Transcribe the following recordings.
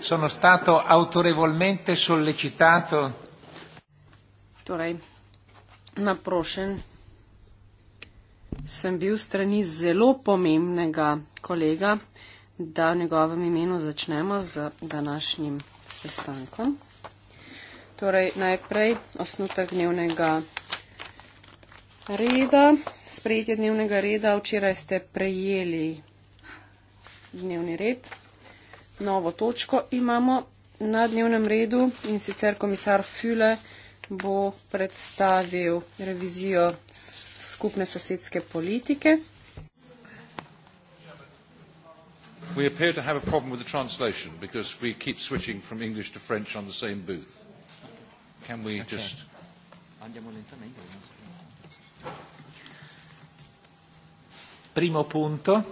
sono stato autorevolmente sollecitato. Torej, naprošen sem bil strani zelo pomembnega kolega, da v njegovem imenu začnemo z današnjim sestankom. Torej, najprej osnutek dnevnega reda, sprejetje dnevnega reda, včeraj ste prejeli dnevni red novo točko imamo na dnevnem redu in sicer komisar Füle bo predstavil revizijo skupne sosedske politike. We appear to have a problem with the translation because we keep switching from English to French on the same booth. Can we okay. just. Andiamo lentamente. Primo punto.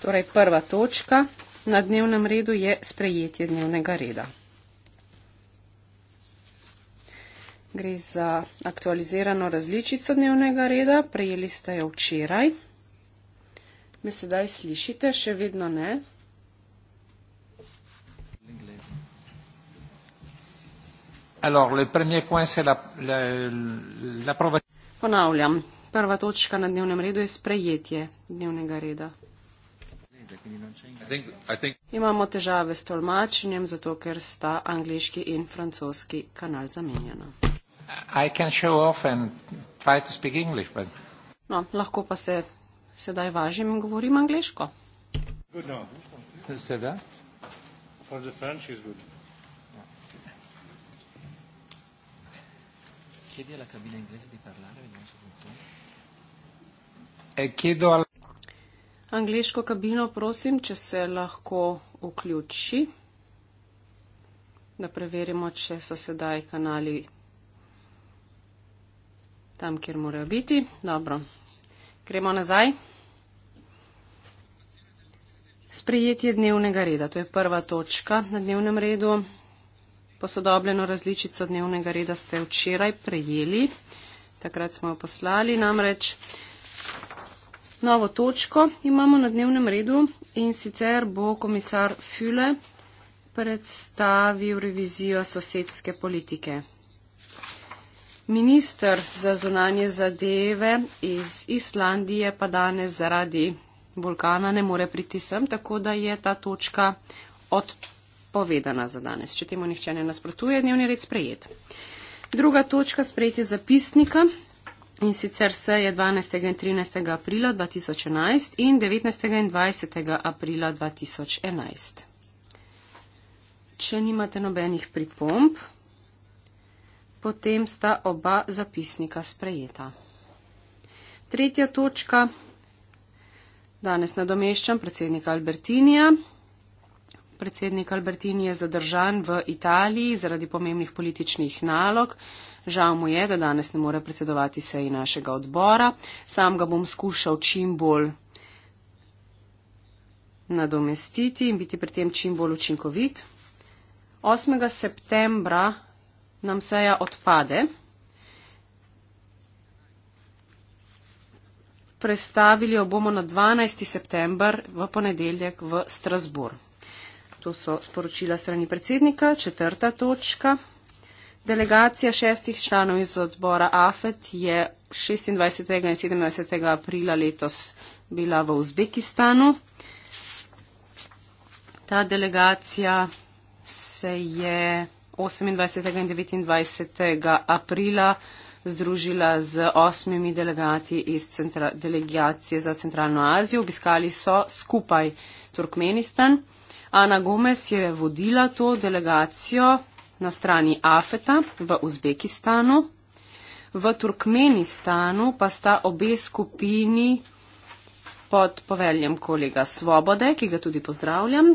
Torej, prva točka. Na dnevnem redu je sprejetje dnevnega reda. Gre za aktualizirano različico dnevnega reda, prejeli ste jo včeraj. Me sedaj slišite, še vedno ne. Ponavljam, prva točka na dnevnem redu je sprejetje dnevnega reda. Imamo težave s tolmačenjem, zato ker sta angliški in francoski kanal zamenjena. English, but... no, lahko pa se sedaj važim in govorim angliško. Chiedi alla cabina inglese di parlare, vediamo se funziona. E chiedo alla... Angliško kabino prosim, če se lahko vključi, da preverimo, če so sedaj kanali tam, kjer morajo biti. Dobro, gremo nazaj. Sprejetje dnevnega reda, to je prva točka na dnevnem redu. Posodobljeno različico dnevnega reda ste včeraj prejeli, takrat smo jo poslali namreč novo točko imamo na dnevnem redu in sicer bo komisar Füle predstavil revizijo sosedske politike. Minister za zunanje zadeve iz Islandije pa danes zaradi vulkana ne more priti sem, tako da je ta točka odpovedana za danes. Če temu nihče ne nasprotuje, dnevni red sprejet. Druga točka sprejeti zapisnika in sicer se je 12. in 13. aprila 2011 in 19. in 20. aprila 2011. Če nimate nobenih pripomb, potem sta oba zapisnika sprejeta. Tretja točka. Danes nadomeščam predsednika Albertinija predsednik Albertini je zadržan v Italiji zaradi pomembnih političnih nalog. Žal mu je, da danes ne more predsedovati seji našega odbora. Sam ga bom skušal čim bolj nadomestiti in biti pri tem čim bolj učinkovit. 8. septembra nam seja odpade. Prestavili jo bomo na 12. september v ponedeljek v Strasbourg. To so sporočila strani predsednika. Četrta točka. Delegacija šestih članov iz odbora AFET je 26. in 17. aprila letos bila v Uzbekistanu. Ta delegacija se je 28. in 29. aprila združila z osmimi delegati iz centra, delegacije za Centralno Azijo. Obiskali so skupaj Turkmenistan. Ana Gomez je vodila to delegacijo na strani Afeta v Uzbekistanu. V Turkmenistanu pa sta obe skupini pod poveljem kolega Svobode, ki ga tudi pozdravljam.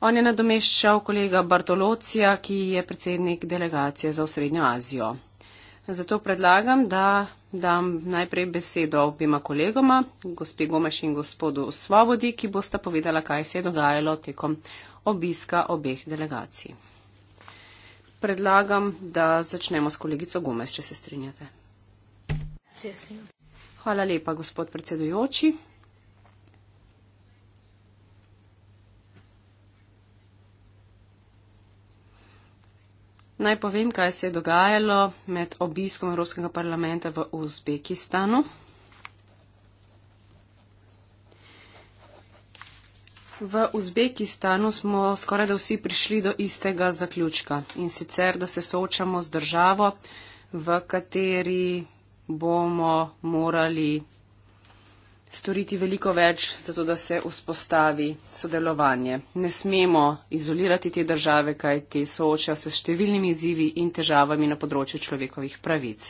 On je nadomeščal kolega Bartolocija, ki je predsednik delegacije za Srednjo Azijo. Zato predlagam, da dam najprej besedo obima kolegoma, gospe Gomeš in gospodu Svobodi, ki bosta povedala, kaj se je dogajalo tekom obiska obeh delegacij. Predlagam, da začnemo s kolegico Gomes, če se strinjate. Hvala lepa, gospod predsedujoči. Naj povem, kaj se je dogajalo med obiskom Evropskega parlamenta v Uzbekistanu. V Uzbekistanu smo skoraj da vsi prišli do istega zaključka in sicer, da se soočamo z državo, v kateri bomo morali storiti veliko več, zato da se vzpostavi sodelovanje. Ne smemo izolirati te države, kaj te soočajo se številnimi izzivi in težavami na področju človekovih pravic.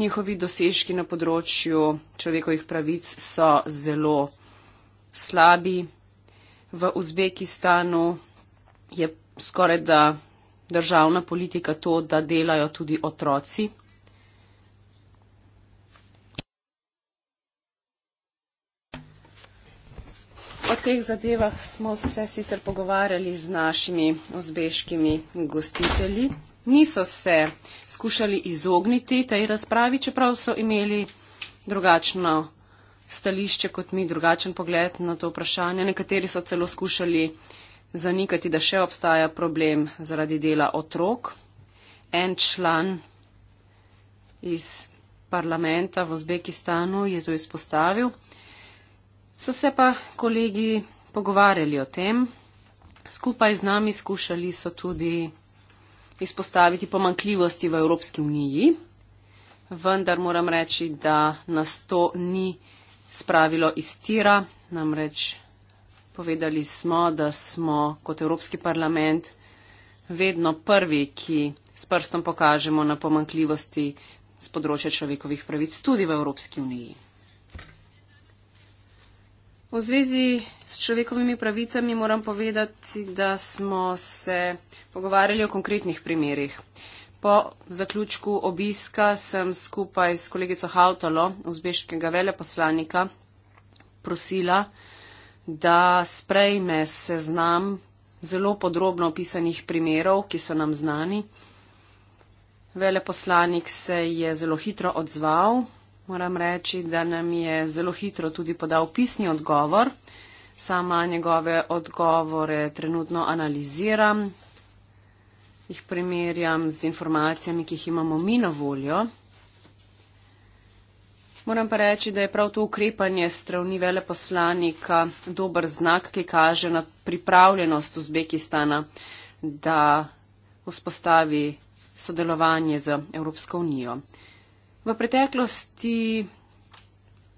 Njihovi dosežki na področju človekovih pravic so zelo slabi. V Uzbekistanu je skoraj da državna politika to, da delajo tudi otroci o teh zadevah smo se sicer pogovarjali z našimi ozbeškimi gostitelji. Niso se skušali izogniti tej razpravi, čeprav so imeli drugačno stališče kot mi, drugačen pogled na to vprašanje. Nekateri so celo skušali zanikati, da še obstaja problem zaradi dela otrok. En član iz parlamenta v Uzbekistanu je to izpostavil. So se pa kolegi pogovarjali o tem, skupaj z nami skušali so tudi izpostaviti pomankljivosti v Evropski uniji, vendar moram reči, da nas to ni spravilo iz tira, namreč povedali smo, da smo kot Evropski parlament vedno prvi, ki s prstom pokažemo na pomankljivosti z področja človekovih pravic tudi v Evropski uniji. V zvezi s človekovimi pravicami moram povedati, da smo se pogovarjali o konkretnih primerih. Po zaključku obiska sem skupaj s kolegico Hautalo, uzbeškega veleposlanika, prosila, da sprejme seznam zelo podrobno opisanih primerov, ki so nam znani. Veleposlanik se je zelo hitro odzval Moram reči, da nam je zelo hitro tudi podal pisni odgovor. Sama njegove odgovore trenutno analiziram, jih primerjam z informacijami, ki jih imamo mi na voljo. Moram pa reči, da je prav to ukrepanje strani veleposlanika dober znak, ki kaže na pripravljenost Uzbekistana, da vzpostavi sodelovanje z Evropsko unijo. V preteklosti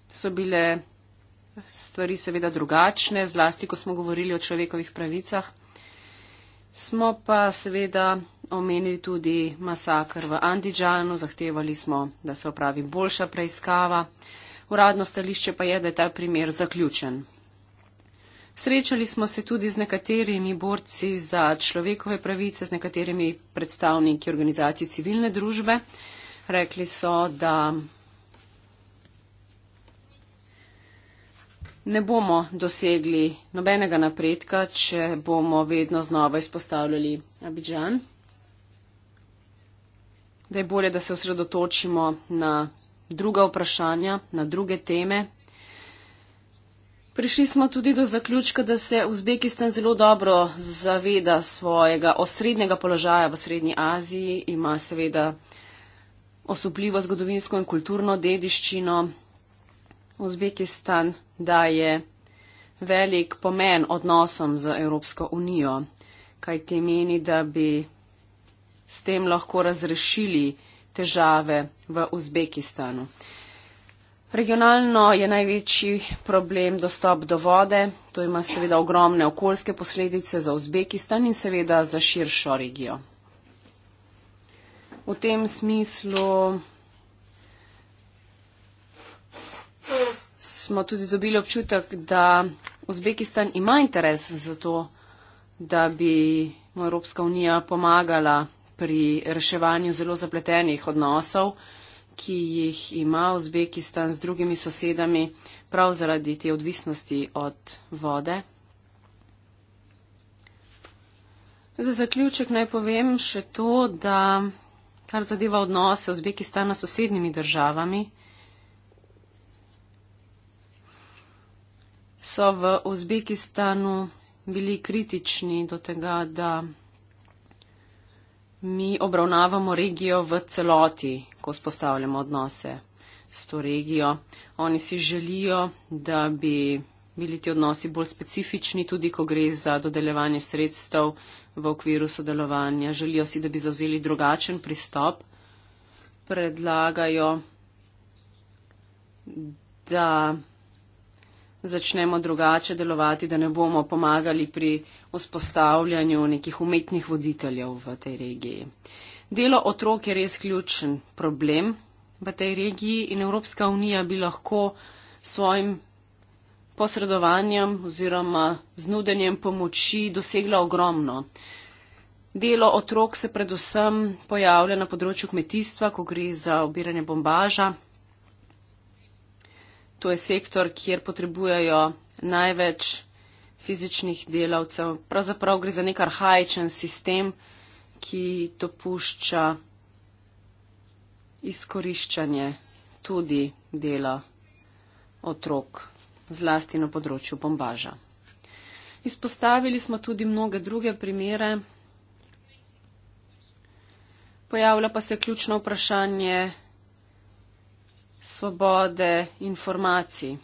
so bile stvari seveda drugačne, zlasti ko smo govorili o človekovih pravicah. Smo pa seveda omenili tudi masakr v Andidžanu, zahtevali smo, da se opravi boljša preiskava. Uradno stališče pa je, da je ta primer zaključen. Srečali smo se tudi z nekaterimi borci za človekove pravice, z nekaterimi predstavniki organizacij civilne družbe. Rekli so, da ne bomo dosegli nobenega napredka, če bomo vedno znova izpostavljali Abidžan. Da je bolje, da se osredotočimo na druga vprašanja, na druge teme. Prišli smo tudi do zaključka, da se Uzbekistan zelo dobro zaveda svojega osrednjega položaja v Srednji Aziji, ima seveda osupljivo zgodovinsko in kulturno dediščino. Uzbekistan daje velik pomen odnosom z Evropsko unijo, kaj ti meni, da bi s tem lahko razrešili težave v Uzbekistanu. Regionalno je največji problem dostop do vode, to ima seveda ogromne okoljske posledice za Uzbekistan in seveda za širšo regijo v tem smislu smo tudi dobili občutek, da Uzbekistan ima interes za to, da bi Evropska unija pomagala pri reševanju zelo zapletenih odnosov, ki jih ima Uzbekistan z drugimi sosedami prav zaradi te odvisnosti od vode. Za zaključek naj povem še to, da kar zadeva odnose Uzbekistana s sosednjimi državami, so v Uzbekistanu bili kritični do tega, da mi obravnavamo regijo v celoti, ko spostavljamo odnose s to regijo. Oni si želijo, da bi bili ti odnosi bolj specifični, tudi ko gre za dodeljevanje sredstev v okviru sodelovanja, želijo si, da bi zauzeli drugačen pristop, predlagajo, da začnemo drugače delovati, da ne bomo pomagali pri vzpostavljanju nekih umetnih voditeljev v tej regiji. Delo otrok je res ključen problem v tej regiji in Evropska unija bi lahko svojim posredovanjem oziroma z nudenjem pomoči dosegla ogromno. Delo otrok se predvsem pojavlja na področju kmetijstva, ko gre za obiranje bombaža. To je sektor, kjer potrebujejo največ fizičnih delavcev. Pravzaprav gre za nek arhajičen sistem, ki dopušča izkoriščanje tudi dela otrok zlasti na področju bombaža. Izpostavili smo tudi mnoge druge primere. Pojavlja pa se ključno vprašanje svobode informacij.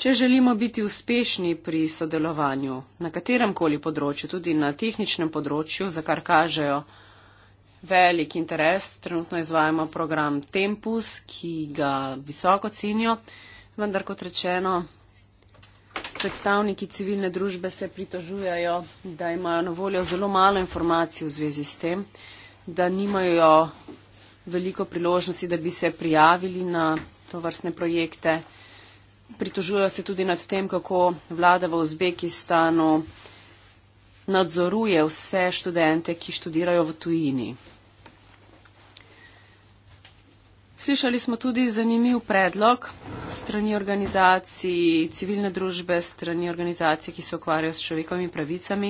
Če želimo biti uspešni pri sodelovanju na kateremkoli področju, tudi na tehničnem področju, za kar kažejo velik interes. Trenutno izvajamo program Tempus, ki ga visoko cenijo, vendar kot rečeno, predstavniki civilne družbe se pritožujajo, da imajo na voljo zelo malo informacij v zvezi s tem, da nimajo veliko priložnosti, da bi se prijavili na to vrstne projekte. Pritožujo se tudi nad tem, kako vlada v Uzbekistanu nadzoruje vse študente, ki študirajo v tujini. Slišali smo tudi zanimiv predlog strani organizacij civilne družbe, strani organizacij, ki se ukvarjajo s človekovimi pravicami.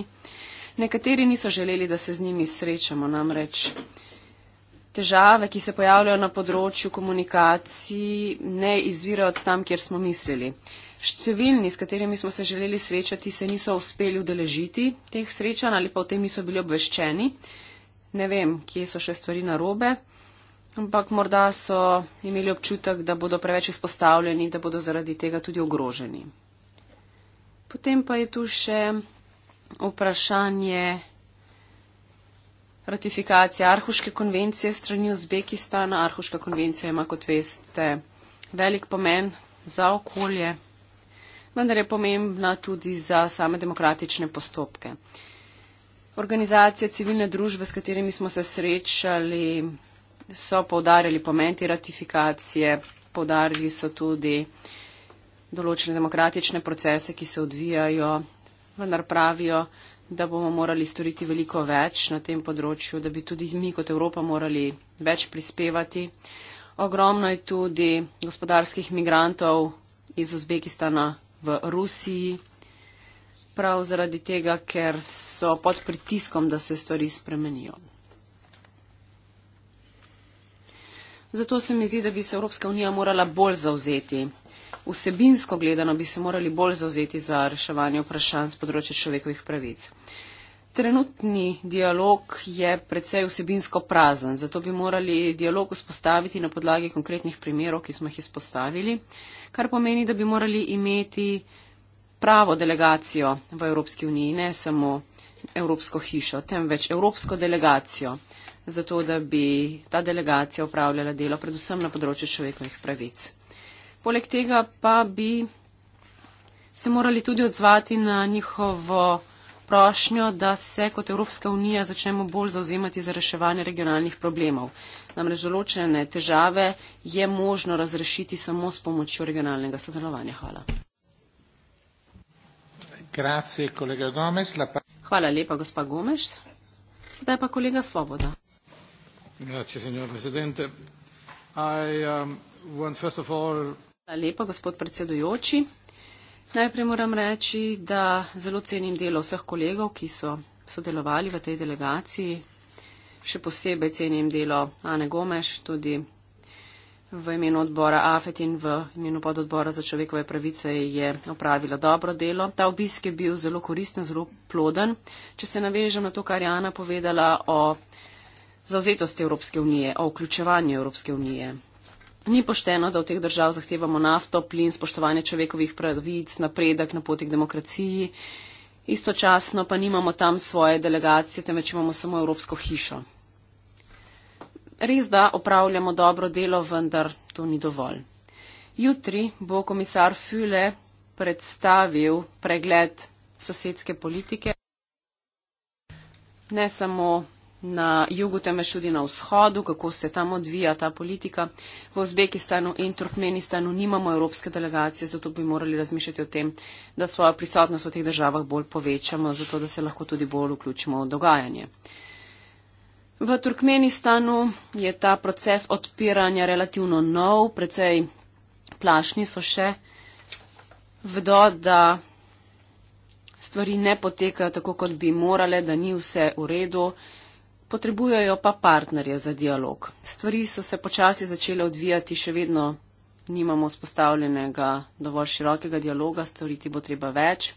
Nekateri niso želeli, da se z njimi srečamo, namreč težave, ki se pojavljajo na področju komunikacij, ne izvirajo od tam, kjer smo mislili. Številni, s katerimi smo se želeli srečati, se niso uspeli udeležiti teh srečanj ali pa o tem niso bili obveščeni. Ne vem, kje so še stvari narobe ampak morda so imeli občutek, da bodo preveč izpostavljeni, da bodo zaradi tega tudi ogroženi. Potem pa je tu še vprašanje ratifikacije Arhuške konvencije strani Uzbekistana. Arhuška konvencija ima, kot veste, velik pomen za okolje, vendar je pomembna tudi za same demokratične postopke. Organizacije civilne družbe, s katerimi smo se srečali, so povdarjali pomen te ratifikacije, povdarjali so tudi določene demokratične procese, ki se odvijajo, vendar pravijo, da bomo morali storiti veliko več na tem področju, da bi tudi mi kot Evropa morali več prispevati. Ogromno je tudi gospodarskih migrantov iz Uzbekistana v Rusiji, prav zaradi tega, ker so pod pritiskom, da se stvari spremenijo. Zato se mi zdi, da bi se Evropska unija morala bolj zauzeti. Vsebinsko gledano bi se morali bolj zauzeti za reševanje vprašanj z področja človekovih pravic. Trenutni dialog je predvsej vsebinsko prazen, zato bi morali dialog vzpostaviti na podlagi konkretnih primerov, ki smo jih izpostavili, kar pomeni, da bi morali imeti pravo delegacijo v Evropski uniji, ne samo Evropsko hišo, temveč Evropsko delegacijo zato, da bi ta delegacija upravljala delo predvsem na področju človekovih pravic. Poleg tega pa bi se morali tudi odzvati na njihovo prošnjo, da se kot Evropska unija začnemo bolj zauzemati za reševanje regionalnih problemov. Namreč določene težave je možno razrešiti samo s pomočjo regionalnega sodelovanja. Hvala. Grazie, Hvala lepa, gospa Gomeš. Sedaj pa kolega Svoboda. Um, Hvala lepa, gospod predsedujoči. Najprej moram reči, da zelo cenim delo vseh kolegov, ki so sodelovali v tej delegaciji. Še posebej cenim delo Ane Gomeš, tudi v imenu odbora AFET in v imenu pododbora za človekove pravice je opravila dobro delo. Ta obisk je bil zelo koristen, zelo ploden. Če se navežem na to, kar je Ana povedala o zauzetost Evropske unije, o vključevanju Evropske unije. Ni pošteno, da v teh državah zahtevamo nafto, plin, spoštovanje človekovih pravic, napredek na poti k demokraciji, istočasno pa nimamo tam svoje delegacije, temveč imamo samo Evropsko hišo. Res, da opravljamo dobro delo, vendar to ni dovolj. Jutri bo komisar Füle predstavil pregled sosedske politike, ne samo na jugu, temveč tudi na vzhodu, kako se tam odvija ta politika. V Uzbekistanu in Turkmenistanu nimamo evropske delegacije, zato bi morali razmišljati o tem, da svojo prisotnost v teh državah bolj povečamo, zato da se lahko tudi bolj vključimo v dogajanje. V Turkmenistanu je ta proces odpiranja relativno nov, precej plašni so še vdo, da stvari ne potekajo tako, kot bi morale, da ni vse v redu potrebujejo pa partnerje za dialog. Stvari so se počasi začele odvijati, še vedno nimamo spostavljenega dovolj širokega dialoga, storiti bo treba več.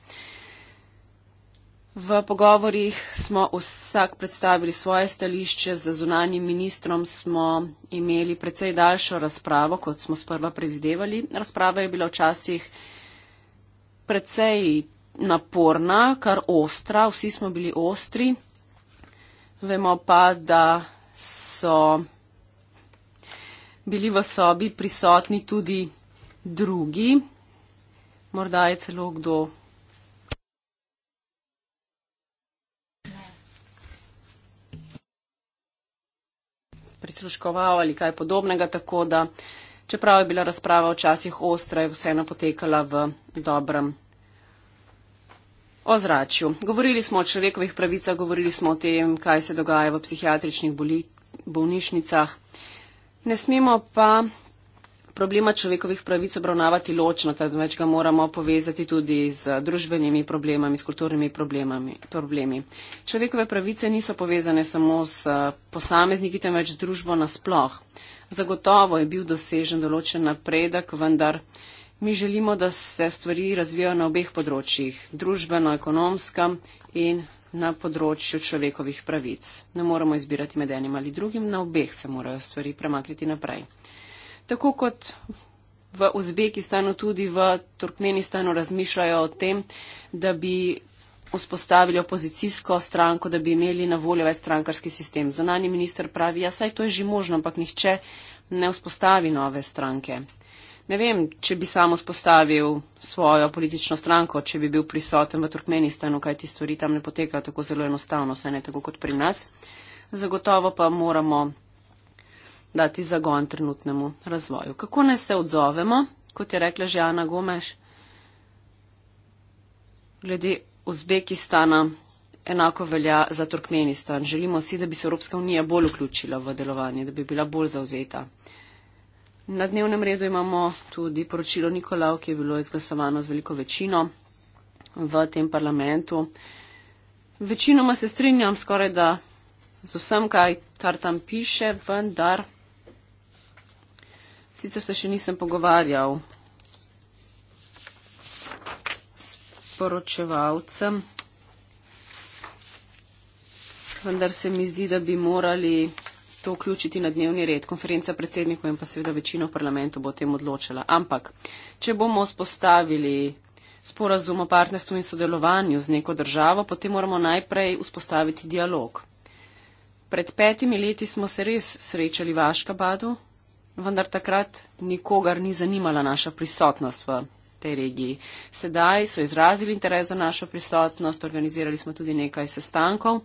V pogovorjih smo vsak predstavili svoje stališče, z zunanjim ministrom smo imeli precej daljšo razpravo, kot smo sprva predvidevali. Razprava je bila včasih precej naporna, kar ostra, vsi smo bili ostri. Vemo pa, da so bili v sobi prisotni tudi drugi, morda je celo kdo. prisluškoval ali kaj podobnega, tako da čeprav je bila razprava včasih ostra, je vseeno potekala v dobrem O zraku. Govorili smo o človekovih pravicah, govorili smo o tem, kaj se dogaja v psihiatričnih boli, bolnišnicah. Ne smemo pa problema človekovih pravic obravnavati ločno, temveč ga moramo povezati tudi z družbenimi problemami, s kulturnimi problemi. Človekove pravice niso povezane samo s posamezniki, temveč z družbo nasploh. Zagotovo je bil dosežen določen napredek, vendar. Mi želimo, da se stvari razvijajo na obeh področjih, družbeno, ekonomskem in na področju človekovih pravic. Ne moramo izbirati med enim ali drugim, na obeh se morajo stvari premakniti naprej. Tako kot v Uzbekistanu, tudi v Turkmenistanu razmišljajo o tem, da bi vzpostavili opozicijsko stranko, da bi imeli na voljo več strankarski sistem. Zonani minister pravi, ja, saj to je že možno, ampak nihče ne vzpostavi nove stranke ne vem, če bi samo spostavil svojo politično stranko, če bi bil prisoten v Turkmenistanu, kaj ti stvari tam ne potekajo tako zelo enostavno, saj ne tako kot pri nas. Zagotovo pa moramo dati zagon trenutnemu razvoju. Kako ne se odzovemo, kot je rekla že Ana Gomeš, glede Uzbekistana, enako velja za Turkmenistan. Želimo si, da bi se Evropska unija bolj vključila v delovanje, da bi bila bolj zauzeta. Na dnevnem redu imamo tudi poročilo Nikolaov, ki je bilo izglasovano z veliko večino v tem parlamentu. Večinoma se strinjam skoraj da z vsem, kaj kar tam piše, vendar sicer se še nisem pogovarjal s poročevalcem, vendar se mi zdi, da bi morali to vključiti na dnevni red. Konferenca predsednikov in pa seveda večina v parlamentu bo o tem odločila. Ampak, če bomo spostavili sporazum o partnerstvu in sodelovanju z neko državo, potem moramo najprej vzpostaviti dialog. Pred petimi leti smo se res srečali v Aškabadu, vendar takrat nikogar ni zanimala naša prisotnost v tej regiji. Sedaj so izrazili interes za našo prisotnost, organizirali smo tudi nekaj sestankov,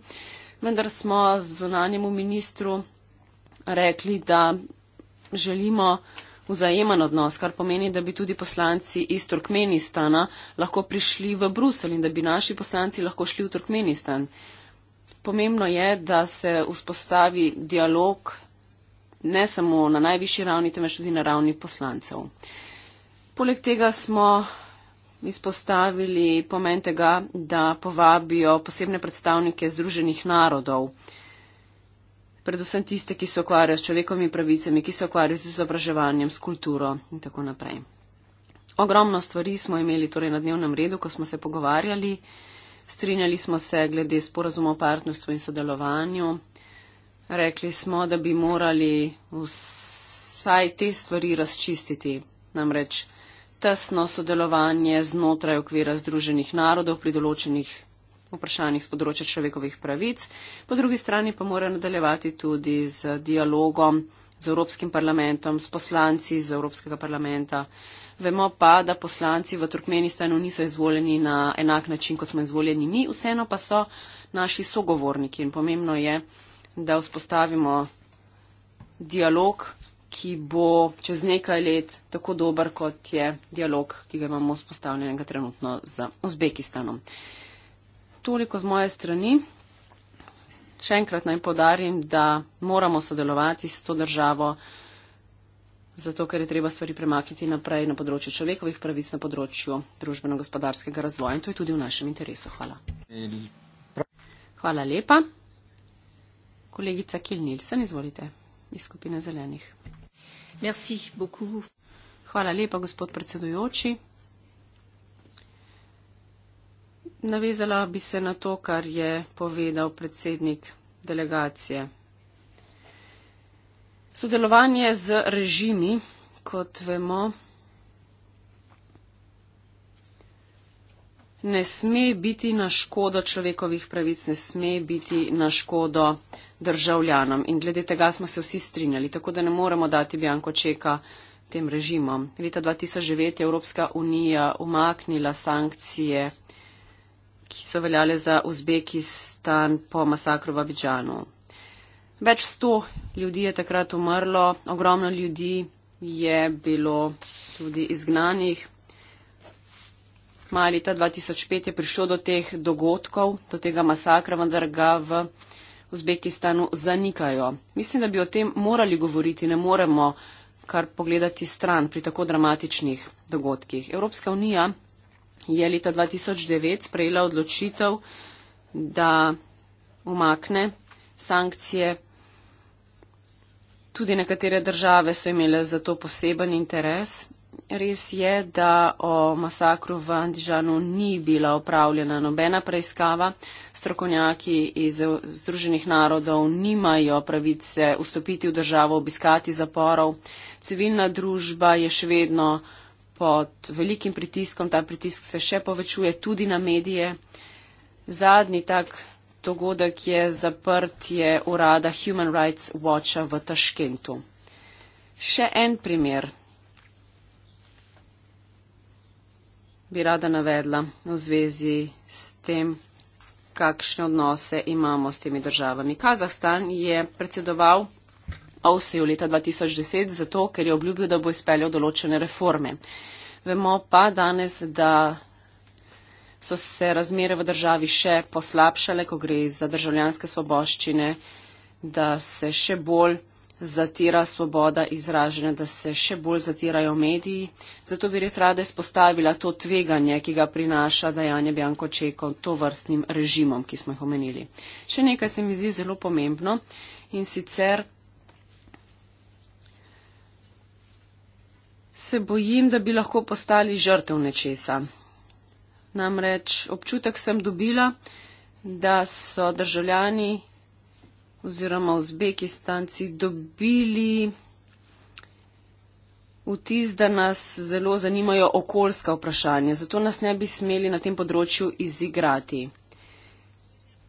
vendar smo z zunanjemu ministru rekli, da želimo vzajemen odnos, kar pomeni, da bi tudi poslanci iz Turkmenistana lahko prišli v Brusel in da bi naši poslanci lahko šli v Turkmenistan. Pomembno je, da se vzpostavi dialog ne samo na najvišji ravni, temveč tudi na ravni poslancev. Poleg tega smo izpostavili pomen tega, da povabijo posebne predstavnike Združenih narodov predvsem tiste, ki se ukvarjajo s človekovimi pravicami, ki se ukvarjajo z izobraževanjem, s kulturo in tako naprej. Ogromno stvari smo imeli torej, na dnevnem redu, ko smo se pogovarjali, strinjali smo se glede sporazumov o partnerstvu in sodelovanju. Rekli smo, da bi morali vsaj te stvari razčistiti, namreč tesno sodelovanje znotraj okvira Združenih narodov pri določenih vprašanjih z področja človekovih pravic, po drugi strani pa mora nadaljevati tudi z dialogom z Evropskim parlamentom, s poslanci z Evropskega parlamenta. Vemo pa, da poslanci v Turkmenistanu niso izvoljeni na enak način, kot smo izvoljeni mi, vseeno pa so naši sogovorniki in pomembno je, da vzpostavimo dialog, ki bo čez nekaj let tako dober, kot je dialog, ki ga imamo vzpostavljenega trenutno z Uzbekistanom toliko z moje strani. Še enkrat naj podarim, da moramo sodelovati s to državo, zato ker je treba stvari premakniti naprej na področju človekovih pravic, na področju družbeno-gospodarskega razvoja in to je tudi v našem interesu. Hvala. Hvala lepa. Kolegica Kil Nilsen, izvolite, iz skupine zelenih. Merci beaucoup. Hvala lepa, gospod predsedujoči. Navezala bi se na to, kar je povedal predsednik delegacije. Sodelovanje z režimi, kot vemo, ne sme biti na škodo človekovih pravic, ne sme biti na škodo državljanom. In glede tega smo se vsi strinjali, tako da ne moremo dati bianko čeka tem režimom. Leta 2009 je Evropska unija umaknila sankcije ki so veljale za Uzbekistan po masakru v Abidžanu. Več sto ljudi je takrat umrlo, ogromno ljudi je bilo tudi izgnanih. Mali ta 2005 je prišlo do teh dogodkov, do tega masakra, vendar ga v Uzbekistanu zanikajo. Mislim, da bi o tem morali govoriti, ne moremo kar pogledati stran pri tako dramatičnih dogodkih. Evropska unija je leta 2009 sprejela odločitev, da umakne sankcije. Tudi nekatere države so imele za to poseben interes. Res je, da o masakru v Andižanu ni bila opravljena nobena preiskava. Strokovnjaki iz Združenih narodov nimajo pravice vstopiti v državo, obiskati zaporov. Civilna družba je še vedno pod velikim pritiskom, ta pritisk se še povečuje tudi na medije. Zadnji tak dogodek je zaprtje urada Human Rights Watcha v Taškentu. Še en primer bi rada navedla v zvezi s tem, kakšne odnose imamo s temi državami. Kazahstan je predsedoval Ovse je v leta 2010 zato, ker je obljubil, da bo izpeljal določene reforme. Vemo pa danes, da so se razmere v državi še poslabšale, ko gre za državljanske svoboščine, da se še bolj zatira svoboda izražena, da se še bolj zatirajo mediji. Zato bi res rada izpostavila to tveganje, ki ga prinaša dajanje Bjanko Čeko to vrstnim režimom, ki smo jih omenili. Še nekaj se mi zdi zelo pomembno in sicer se bojim, da bi lahko postali žrtev nečesa. Namreč občutek sem dobila, da so državljani oziroma Uzbekistanci dobili vtis, da nas zelo zanimajo okoljska vprašanja, zato nas ne bi smeli na tem področju izigrati.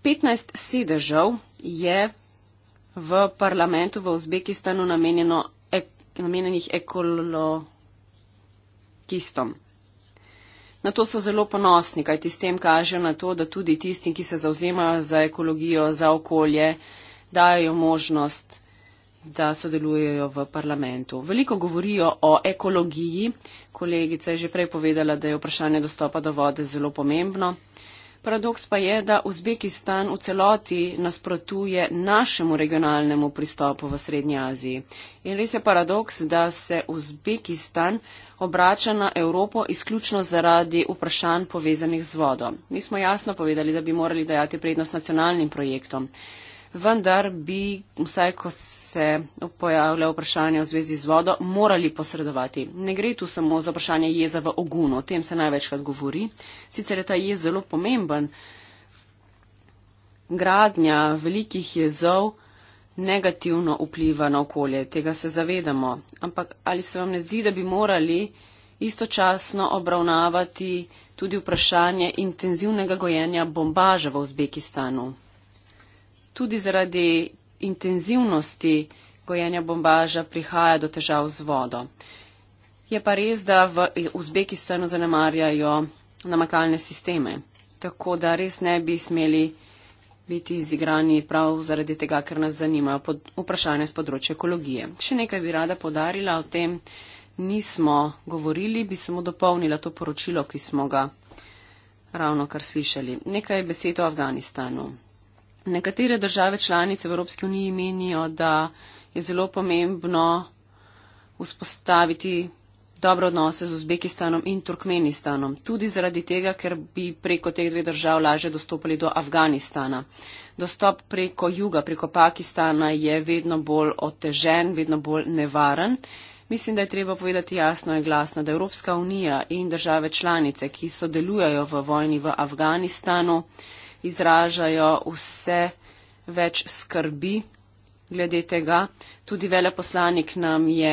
15 sedežev je v parlamentu v Uzbekistanu namenjeno, ek, namenjenih ekolo, trotskistom. Na to so zelo ponosni, kajti s tem kažejo na to, da tudi tisti, ki se zauzemajo za ekologijo, za okolje, dajo možnost, da sodelujejo v parlamentu. Veliko govorijo o ekologiji. Kolegica je že prej povedala, da je vprašanje dostopa do vode zelo pomembno. Paradoks pa je, da Uzbekistan v celoti nasprotuje našemu regionalnemu pristopu v Srednji Aziji. In res je paradoks, da se Uzbekistan obrača na Evropo izključno zaradi vprašanj povezanih z vodo. Nismo jasno povedali, da bi morali dajati prednost nacionalnim projektom vendar bi, vsaj ko se pojavlja vprašanje v zvezi z vodo, morali posredovati. Ne gre tu samo za vprašanje jeza v ogunu, o tem se največkrat govori. Sicer je ta jez zelo pomemben. Gradnja velikih jezov negativno vpliva na okolje, tega se zavedamo. Ampak ali se vam ne zdi, da bi morali istočasno obravnavati tudi vprašanje intenzivnega gojenja bombaža v Uzbekistanu? tudi zaradi intenzivnosti gojenja bombaža prihaja do težav z vodo. Je pa res, da v Uzbekistanu zanemarjajo namakalne sisteme, tako da res ne bi smeli biti izigrani prav zaradi tega, ker nas zanimajo vprašanja z področja ekologije. Še nekaj bi rada podarila o tem, nismo govorili, bi samo dopolnila to poročilo, ki smo ga ravno kar slišali. Nekaj besed o Afganistanu. Nekatere države članice v Evropski uniji menijo, da je zelo pomembno vzpostaviti dobro odnose z Uzbekistanom in Turkmenistanom, tudi zaradi tega, ker bi preko teh dveh držav lažje dostopali do Afganistana. Dostop preko juga, preko Pakistana je vedno bolj otežen, vedno bolj nevaren. Mislim, da je treba povedati jasno in glasno, da Evropska unija in države članice, ki sodelujajo v vojni v Afganistanu, izražajo vse več skrbi glede tega. Tudi veleposlanik nam je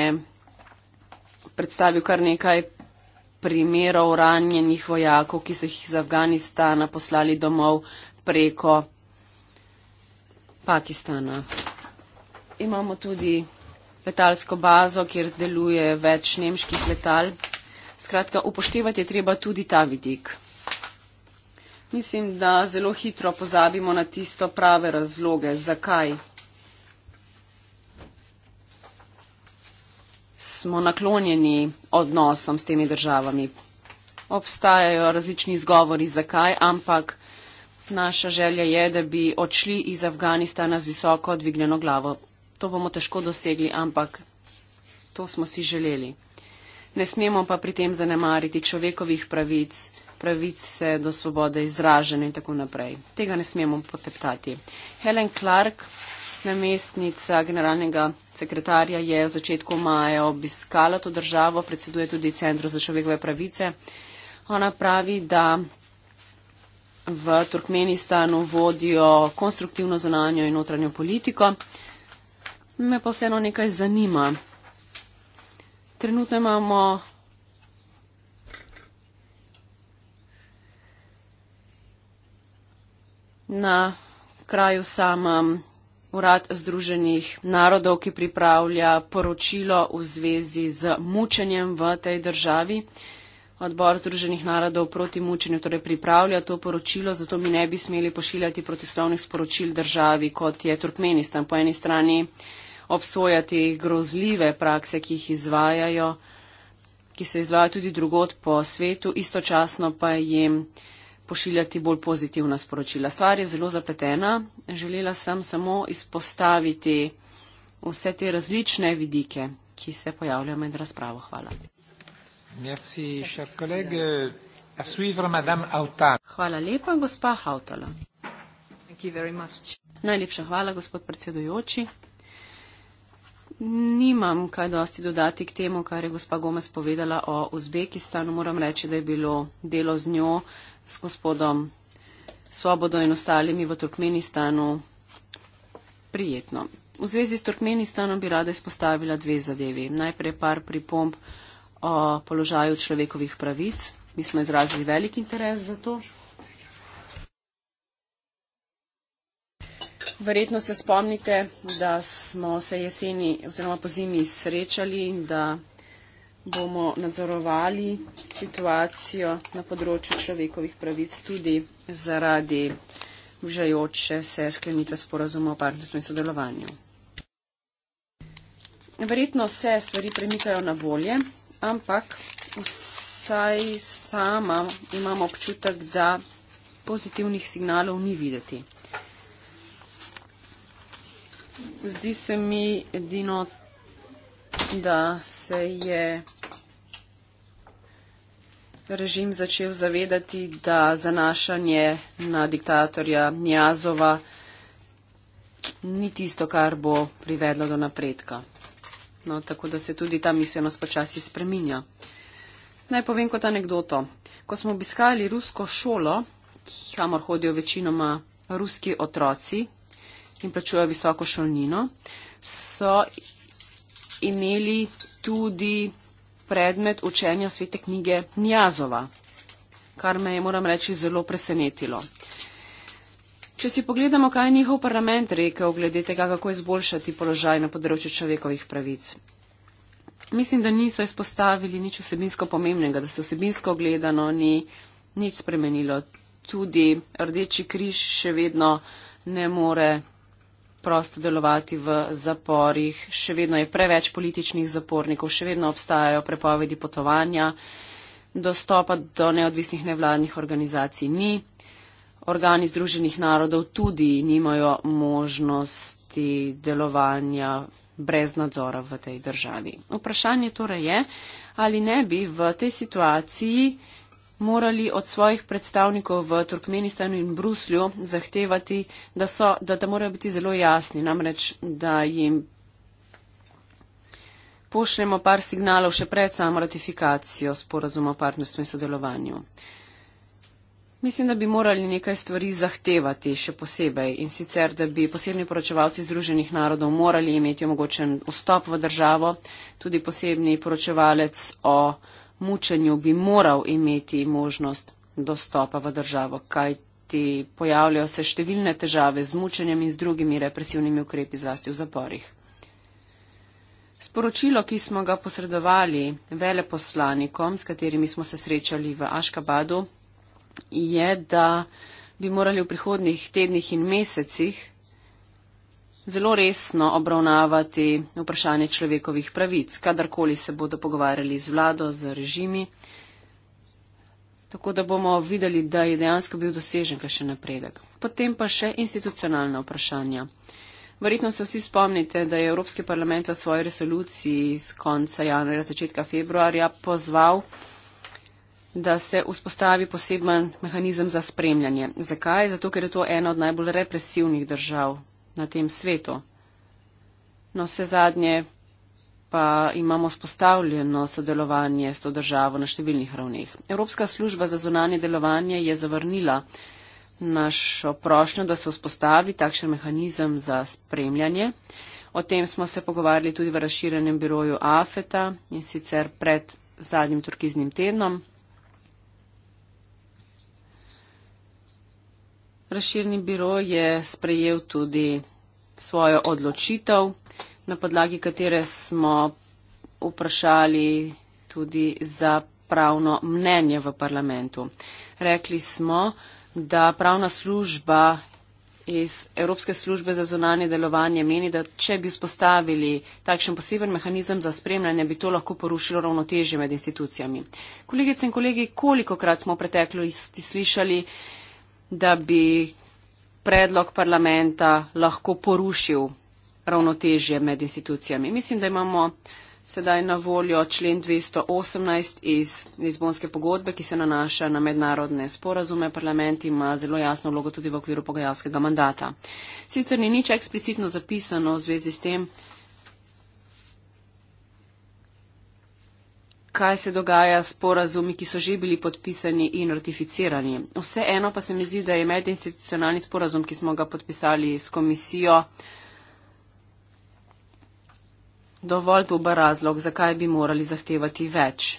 predstavil kar nekaj primerov ranjenih vojakov, ki so jih iz Afganistana poslali domov preko Pakistana. Imamo tudi letalsko bazo, kjer deluje več nemških letal. Skratka, upoštevati je treba tudi ta vidik mislim, da zelo hitro pozabimo na tisto prave razloge, zakaj smo naklonjeni odnosom s temi državami. Obstajajo različni izgovori, zakaj, ampak naša želja je, da bi odšli iz Afganistana z visoko odvigljeno glavo. To bomo težko dosegli, ampak to smo si želeli. Ne smemo pa pri tem zanemariti človekovih pravic, pravice do svobode izražanja in tako naprej. Tega ne smemo poteptati. Helen Clark, namestnica generalnega sekretarja, je v začetku maja obiskala to državo, predseduje tudi Centru za človekove pravice. Ona pravi, da v Turkmenistanu vodijo konstruktivno zonanjo in notranjo politiko. Me pa vseeno nekaj zanima. Trenutno imamo na kraju samem um, Urad Združenih narodov, ki pripravlja poročilo v zvezi z mučenjem v tej državi. Odbor Združenih narodov proti mučenju torej pripravlja to poročilo, zato mi ne bi smeli pošiljati protislovnih sporočil državi, kot je Turkmenistan. Po eni strani obsojati grozljive prakse, ki jih izvajajo, ki se izvajajo tudi drugot po svetu, istočasno pa jim pošiljati bolj pozitivna sporočila. Stvar je zelo zapletena. Želela sem samo izpostaviti vse te različne vidike, ki se pojavljajo med razpravo. Hvala. Merci, collègue, hvala lepa, gospa Hautala. Najlepša hvala, gospod predsedujoči. Nimam kaj dosti dodati k temu, kar je gospa Gomez povedala o Uzbekistanu. Moram reči, da je bilo delo z njo s gospodom Svobodo in ostalimi v Turkmenistanu prijetno. V zvezi s Turkmenistanom bi rada izpostavila dve zadevi. Najprej par pripomb o položaju človekovih pravic. Mi smo izrazili velik interes za to. Verjetno se spomnite, da smo se jeseni oziroma po zimi srečali in da bomo nadzorovali situacijo na področju človekovih pravic tudi zaradi bližajoče se sklenite sporazuma o partnerstvu in sodelovanju. Verjetno se stvari premikajo na bolje, ampak vsaj sama imam občutek, da pozitivnih signalov ni videti. Zdi se mi edino, da se je režim začel zavedati, da zanašanje na diktatorja Njazova ni tisto, kar bo privedlo do napredka. No, tako da se tudi ta miselnost počasi spreminja. Naj povem kot anegdoto. Ko smo obiskali rusko šolo, kamor hodijo večinoma ruski otroci in plačujejo visoko šolnino, so imeli tudi predmet učenja svete knjige Njazova, kar me je, moram reči, zelo presenetilo. Če si pogledamo, kaj je njihov parlament rekel glede tega, kako izboljšati položaj na področju človekovih pravic. Mislim, da niso izpostavili nič vsebinsko pomembnega, da se vsebinsko gledano ni nič spremenilo. Tudi Rdeči križ še vedno ne more prosto delovati v zaporih, še vedno je preveč političnih zapornikov, še vedno obstajajo prepovedi potovanja, dostopa do neodvisnih nevladnih organizacij ni, organi Združenih narodov tudi nimajo možnosti delovanja brez nadzora v tej državi. Vprašanje torej je, ali ne bi v tej situaciji morali od svojih predstavnikov v Turkmenistanu in Bruslju zahtevati, da, so, da, da morajo biti zelo jasni, namreč da jim pošljemo par signalov še pred samo ratifikacijo sporazuma o partnerstvu in sodelovanju. Mislim, da bi morali nekaj stvari zahtevati še posebej in sicer, da bi posebni poročevalci Združenih narodov morali imeti omogočen vstop v državo, tudi posebni poročevalec o mučenju bi moral imeti možnost dostopa v državo, kaj ti pojavljajo se številne težave z mučenjem in z drugimi represivnimi ukrepi, zlasti v zaporih. Sporočilo, ki smo ga posredovali veleposlanikom, s katerimi smo se srečali v Aškabadu, je, da bi morali v prihodnih tednih in mesecih zelo resno obravnavati vprašanje človekovih pravic, kadarkoli se bodo pogovarjali z vlado, z režimi. Tako da bomo videli, da je dejansko bil dosežen še napredek. Potem pa še institucionalna vprašanja. Verjetno se vsi spomnite, da je Evropski parlament v svoji resoluciji z konca januarja, začetka februarja pozval, da se vzpostavi poseben mehanizem za spremljanje. Zakaj? Zato, ker je to ena od najbolj represivnih držav na tem svetu. No, vse zadnje pa imamo spostavljeno sodelovanje s to državo na številnih ravneh. Evropska služba za zunanje delovanje je zavrnila našo prošnjo, da se vzpostavi takšen mehanizem za spremljanje. O tem smo se pogovarjali tudi v razširjenem biroju AFETA in sicer pred zadnjim turkiznim tednom. Raširni biro je sprejel tudi svojo odločitev, na podlagi katere smo vprašali tudi za pravno mnenje v parlamentu. Rekli smo, da pravna služba iz Evropske službe za zonanje delovanje meni, da če bi vzpostavili takšen poseben mehanizem za spremljanje, bi to lahko porušilo ravnotežje med institucijami. Kolegice in kolegi, kolikokrat smo v preteklosti slišali, da bi predlog parlamenta lahko porušil ravnotežje med institucijami. Mislim, da imamo sedaj na voljo člen 218 iz Lizbonske pogodbe, ki se nanaša na mednarodne sporazume. Parlament ima zelo jasno vlogo tudi v okviru pogajalskega mandata. Sicer ni nič eksplicitno zapisano v zvezi s tem, kaj se dogaja s porazumi, ki so že bili podpisani in ratificirani. Vseeno pa se mi zdi, da je medinstitucionalni sporazum, ki smo ga podpisali s komisijo, dovolj dober razlog, zakaj bi morali zahtevati več.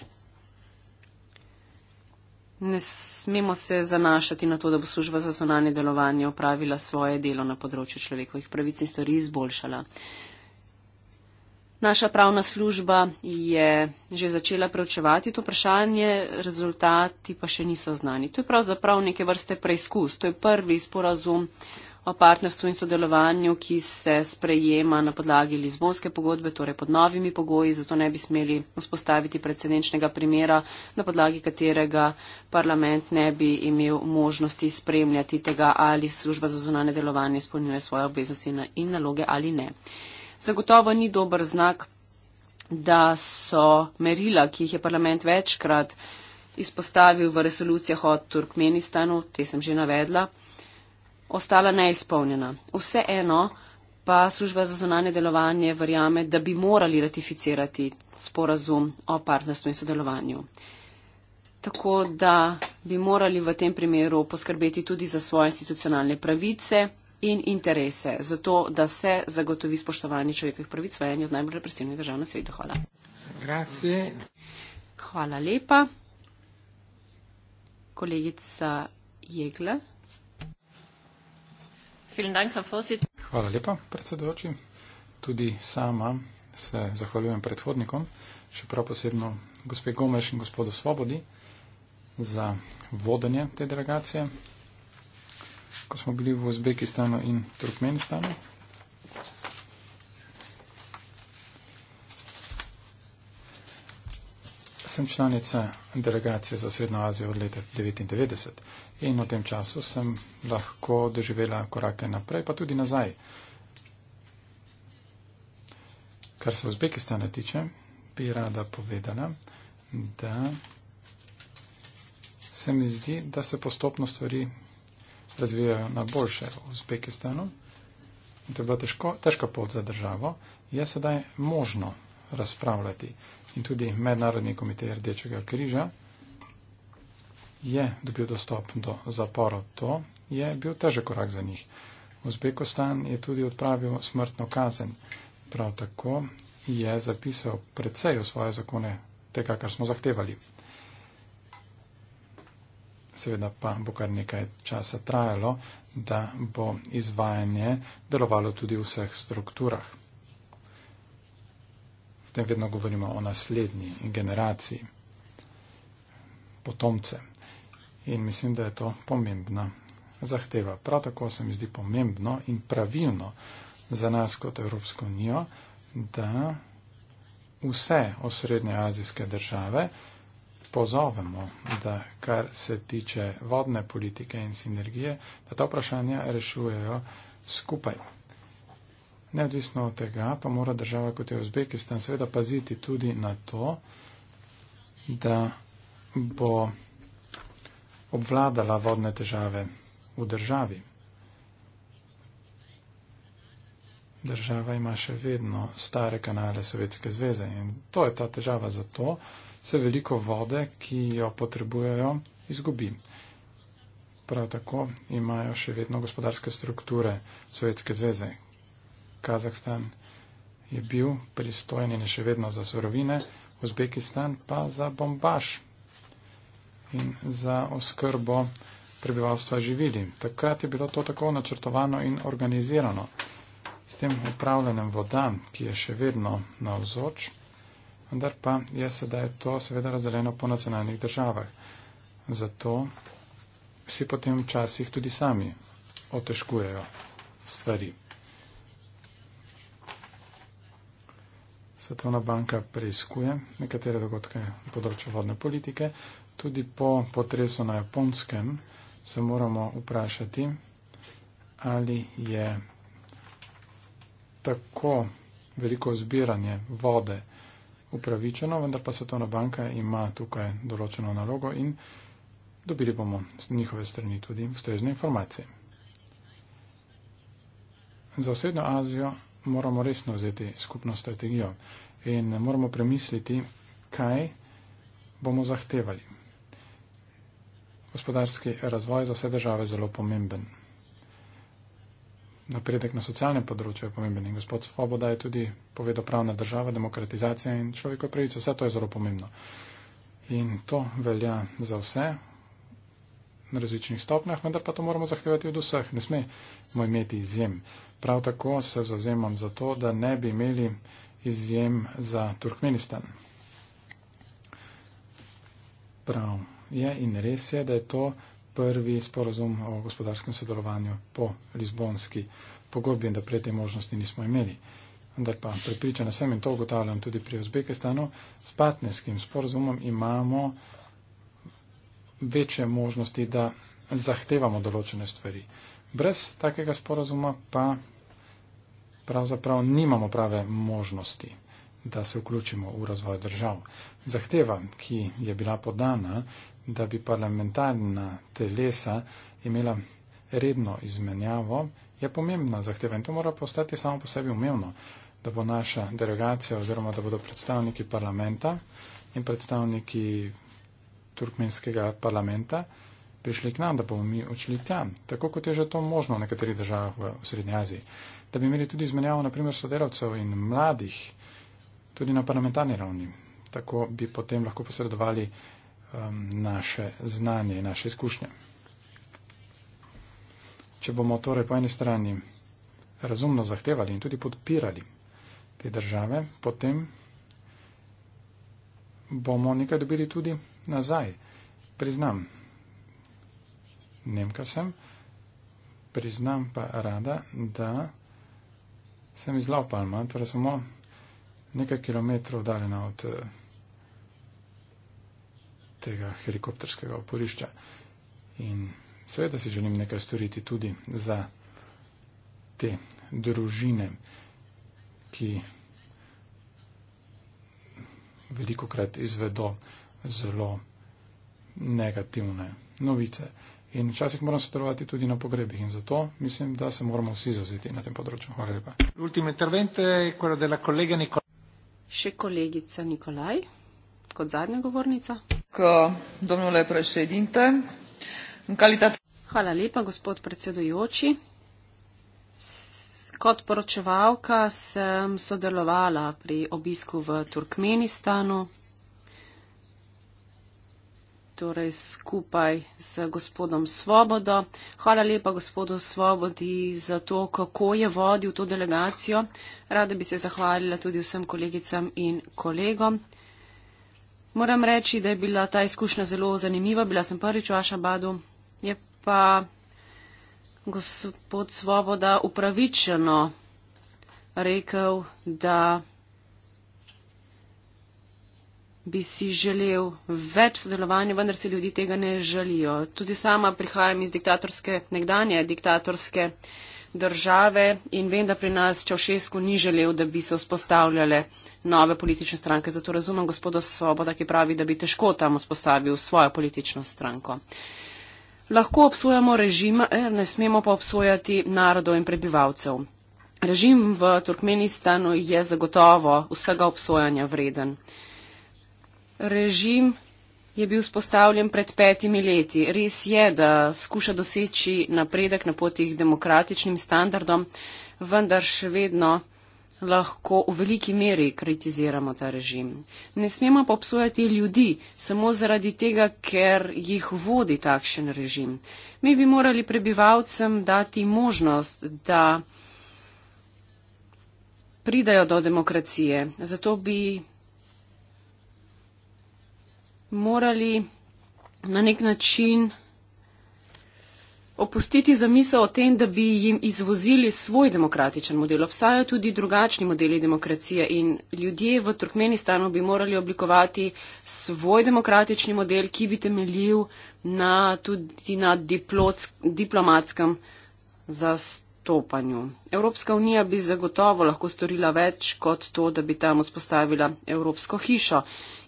Ne smemo se zanašati na to, da bo služba za zonanje delovanje opravila svoje delo na področju človekovih pravic in stvari izboljšala. Naša pravna služba je že začela preučevati to vprašanje, rezultati pa še niso znani. To je pravzaprav neke vrste preizkus. To je prvi sporazum o partnerstvu in sodelovanju, ki se sprejema na podlagi Lizbonske pogodbe, torej pod novimi pogoji, zato ne bi smeli vzpostaviti precedenčnega primera, na podlagi katerega parlament ne bi imel možnosti spremljati tega, ali služba za zunanje delovanje izpolnjuje svoje obveznosti in naloge ali ne zagotovo ni dober znak, da so merila, ki jih je parlament večkrat izpostavil v resolucijah o Turkmenistanu, te sem že navedla, ostala neizpolnjena. Vseeno pa služba za zonanje delovanje verjame, da bi morali ratificirati sporazum o partnerstvu in sodelovanju. Tako da bi morali v tem primeru poskrbeti tudi za svoje institucionalne pravice, in interese za to, da se zagotovi spoštovanje človekovih pravic v eni od najbolj represivnih držav na svetu. Hvala. Grazie. Hvala lepa. Kolegica Jegle. Hvala lepa, predsedujoči. Tudi sama se zahvaljujem predhodnikom, še prav posebno gospe Gomeš in gospodu Svobodi za vodenje te delegacije ko smo bili v Uzbekistanu in Turkmenistanu. Sem članica delegacije za Srednjo Azijo od leta 1999 in v tem času sem lahko doživela korake naprej, pa tudi nazaj. Kar se Uzbekistana tiče, bi rada povedala, da se mi zdi, da se postopno stvari razvijajo na boljše v Uzbekistanu. In to je bila težko, težka pot za državo, je sedaj možno razpravljati. In tudi Mednarodni komitej Rdečega križa je dobil dostop do zaporov. To je bil težek korak za njih. Uzbekistan je tudi odpravil smrtno kazen. Prav tako je zapisal predvsej v svoje zakone tega, kar smo zahtevali seveda pa bo kar nekaj časa trajalo, da bo izvajanje delovalo tudi v vseh strukturah. V tem vedno govorimo o naslednji generaciji, potomce. In mislim, da je to pomembna zahteva. Prav tako se mi zdi pomembno in pravilno za nas kot Evropsko unijo, da vse osrednje azijske države pozovemo, da kar se tiče vodne politike in sinergije, da ta vprašanja rešujejo skupaj. Neodvisno od tega pa mora država, kot je Uzbekistan, seveda paziti tudi na to, da bo obvladala vodne težave v državi. Država ima še vedno stare kanale Sovjetske zveze in to je ta težava za to, se veliko vode, ki jo potrebujejo, izgubi. Prav tako imajo še vedno gospodarske strukture Sovjetske zveze. Kazahstan je bil pristojen in je še vedno za sorovine, Uzbekistan pa za bombaž in za oskrbo prebivalstva živili. Takrat je bilo to tako načrtovano in organizirano. S tem upravljanjem voda, ki je še vedno na vzoč, vendar pa je sedaj to seveda razdeljeno po nacionalnih državah. Zato si potem včasih tudi sami otežkujejo stvari. Svetovna banka preizkuje nekatere dogodke na področju vodne politike. Tudi po potresu na japonskem se moramo vprašati, ali je tako veliko zbiranje vode upravičeno, vendar pa svetovna banka ima tukaj določeno nalogo in dobili bomo z njihove strani tudi ustrezne informacije. Za osrednjo Azijo moramo resno vzeti skupno strategijo in moramo premisliti, kaj bomo zahtevali. Gospodarski razvoj za vse države je zelo pomemben napredek na socialnem področju je pomemben in gospod Svoboda je tudi povedal pravna država, demokratizacija in človekove pravice, vse to je zelo pomembno. In to velja za vse na različnih stopnjah, vendar pa to moramo zahtevati od vseh. Ne smemo imeti izjem. Prav tako se zavzemam za to, da ne bi imeli izjem za Turkmenistan. Prav je in res je, da je to prvi sporozum o gospodarskem sodelovanju po Lizbonski pogodbi in da pred te možnosti nismo imeli. Vendar pa pripričana sem in to ugotavljam tudi pri Uzbekistanu, s partnerskim sporozumom imamo večje možnosti, da zahtevamo določene stvari. Brez takega sporozuma pa pravzaprav nimamo prave možnosti da se vključimo v razvoj držav. Zahteva, ki je bila podana, da bi parlamentarna telesa imela redno izmenjavo, je pomembna zahteva in to mora postati samo po sebi umevno, da bo naša delegacija oziroma da bodo predstavniki parlamenta in predstavniki turkmenskega parlamenta prišli k nam, da bomo mi odšli tam, tako kot je že to možno v nekaterih državah v Srednji Aziji, da bi imeli tudi izmenjavo naprimer sodelavcev in mladih tudi na parlamentarni ravni. Tako bi potem lahko posredovali Um, naše znanje in naše izkušnje. Če bomo torej po eni strani razumno zahtevali in tudi podpirali te države, potem bomo nekaj dobili tudi nazaj. Priznam, Nemka sem, priznam pa rada, da sem iz Laupalma, torej samo nekaj kilometrov daljena od. Eh, tega helikopterskega oporišča. In seveda si želim nekaj storiti tudi za te družine, ki veliko krat izvedo zelo negativne novice. In včasih moram sodelovati tudi na pogrebih in zato mislim, da se moramo vsi zauzeti na tem področju. Hvala lepa. Še kolegica Nikolaj, kot zadnja govornica. Hvala lepa, gospod predsedujoči. Kot poročevalka sem sodelovala pri obisku v Turkmenistanu, torej skupaj z gospodom Svobodo. Hvala lepa gospodu Svobodi za to, kako je vodil to delegacijo. Rada bi se zahvalila tudi vsem kolegicam in kolegom. Moram reči, da je bila ta izkušnja zelo zanimiva. Bila sem prvič v Ašabadu. Je pa gospod Svoboda upravičeno rekel, da bi si želel več sodelovanja, vendar se ljudi tega ne želijo. Tudi sama prihajam iz diktatorske, nekdanje diktatorske države in vem, da pri nas Čaušesku ni želel, da bi se vzpostavljale nove politične stranke. Zato razumem gospoda Svoboda, ki pravi, da bi težko tam vzpostavil svojo politično stranko. Lahko obsojamo režima, eh, ne smemo pa obsojati narodov in prebivalcev. Režim v Turkmenistanu je zagotovo vsega obsojanja vreden. Režim je bil spostavljen pred petimi leti. Res je, da skuša doseči napredek na poti k demokratičnim standardom, vendar še vedno lahko v veliki meri kritiziramo ta režim. Ne smemo pa obsojati ljudi samo zaradi tega, ker jih vodi takšen režim. Mi bi morali prebivalcem dati možnost, da pridajo do demokracije. Zato bi morali na nek način opustiti zamisel o tem, da bi jim izvozili svoj demokratičen model. Obstajajo tudi drugačni modeli demokracije in ljudje v Turkmenistanu bi morali oblikovati svoj demokratični model, ki bi temeljil na, tudi na diploc, diplomatskem zastopanju. Evropska unija bi zagotovo lahko storila več kot to, da bi tam vzpostavila Evropsko hišo.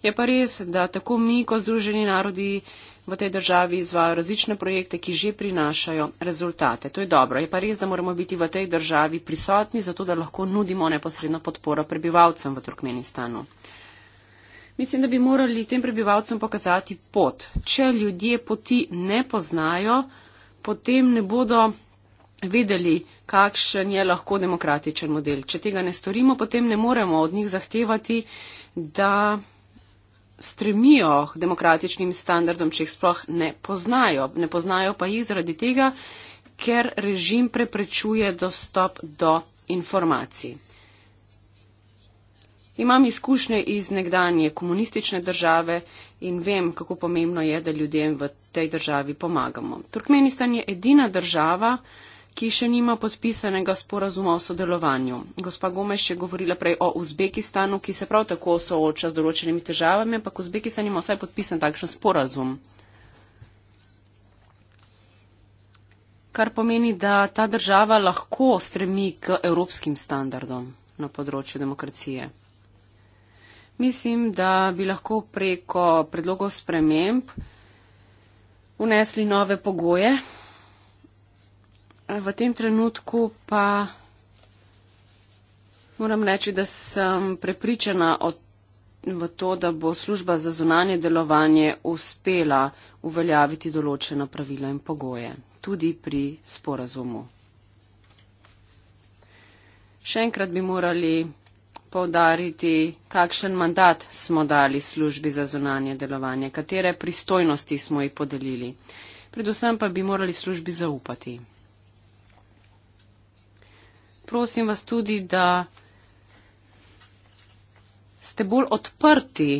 Je pa res, da tako mi, kot Združeni narodi, v tej državi izvajo različne projekte, ki že prinašajo rezultate. To je dobro. Je pa res, da moramo biti v tej državi prisotni, zato da lahko nudimo neposredno podporo prebivalcem v Turkmenistanu. Mislim, da bi morali tem prebivalcem pokazati pot. Če ljudje poti ne poznajo, potem ne bodo vedeli, kakšen je lahko demokratičen model. Če tega ne storimo, potem ne moremo od njih zahtevati, da stremijo k demokratičnim standardom, če jih sploh ne poznajo. Ne poznajo pa jih zaradi tega, ker režim preprečuje dostop do informacij. Imam izkušnje iz nekdanje komunistične države in vem, kako pomembno je, da ljudem v tej državi pomagamo. Turkmenistan je edina država, ki še nima podpisanega sporazuma o sodelovanju. Gospa Gomeš je govorila prej o Uzbekistanu, ki se prav tako sooča z določenimi težavami, ampak Uzbekistan ima vsaj podpisan takšen sporazum. Kar pomeni, da ta država lahko stremi k evropskim standardom na področju demokracije. Mislim, da bi lahko preko predlogov sprememb unesli nove pogoje v tem trenutku pa moram reči, da sem prepričana v to, da bo služba za zunanje delovanje uspela uveljaviti določena pravila in pogoje, tudi pri sporazumu. Še enkrat bi morali povdariti, kakšen mandat smo dali službi za zunanje delovanje, katere pristojnosti smo ji podelili. Predvsem pa bi morali službi zaupati prosim vas tudi, da ste bolj odprti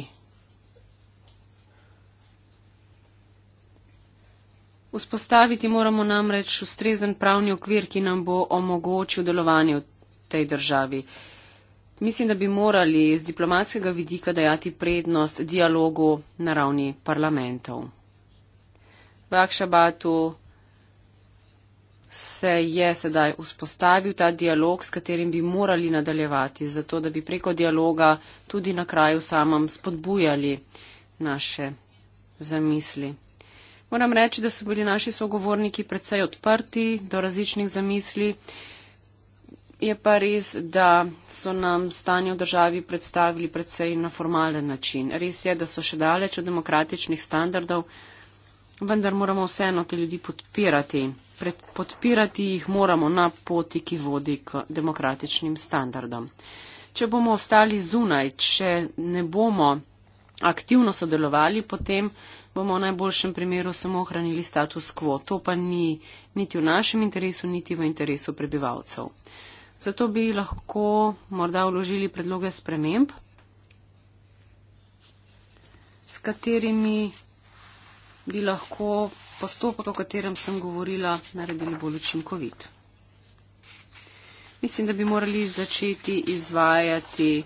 Vzpostaviti moramo namreč ustrezen pravni okvir, ki nam bo omogočil delovanje v tej državi. Mislim, da bi morali z diplomatskega vidika dajati prednost dialogu na ravni parlamentov. Vakšabatu se je sedaj vzpostavil ta dialog, s katerim bi morali nadaljevati, zato da bi preko dialoga tudi na kraju samem spodbujali naše zamisli. Moram reči, da so bili naši sogovorniki predvsej odprti do različnih zamisli. Je pa res, da so nam stanje v državi predstavili predvsej na formalen način. Res je, da so še daleč od demokratičnih standardov, vendar moramo vseeno te ljudi podpirati podpirati jih moramo na poti, ki vodi k demokratičnim standardom. Če bomo ostali zunaj, če ne bomo aktivno sodelovali, potem bomo v najboljšem primeru samo ohranili status quo. To pa ni niti v našem interesu, niti v interesu prebivalcev. Zato bi lahko morda vložili predloge sprememb, s katerimi bi lahko postopek, o katerem sem govorila, naredili bolj učinkovit. Mislim, da bi morali začeti izvajati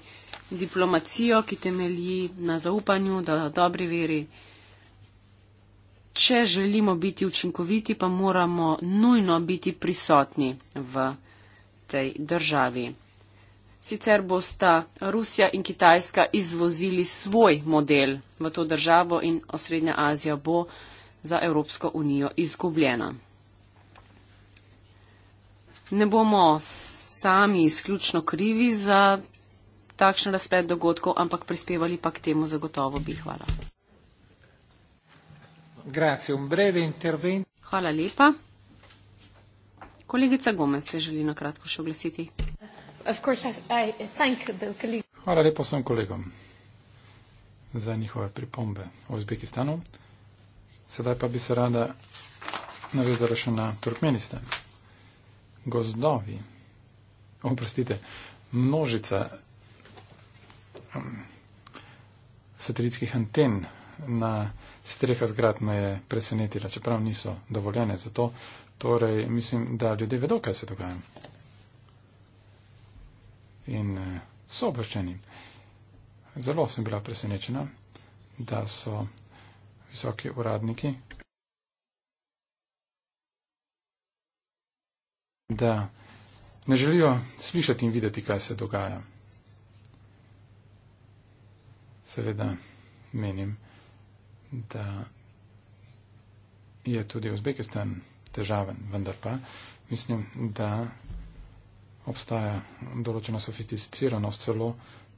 diplomacijo, ki temelji na zaupanju, da na dobri veri. Če želimo biti učinkoviti, pa moramo nujno biti prisotni v tej državi. Sicer bosta Rusija in Kitajska izvozili svoj model v to državo in osrednja Azija bo za Evropsko unijo izgubljena. Ne bomo sami izključno krivi za takšen razplet dogodkov, ampak prispevali pa k temu zagotovo bi. Hvala. Hvala lepa. Kolegica Gomez se želi na kratko še oglasiti. Hvala lepo vsem kolegom za njihove pripombe o Uzbekistanu. Sedaj pa bi se rada navezala še na Turkmenistan. Gozdovi, oprostite, množica um, satelitskih anten na streha zgrad me je presenetila, čeprav niso dovoljene za to. Torej, mislim, da ljudje vedo, kaj se dogaja. In eh, so obveščeni. Zelo sem bila presenečena, da so visoki uradniki, da ne želijo slišati in videti, kaj se dogaja. Seveda menim, da je tudi Uzbekistan težaven, vendar pa mislim, da obstaja določena sofisticiranost celo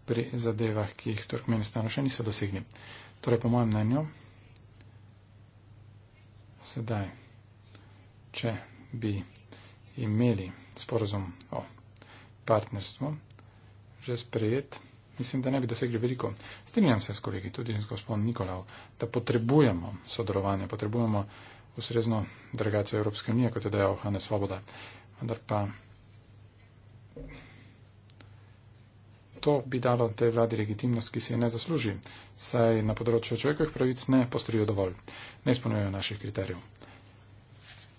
pri zadevah, ki jih Turkmenistanu še niso dosegli. Torej, po mojem mnenju, Sedaj, če bi imeli sporozum o partnerstvu, že sprejet, mislim, da ne bi dosegli veliko. Strinjam se s kolegi, tudi z gospodom Nikolav, da potrebujemo sodelovanje, potrebujemo ustrezno delegacijo Evropske unije, kot je dejal Hane Svoboda. Vendar pa To bi dalo tej vladi legitimnost, ki si je ne zasluži, saj na področju človekovih pravic ne postorijo dovolj, ne izpolnjujejo naših kriterijev.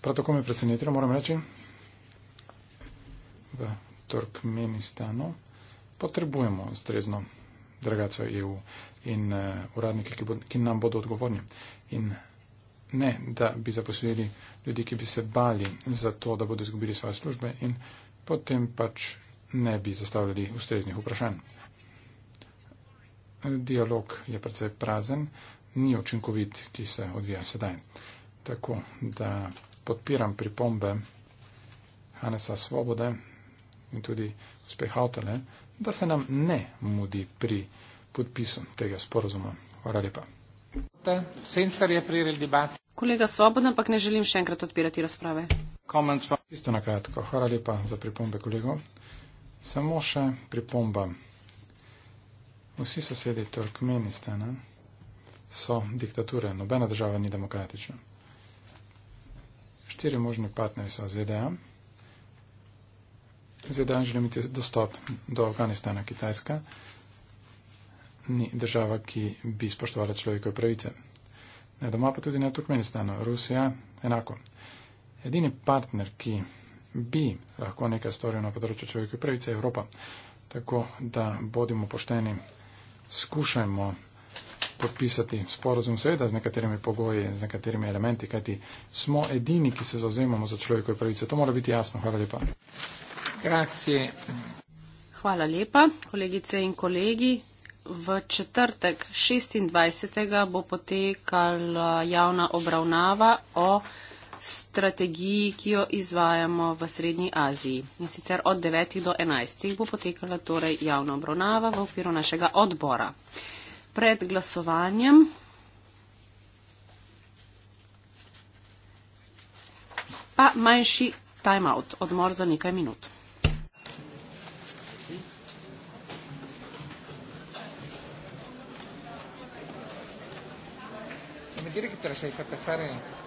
Prav tako me presenetilo, moram reči, v Turkmenistanu potrebujemo ustrezno dragaco EU in uh, uradniki, ki, bo, ki nam bodo odgovorni. In ne, da bi zaposlili ljudi, ki bi se bali za to, da bodo izgubili svoje službe in potem pač ne bi zastavljali ustreznih vprašanj. Dialog je predvsej prazen, ni očinkovit, ki se odvija sedaj. Tako da podpiram pripombe Hanesa Svobode in tudi uspeh avtele, da se nam ne mudi pri podpisu tega sporozuma. Hvala lepa. Sensor je prijel debat. Kolega Svoboda, ampak ne želim še enkrat odpirati razprave. Isto na kratko. Hvala lepa za pripombe, kolego. Samo še pripomba. Vsi sosedi Turkmenistana so diktature, nobena država ni demokratična. Štiri možni partnerji so ZDA. ZDA želi imeti dostop do Afganistana, Kitajska. Ni država, ki bi spoštovala človekove pravice. Ne doma, pa tudi ne v Turkmenistanu. Rusija enako. Edini partner, ki bi lahko nekaj storil na področju človekovih pravic, je Evropa. Tako da bodimo pošteni, skušajmo podpisati sporozum, seveda z nekaterimi pogoji, z nekaterimi elementi, kajti smo edini, ki se zauzemamo za človekove pravice. To mora biti jasno. Hvala lepa. Grazie. Hvala lepa, kolegice in kolegi. V četrtek 26. bo potekala javna obravnava o strategiji, ki jo izvajamo v Srednji Aziji. In sicer od 9. do 11. bo potekala torej javna obravnava v okviru našega odbora. Pred glasovanjem pa manjši time-out, odmor za nekaj minut. Mi dire che te la sei fatta fare?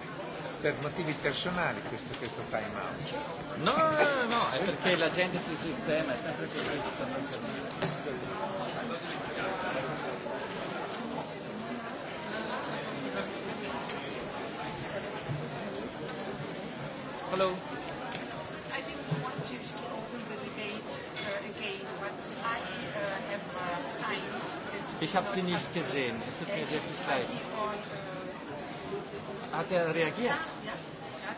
per motivi personali questo, questo time out? No, no, no, no, è perché la gente sul sistema è sempre più triste. Hello. I didn't want you to open the debate uh, again, but I uh, have uh, signed that you Ich habe sie nicht gesehen. Es tut mir sehr viel leid hat er reagiert.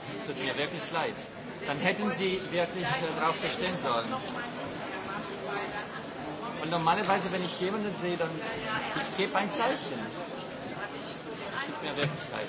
Hilfst du mir ja wirklich leid. Dann hätten sie wirklich äh, darauf bestehen sollen. Und normalerweise, wenn ich jemanden sehe, dann ich gebe ein Zeichen. Tut mir wirklich leid.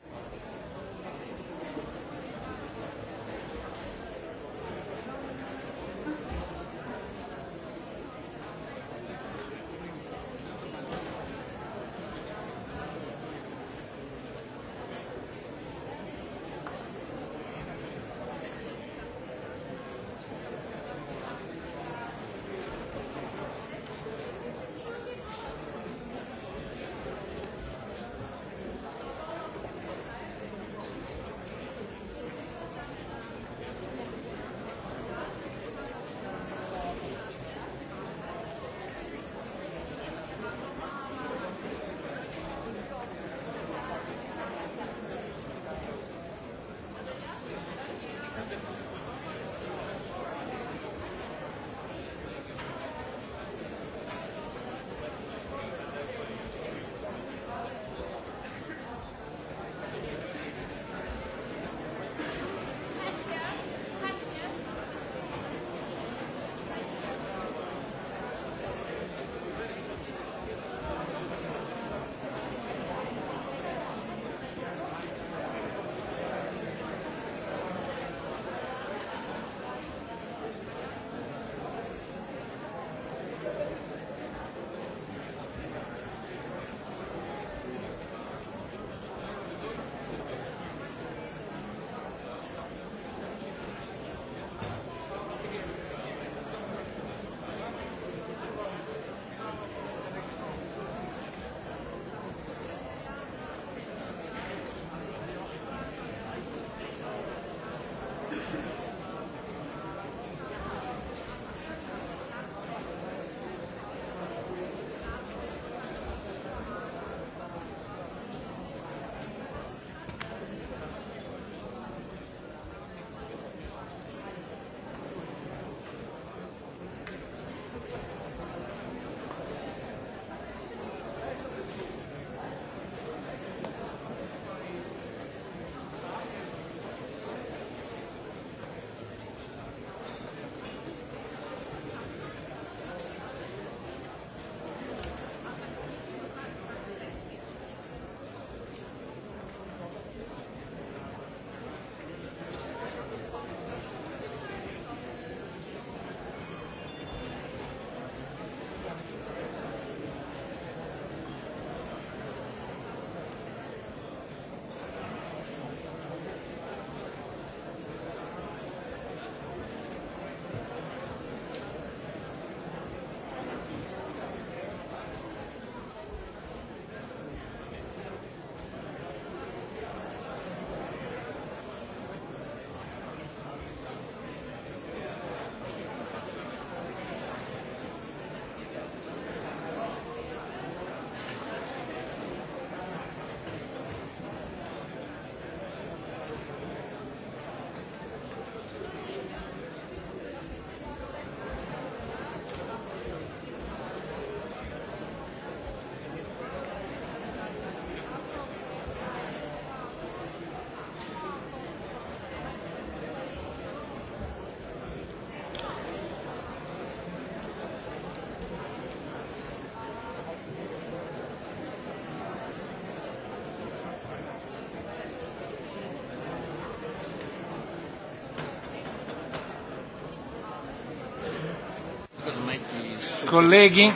colleghi.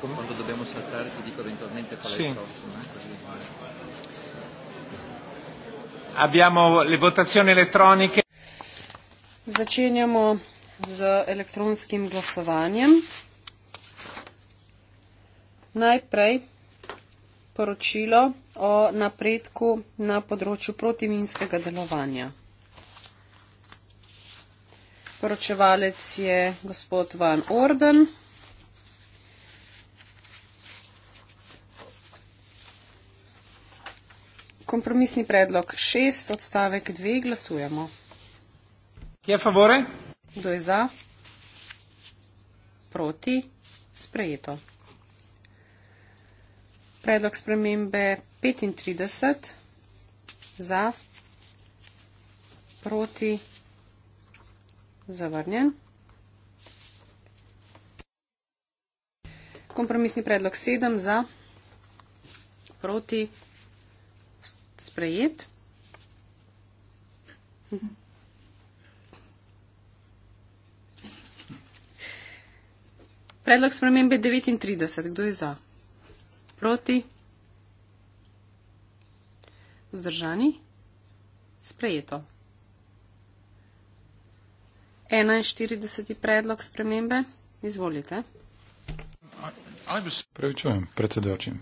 Quando dobbiamo saltare ti dico eventualmente qual è sì. il prossimo. Eh? Abbiamo le votazioni elettroniche. Začenjamo z elektronskim glasovanjem. Najprej poročilo o napredku na področju protiminskega delovanja. Poročevalec je gospod Van Orden. Kompromisni predlog 6 odstavek 2 glasujemo. Je favore? Kdo je za? Proti? Sprejeto. Predlog spremembe 35 za? Proti? Zavrnjen. Kompromisni predlog 7 za proti sprejet. Predlog spremembe 39. Kdo je za? Proti? Vzdržani? Sprejeto. 41. predlog spremembe. Izvolite. Prevečujem, predsedujoči.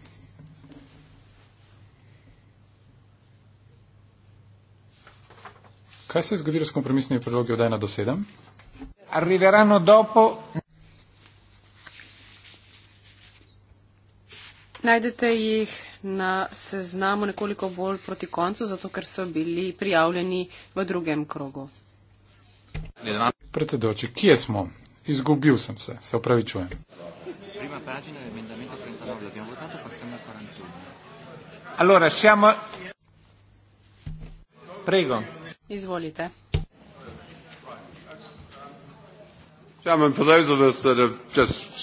Kaj se je zgodilo s kompromisnimi predlogi od 1 do 7? Arriveranno dopo. Najdete jih na seznamu nekoliko bolj proti koncu, zato ker so bili prijavljeni v drugem krogu. Predsedoči, kje smo? Izgubil sem se, se opravičujem. Allora, siamo... Prego. Izvolite.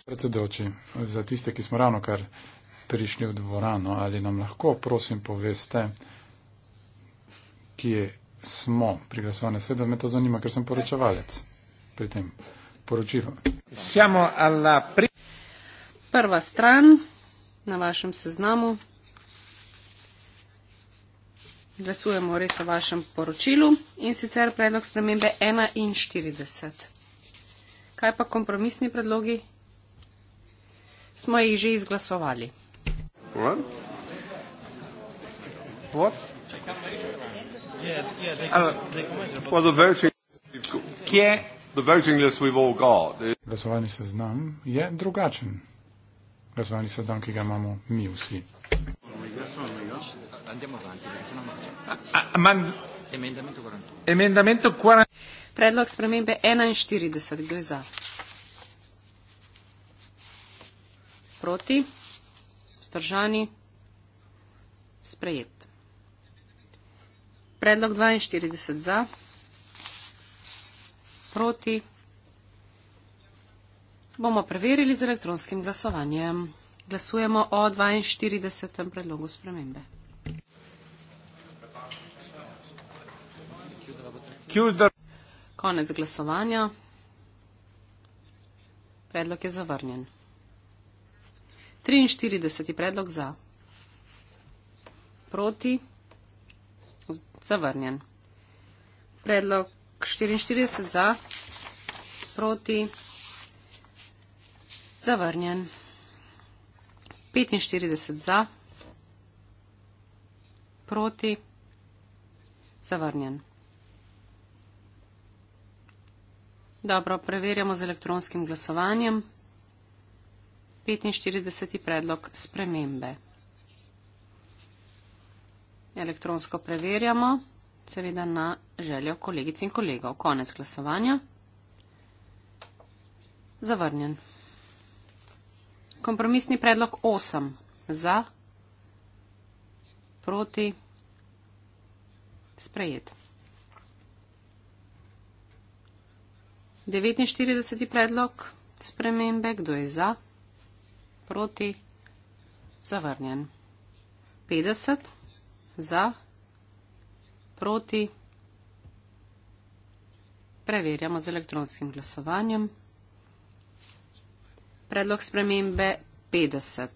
Predsedoči, za tiste, ki smo ravno kar prišli v dvorano, ali nam lahko, prosim, poveste, kje smo pri glasovanju, seveda me to zanima, ker sem poročevalec pri tem poročilu. Pri... Prva stran na vašem seznamu. Glasujemo res o vašem poročilu in sicer predlog spremembe 41. Kaj pa kompromisni predlogi? Smo jih že izglasovali. What? What? Glasovalni seznam je drugačen. Glasovalni seznam, ki ga imamo mi vsi. Predlog spremembe 41. Kdo je za? Proti? Zdržani? Sprejet. Predlog 42 za. Proti. Bomo preverili z elektronskim glasovanjem. Glasujemo o 42. predlogu spremembe. Konec glasovanja. Predlog je zavrnjen. 43. predlog za. Proti zavrnjen. Predlog 44 za, proti, zavrnjen. 45 za, proti, zavrnjen. Dobro, preverjamo z elektronskim glasovanjem. 45. predlog spremembe elektronsko preverjamo, seveda na željo kolegic in kolegov. Konec glasovanja. Zavrnjen. Kompromisni predlog 8 za, proti, sprejet. 49. predlog spremembe, kdo je za, proti, zavrnjen. 50 za, proti. Preverjamo z elektronskim glasovanjem. Predlog spremembe 50.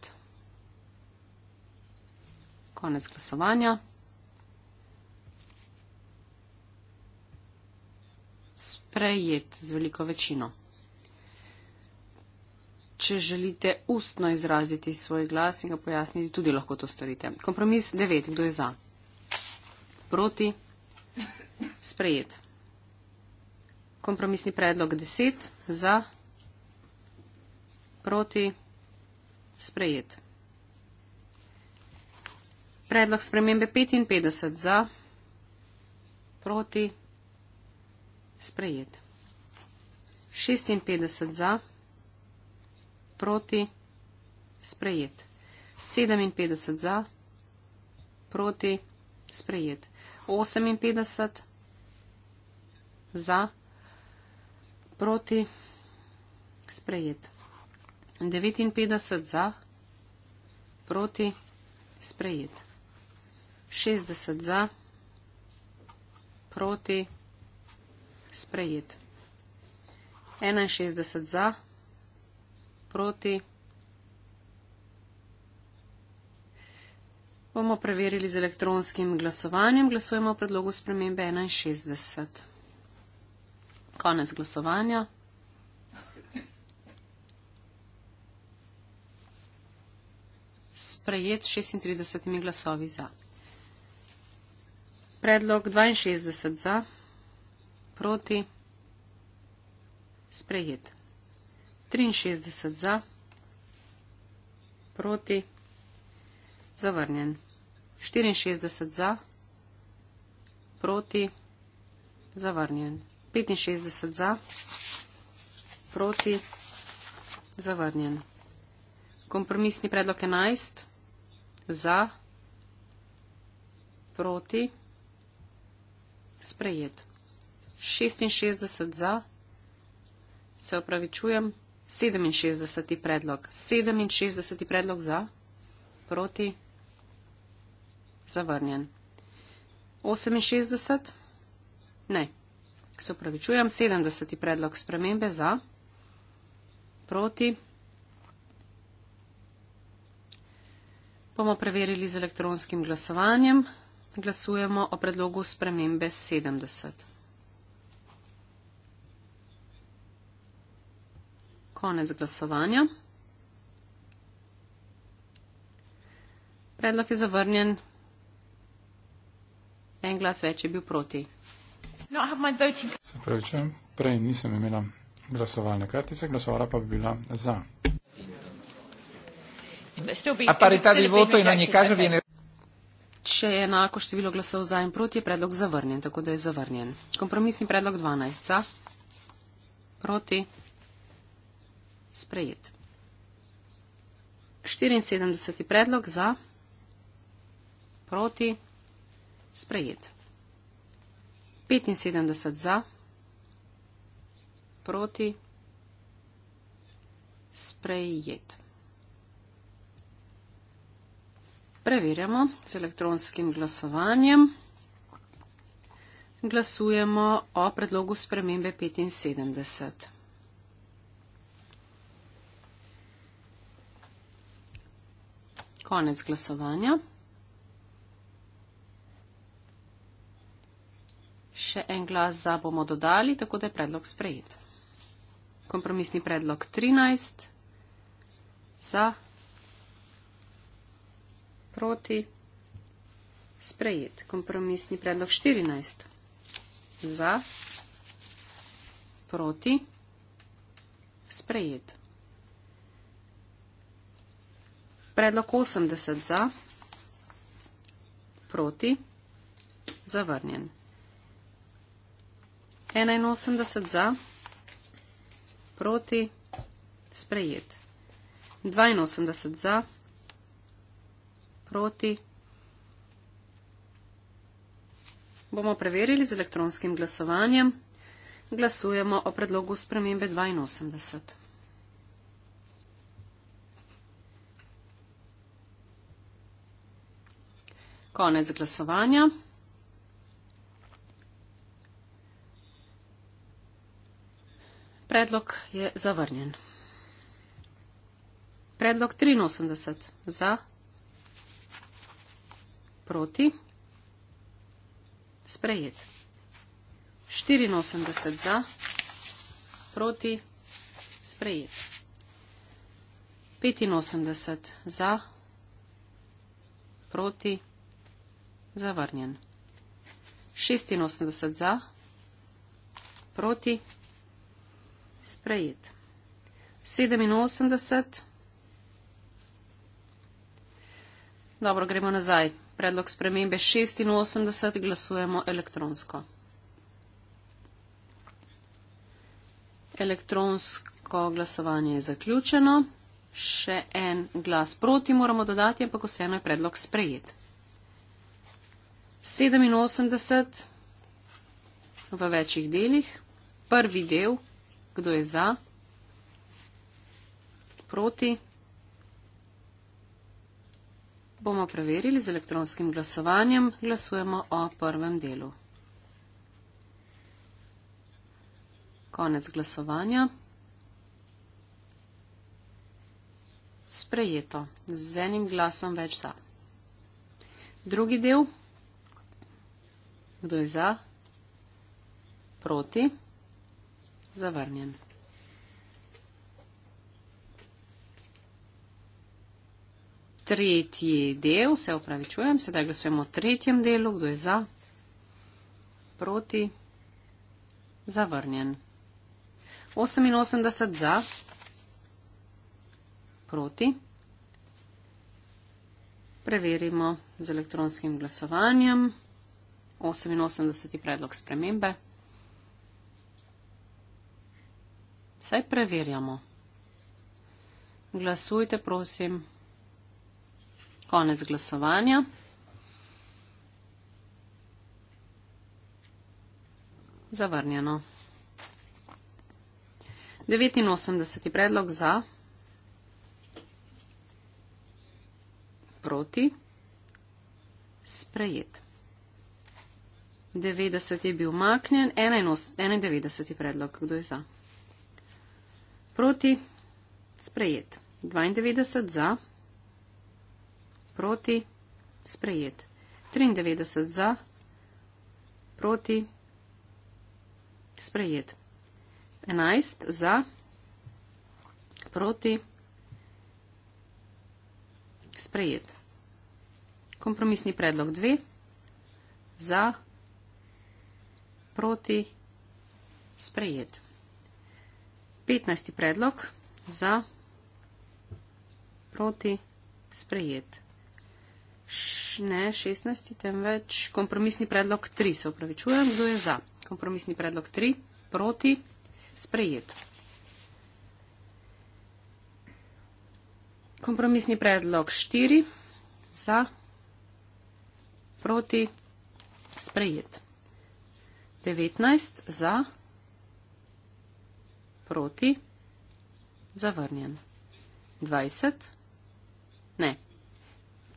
Konec glasovanja. Sprejet z veliko večino če želite ustno izraziti svoj glas in ga pojasniti, tudi lahko to storite. Kompromis 9. Kdo je za? Proti? Sprejet. Kompromisni predlog 10. Za? Proti? Sprejet. Predlog spremembe 55 za, proti, sprejet. 56 za proti, sprejet. 57 za, proti, sprejet. 58 za, proti, sprejet. 59 za, proti, sprejet. 60 za, proti, sprejet. 61 za, proti, sprejet proti. Bomo preverili z elektronskim glasovanjem. Glasujemo o predlogu spremembe 61. Konec glasovanja. Sprejet 36 glasovi za. Predlog 62 za. Proti. Sprejet. 63 za, proti, zavrnjen. 64 za, proti, zavrnjen. 65 za, proti, zavrnjen. Kompromisni predlog 11 za, proti, sprejet. 66 za, se opravičujem, 67. predlog. 67. predlog za, proti, zavrnjen. 68. Ne. Se upravičujem. 70. predlog spremembe za, proti. Bomo preverili z elektronskim glasovanjem. Glasujemo o predlogu spremembe 70. konec glasovanja. Predlog je zavrnjen. En glas več je bil proti. No, Se pravi, če prej nisem imela glasovalne kartice, glasovala pa bi bila za. Če je enako število glasov za in proti, je predlog zavrnjen, tako da je zavrnjen. Kompromisni predlog 12. Proti sprejet. 74. predlog za, proti, sprejet. 75 za, proti, sprejet. Preverjamo z elektronskim glasovanjem. Glasujemo o predlogu spremembe 75. Konec glasovanja. Še en glas za bomo dodali, tako da je predlog sprejet. Kompromisni predlog 13 za proti sprejet. Kompromisni predlog 14 za proti sprejet. Predlog 80 za, proti, zavrnjen. 81 za, proti, sprejet. 82 za, proti. Bomo preverili z elektronskim glasovanjem. Glasujemo o predlogu spremembe 82. Konec glasovanja. Predlog je zavrnjen. Predlog 83 za, proti, sprejet. 84 za, proti, sprejet. 85 za, proti, sprejet zavrnjen. 86 za, proti, sprejet. 87. Dobro, gremo nazaj. Predlog spremembe 86 glasujemo elektronsko. Elektronsko glasovanje je zaključeno. Še en glas proti moramo dodati, ampak vseeno je predlog sprejet. 87 v večjih delih. Prvi del, kdo je za, proti, bomo preverili z elektronskim glasovanjem. Glasujemo o prvem delu. Konec glasovanja. Sprejeto z enim glasom več za. Drugi del. Kdo je za? Proti? Zavrnjen. Tretji del, se upravičujem, sedaj glasujemo o tretjem delu. Kdo je za? Proti? Zavrnjen. 88 za? Proti? Preverimo z elektronskim glasovanjem. 88. predlog spremembe. Saj preverjamo. Glasujte, prosim. Konec glasovanja. Zavrnjeno. 89. predlog za. Proti. Sprejet. 90 je bil umaknjen, 91 je predlog, kdo je za. Proti, sprejet. 92 za, proti, sprejet. 93 za, proti, sprejet. 11 za, proti, sprejet. Kompromisni predlog 2 za proti sprejet. 15. predlog za proti sprejet. Ne 16, temveč kompromisni predlog 3. Se upravičujem, kdo je za. Kompromisni predlog 3 proti sprejet. Kompromisni predlog 4 za proti sprejet. 19 za, proti, zavrnjen. 20, ne.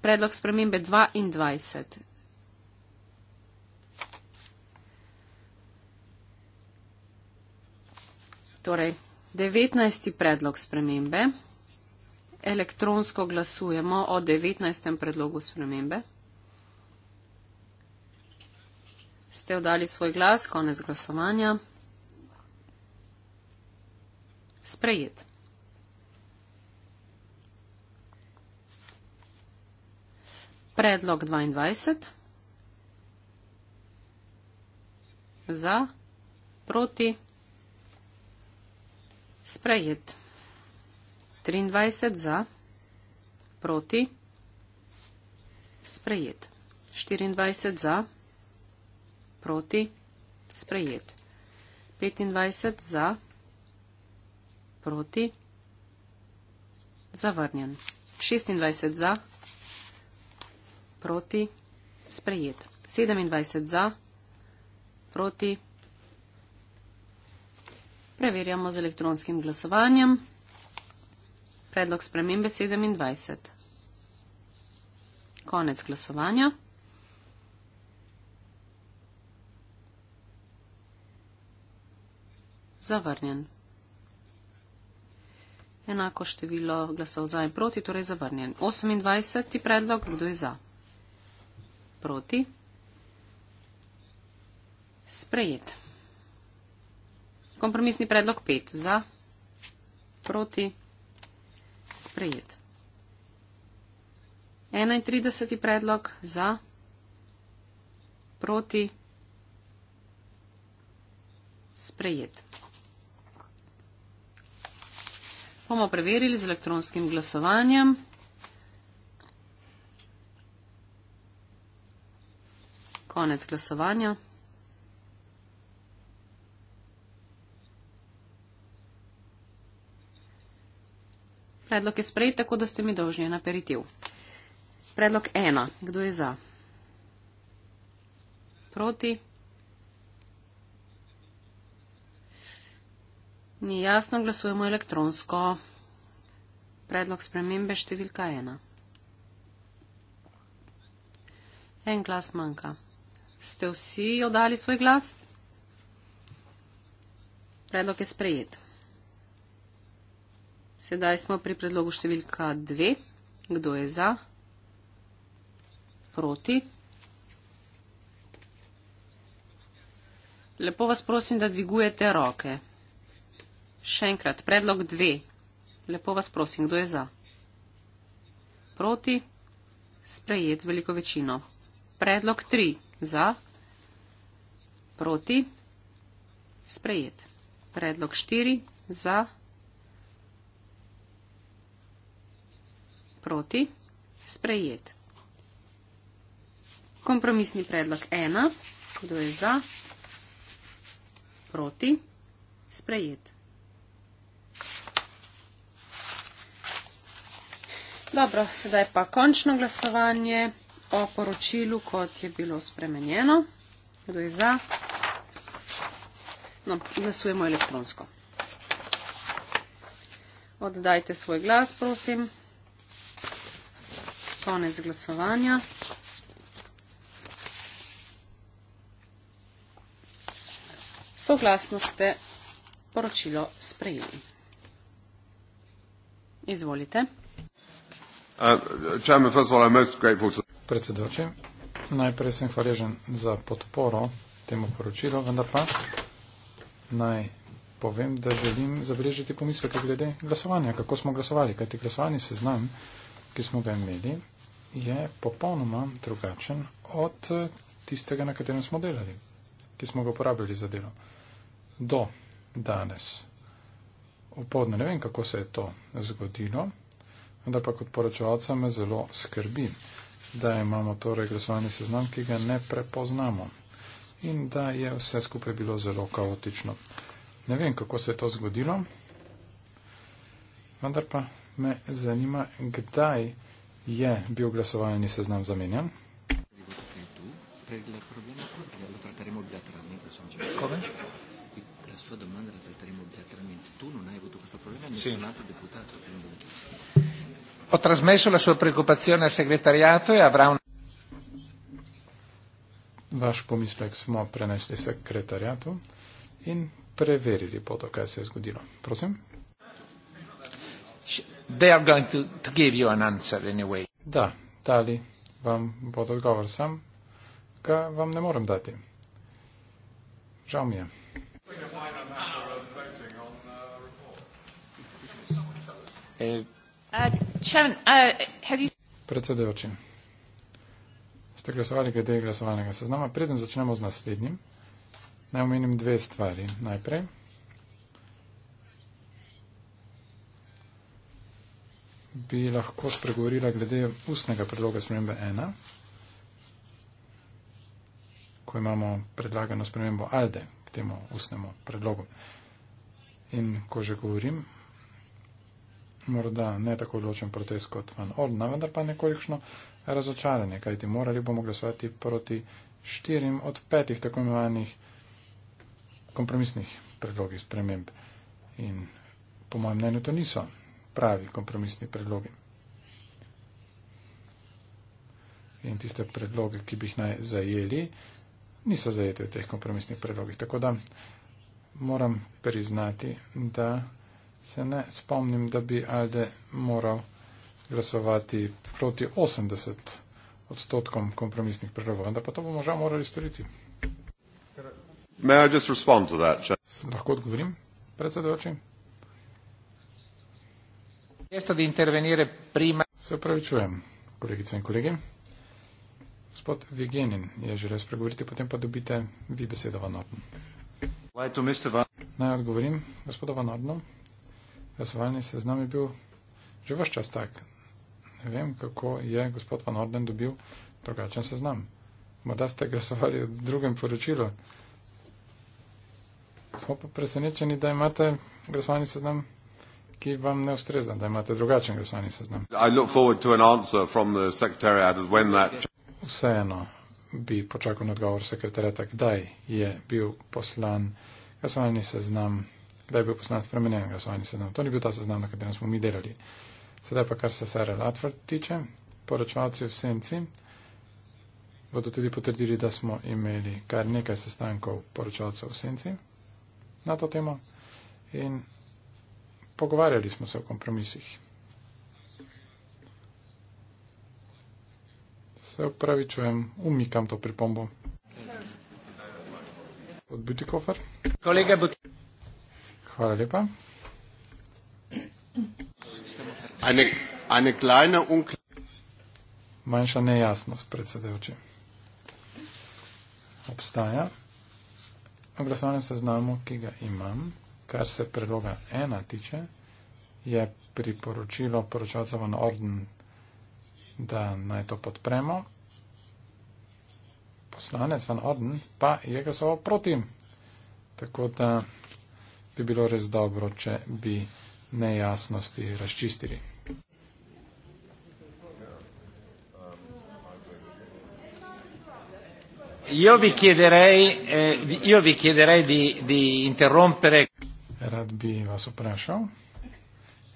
Predlog spremembe 22. Torej, 19. predlog spremembe. Elektronsko glasujemo o 19. predlogu spremembe. ste oddali svoj glas, konec glasovanja. Sprejet. Predlog 22. Za. Proti. Sprejet. 23 za. Proti. Sprejet. 24 za proti, sprejet. 25 za, proti, zavrnjen. 26 za, proti, sprejet. 27 za, proti, preverjamo z elektronskim glasovanjem. Predlog spremembe 27. Konec glasovanja. zavrnjen. Enako število glasov za in proti, torej zavrnjen. 28. predlog, kdo je za? Proti. Sprejet. Kompromisni predlog 5. Za. Proti. Sprejet. 31. predlog za. Proti. Sprejet bomo preverili z elektronskim glasovanjem. Konec glasovanja. Predlog je sprejet, tako da ste mi dolžni en aperitiv. Predlog ena. Kdo je za? Proti? Ni jasno, glasujemo elektronsko. Predlog spremembe številka ena. En glas manjka. Ste vsi oddali svoj glas? Predlog je sprejet. Sedaj smo pri predlogu številka dve. Kdo je za? Proti? Lepo vas prosim, da dvigujete roke. Še enkrat, predlog dve. Lepo vas prosim, kdo je za? Proti? Sprejet z veliko večino. Predlog tri. Za? Proti? Sprejet. Predlog štiri. Za? Proti? Sprejet. Kompromisni predlog ena. Kdo je za? Proti? Sprejet. Dobro, sedaj pa končno glasovanje o poročilu, kot je bilo spremenjeno. Kdo je za? No, glasujemo elektronsko. Oddajte svoj glas, prosim. Konec glasovanja. Soglasno ste poročilo sprejeli. Izvolite. Uh, Predsedoče, najprej sem hvaležen za podporo temu poročilu, vendar pa naj povem, da želim zabrežiti pomisleke glede glasovanja, kako smo glasovali, kajti glasovanje seznam, ki smo ga imeli, je popolnoma drugačen od tistega, na katerem smo delali, ki smo ga uporabljali za delo. Do danes. V povdne ne vem, kako se je to zgodilo vendar pa kot poročevalca me zelo skrbi, da imamo torej glasovalni seznam, ki ga ne prepoznamo in da je vse skupaj bilo zelo kaotično. Ne vem, kako se je to zgodilo, vendar pa me zanima, kdaj je bil glasovalni seznam zamenjan. Sua demanda era tratar imobiliariamente tudo, né? Eu vou tocar problema, mencionado deputado, Ho trasmesso la sua preoccupazione al segretariato e avrà un. Vaš pomislek smo prenesli sekretariatu in preverili po to, kaj se je zgodilo. Prosim. They are going to, to give you an answer anyway. Da, dali vam bo odgovor sam, ga vam ne morem dati. Žal mi je. Uh, Uh, uh, Predsedujoči, ste glasovali glede glasovalnega seznama. Preden začnemo z naslednjim, naj omenim dve stvari. Najprej. bi lahko spregovorila glede ustnega predloga spremembe 1, ko imamo predlagano spremembo ALDE k temu ustnemu predlogu. In ko že govorim, morda ne tako odločen protest kot Van Orden, vendar pa nekolikšno razočaranje, kajti morali bomo glasovati proti štirim od petih tako imenovanih kompromisnih predlogih sprememb. In po mojem mnenju to niso pravi kompromisni predlogi. In tiste predloge, ki bi jih naj zajeli, niso zajeti v teh kompromisnih predlogih. Tako da moram priznati, da se ne spomnim, da bi Alde moral glasovati proti 80 odstotkom kompromisnih predlogov, vendar pa to bomo žal morali storiti. That, Lahko odgovorim, predsedujoči? Se upravičujem, kolegice in kolegi. Gospod Vigenin je želel spregovoriti, potem pa dobite vi besedo v Nordnu. Naj odgovorim, gospodo v Nordnu glasovalni seznam je bil že vse čas tak. Ne vem, kako je gospod Van Orden dobil drugačen seznam. Morda ste glasovali v drugem poročilu. Smo pa presenečeni, da imate glasovalni seznam ki vam ne ustreza, da imate drugačen glasovni seznam. Vseeno bi počakal na odgovor sekretarja, kdaj je bil poslan glasovni seznam da je bil poslan spremenjen glasovanje seznam. To ni bil ta seznam, na katerem smo mi delali. Sedaj pa kar se Sara Latford tiče, poročevalci v senci bodo tudi potrdili, da smo imeli kar nekaj sestankov poročevalcev v senci na to temo in pogovarjali smo se o kompromisih. Se upravičujem, umikam to pripombo. Od Butikofer. Kolega Butikofer. Hvala lepa. Eine, eine kleine unkle... Manjša nejasnost, predsedevče. Obstaja. Na glasovnem seznamu, ki ga imam, kar se predloga ena tiče, je priporočilo poročalca van Orden, da naj to podpremo. Poslanec van Orden pa je glasoval proti. Tako da bi bilo res dobro, če bi nejasnosti razčistili. Io vi chiederei, eh, io vi chiederei di, di interrompere. Rad bi vas vprašal,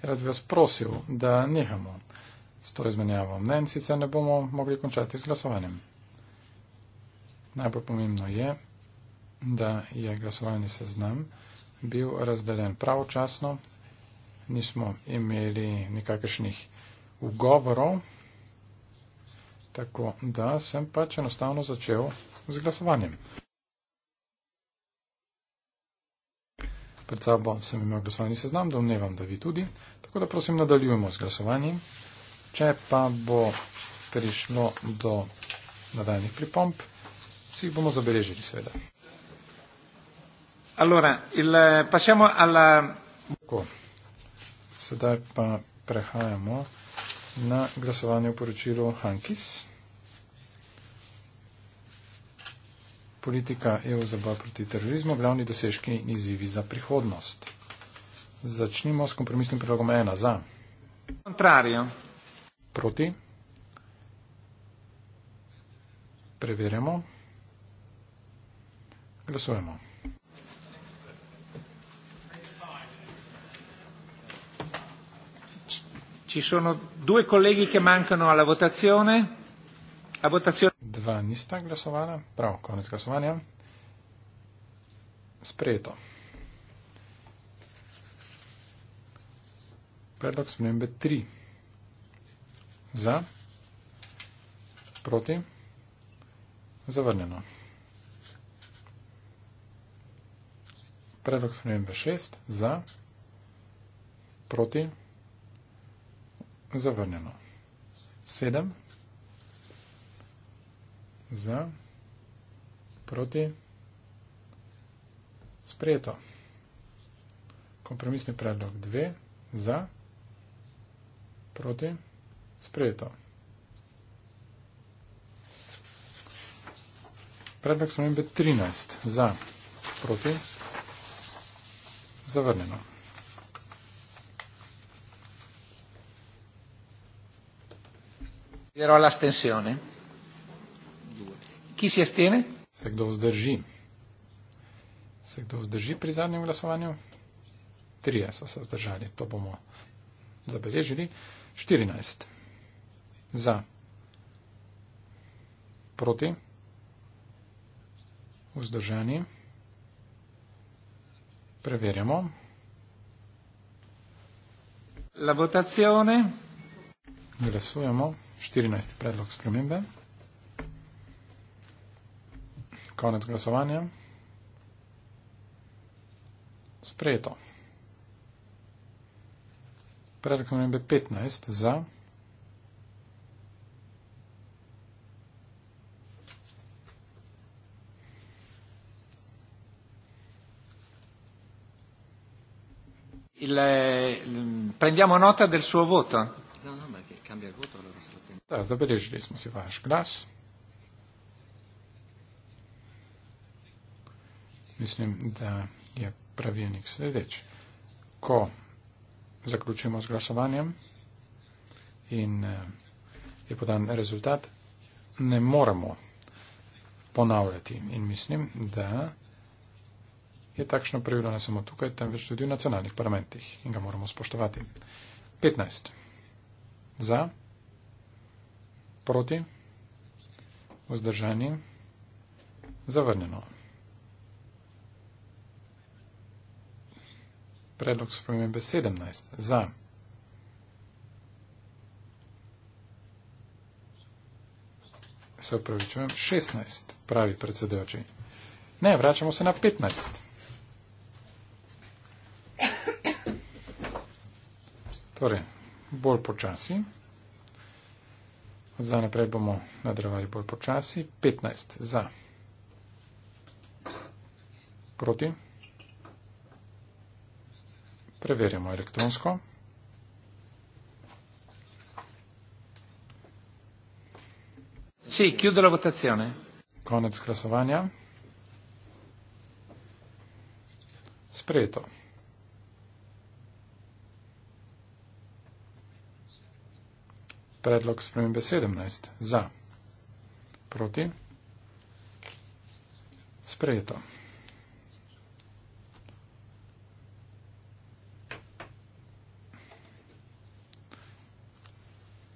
rad bi vas prosil, da nehamo s to izmenjavo mnen, sicer ne bomo mogli končati z glasovanjem. Najbolj pomembno je, da je glasovalni seznam bil razdeljen pravočasno, nismo imeli nikakršnih ugovorov, tako da sem pač enostavno začel z glasovanjem. Pred sabo sem imel glasovanje seznam, domnevam, da vi tudi, tako da prosim nadaljujemo z glasovanjem. Če pa bo prišlo do nadaljnih pripomp, si jih bomo zabeležili seveda. Allora, il, passiamo alla. Sedaj pa prehajamo na glasovanje v poročilu Hankis. Politika EU za boj proti terorizmu, glavni dosežki in izzivi za prihodnost. Začnimo s kompromisnim predlogom 1 za. Contrario. Proti. Preverjamo. Glasujemo. Ci sono due colleghi che mancano alla votazione. La votazione. Dva nista glasovana. Prav, konec glasovanja. Sprejeto. Predlog spremembe 3. Za. Proti. Zavrnjeno. Predlog spremembe 6. Za. Proti zavrnjeno. Sedem za, proti, sprejeto. Kompromisni predlog dve za, proti, sprejeto. Predlog smo imeli 13 za, proti, zavrnjeno. Considero l'astensione. Chi si astiene? Se kdo vzdrži. Se kdo vzdrži pri zadnjem glasovanju? Trije so se vzdržali, to bomo zabeležili. 14 za, proti, vzdržani. Preverjamo. La votazione. Glasujemo. 14. predlog spremembe. Konec glasovanja. Sprejeto. Predlog spremembe 15 za. Il, eh, prendiamo nota del suo voto. No, no, ma che cambia il voto. Zabeležili smo si vaš glas. Mislim, da je pravilnik sledeč. Ko zaključimo z glasovanjem in eh, je podan rezultat, ne moramo ponavljati. In mislim, da je takšno pravilo ne samo tukaj, temveč tudi v nacionalnih parlamentih in ga moramo spoštovati. 15. Za. Proti? Vzdržani? Zavrnjeno. Predlog spremembe 17. Za. Se upravičujem, 16, pravi predsedojoči. Ne, vračamo se na 15. Torej, bolj počasi. 15. Zdaj naprej bomo nadaljevali bolj počasi. 15 za. Proti. Preverjamo elektronsko. Konec glasovanja. Sprejeto. Predlog spremembe 17. Za. Proti. Sprejeto.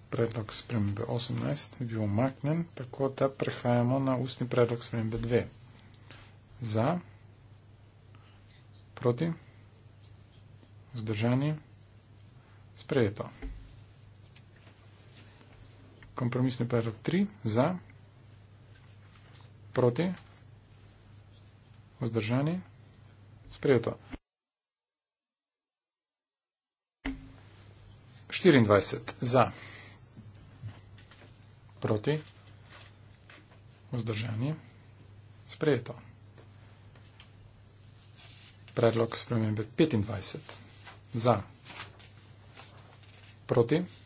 Predlog spremembe 18 je bil omaknen, tako da prehajamo na ustni predlog spremembe 2. Za. Proti. Vzdržanje. Sprejeto kompromisni predlog 3 za, proti, vzdržani, sprejeto. 24 za, proti, vzdržani, sprejeto. Predlog spremembe 25 za, proti, vzdržani, sprejeto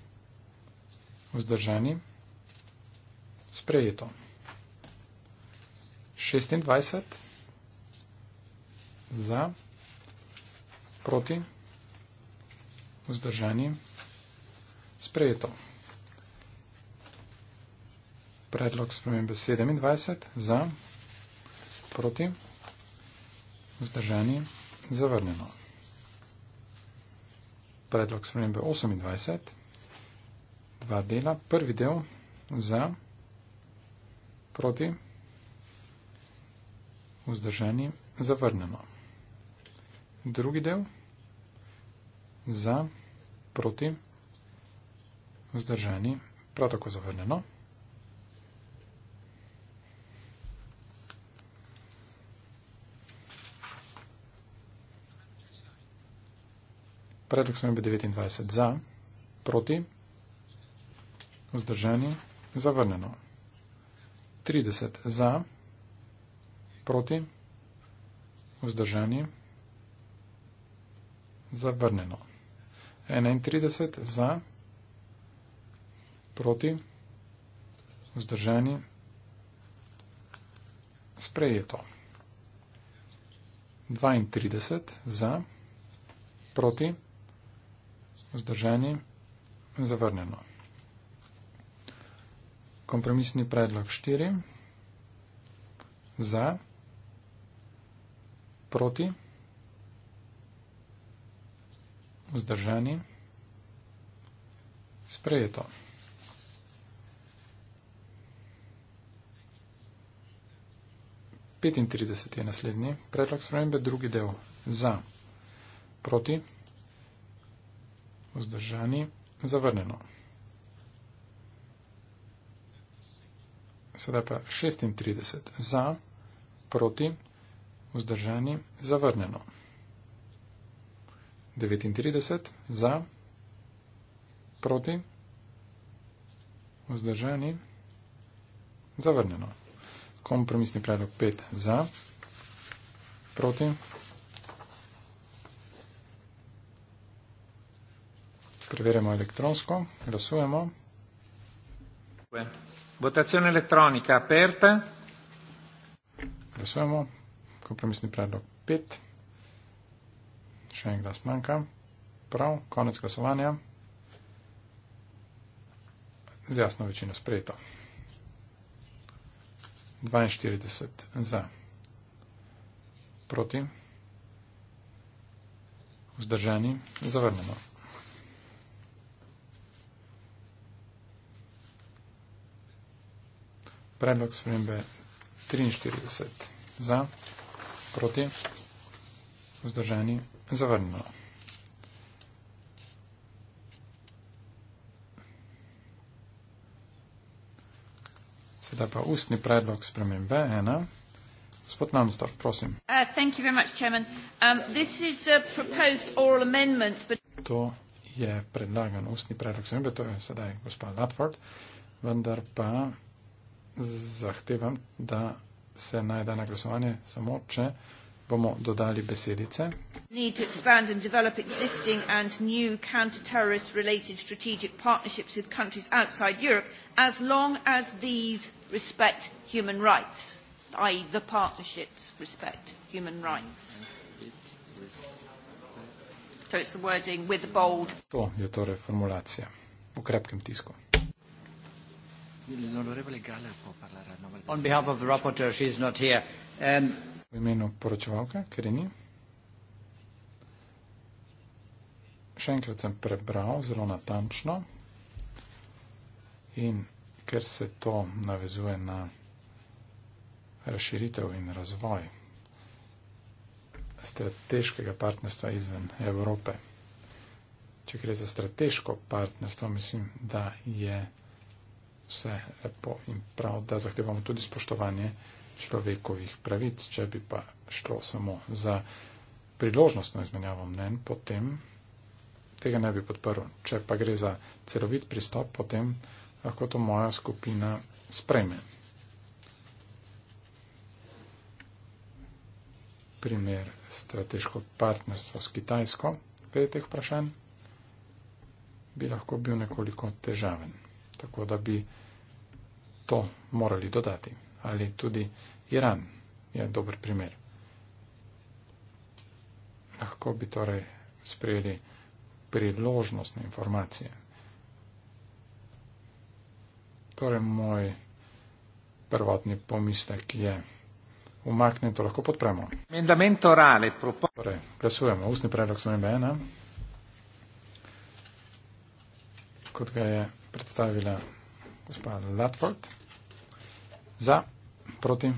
vzdržani, sprejeto. 26 za, proti, vzdržani, sprejeto. Predlog spremembe 27 za, proti, vzdržani, zavrnjeno. Predlog spremembe 28 za, proti, vzdržani, zavrnjeno dva dela. Prvi del za proti vzdržani zavrnjeno. Drugi del za proti vzdržani prav tako zavrnjeno. Predlog sem bi 29 za, proti Vzdržani. Zavrnjeno. 30 za. Proti. Vzdržani. Zavrnjeno. 31 za. Proti. Vzdržani. Sprejeto. 32 za. Proti. Vzdržani. Zavrnjeno. 33 za kompromisni predlog 4, za, proti, vzdržani, sprejeto. Petintrideset je naslednji predlog spremembe, drugi del za, proti, vzdržani, zavrneno. sedaj pa 36 za, proti, vzdržani, zavrnjeno. 39 za, proti, vzdržani, zavrnjeno. Kompromisni predlog 5 za, proti, preverjamo elektronsko, glasujemo. Well. Votazione elettronica aperta. Glasujemo. Kompromisni predlog 5. Še en glas manjka. Prav, konec glasovanja. Z jasno večino sprejeto. 42 za. Proti. Vzdržani. Zavrnemo. Predlog spremembe 43 za, proti, vzdržani, zavrnjeno. Sedaj pa ustni predlog spremembe 1. Gospod Namstorf, prosim. Uh, much, um, but... To je predlagan ustni predlog spremembe, to je sedaj gospod Latford, vendar pa zahtevam, da se najde na glasovanje samo, če bomo dodali besedice. Need to expand and develop existing and new counter-terrorist related strategic partnerships with countries outside Europe as long as these respect human rights, i.e. the partnerships respect human rights. So it's the wording with the bold. To je torej formulacija v krepkem tisku. On behalf of the rapporteur, she is not here. And um, v imenu poročevalke, ker ni. Še enkrat sem prebral zelo natančno in ker se to navezuje na razširitev in razvoj strateškega partnerstva izven Evrope. Če gre za strateško partnerstvo, mislim, da je vse lepo in prav, da zahtevamo tudi spoštovanje človekovih pravic. Če bi pa šlo samo za priložnostno izmenjavo mnen, potem tega ne bi podprl. Če pa gre za celovit pristop, potem lahko to moja skupina spreme. Primer strateško partnerstvo s Kitajsko, glede teh vprašanj, bi lahko bil nekoliko težaven. Tako da bi to morali dodati. Ali tudi Iran je dober primer. Lahko bi torej sprejeli priložnostne informacije. Torej, moj prvotni pomislek je umaknjen, to lahko podpremo. Torej, glasujemo. Ustni predlog smembe ena, kot ga je predstavila gospa Latford. Za, proti,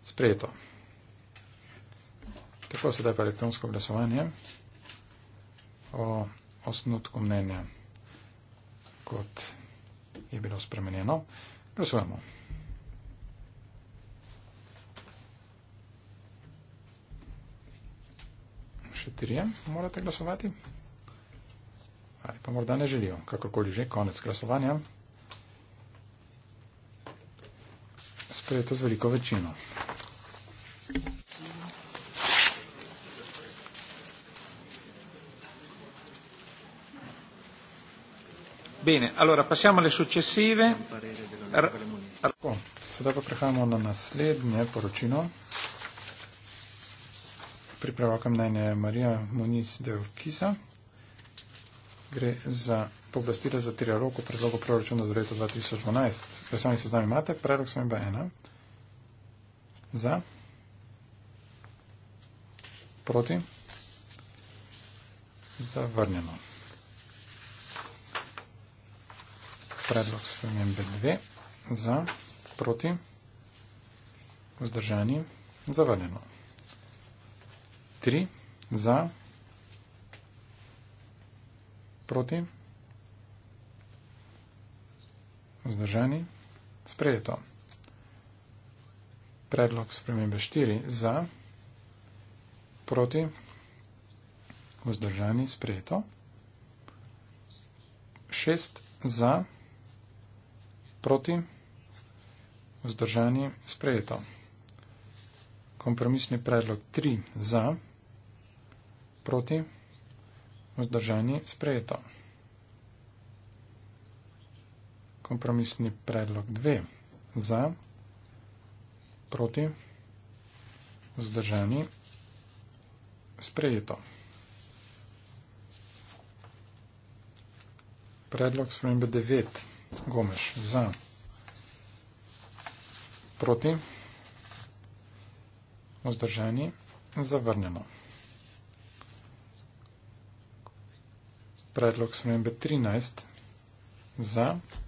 sprejeto. Tako sedaj pa elektronsko glasovanje o osnutku mnenja, kot je bilo spremenjeno. Glasujemo. Še trije morate glasovati. Ali pa morda ne želijo. Kakorkoli že, konec glasovanja. sprejeto z veliko večino. Bene, allora passiamo alle successive. R- oh, sedaj pa prehajamo na naslednje poročilo. Pripravljam mnenje Marija Moniz de Urquiza. Gre za pooblastila za tri roko predlogu proračuna za leto 2012. Predstavnik se z nami imate, predlog sem imba ena. Za. Proti. Zavrnjeno. Predlog spremembe 2. Za. Proti. Vzdržani. Zavrnjeno. 3. Za. Proti. Proti. vzdržani, sprejeto. Predlog spremembe 4 za, proti, vzdržani, sprejeto. 6 za, proti, vzdržani, sprejeto. Kompromisni predlog 3 za, proti, vzdržani, sprejeto. Kompromisni predlog 2. Za, proti, vzdržani, sprejeto. Predlog spremembe 9. Gomeš. Za, proti, vzdržani, zavrnjeno. Predlog spremembe 13. Za, proti, vzdržani, sprejeto.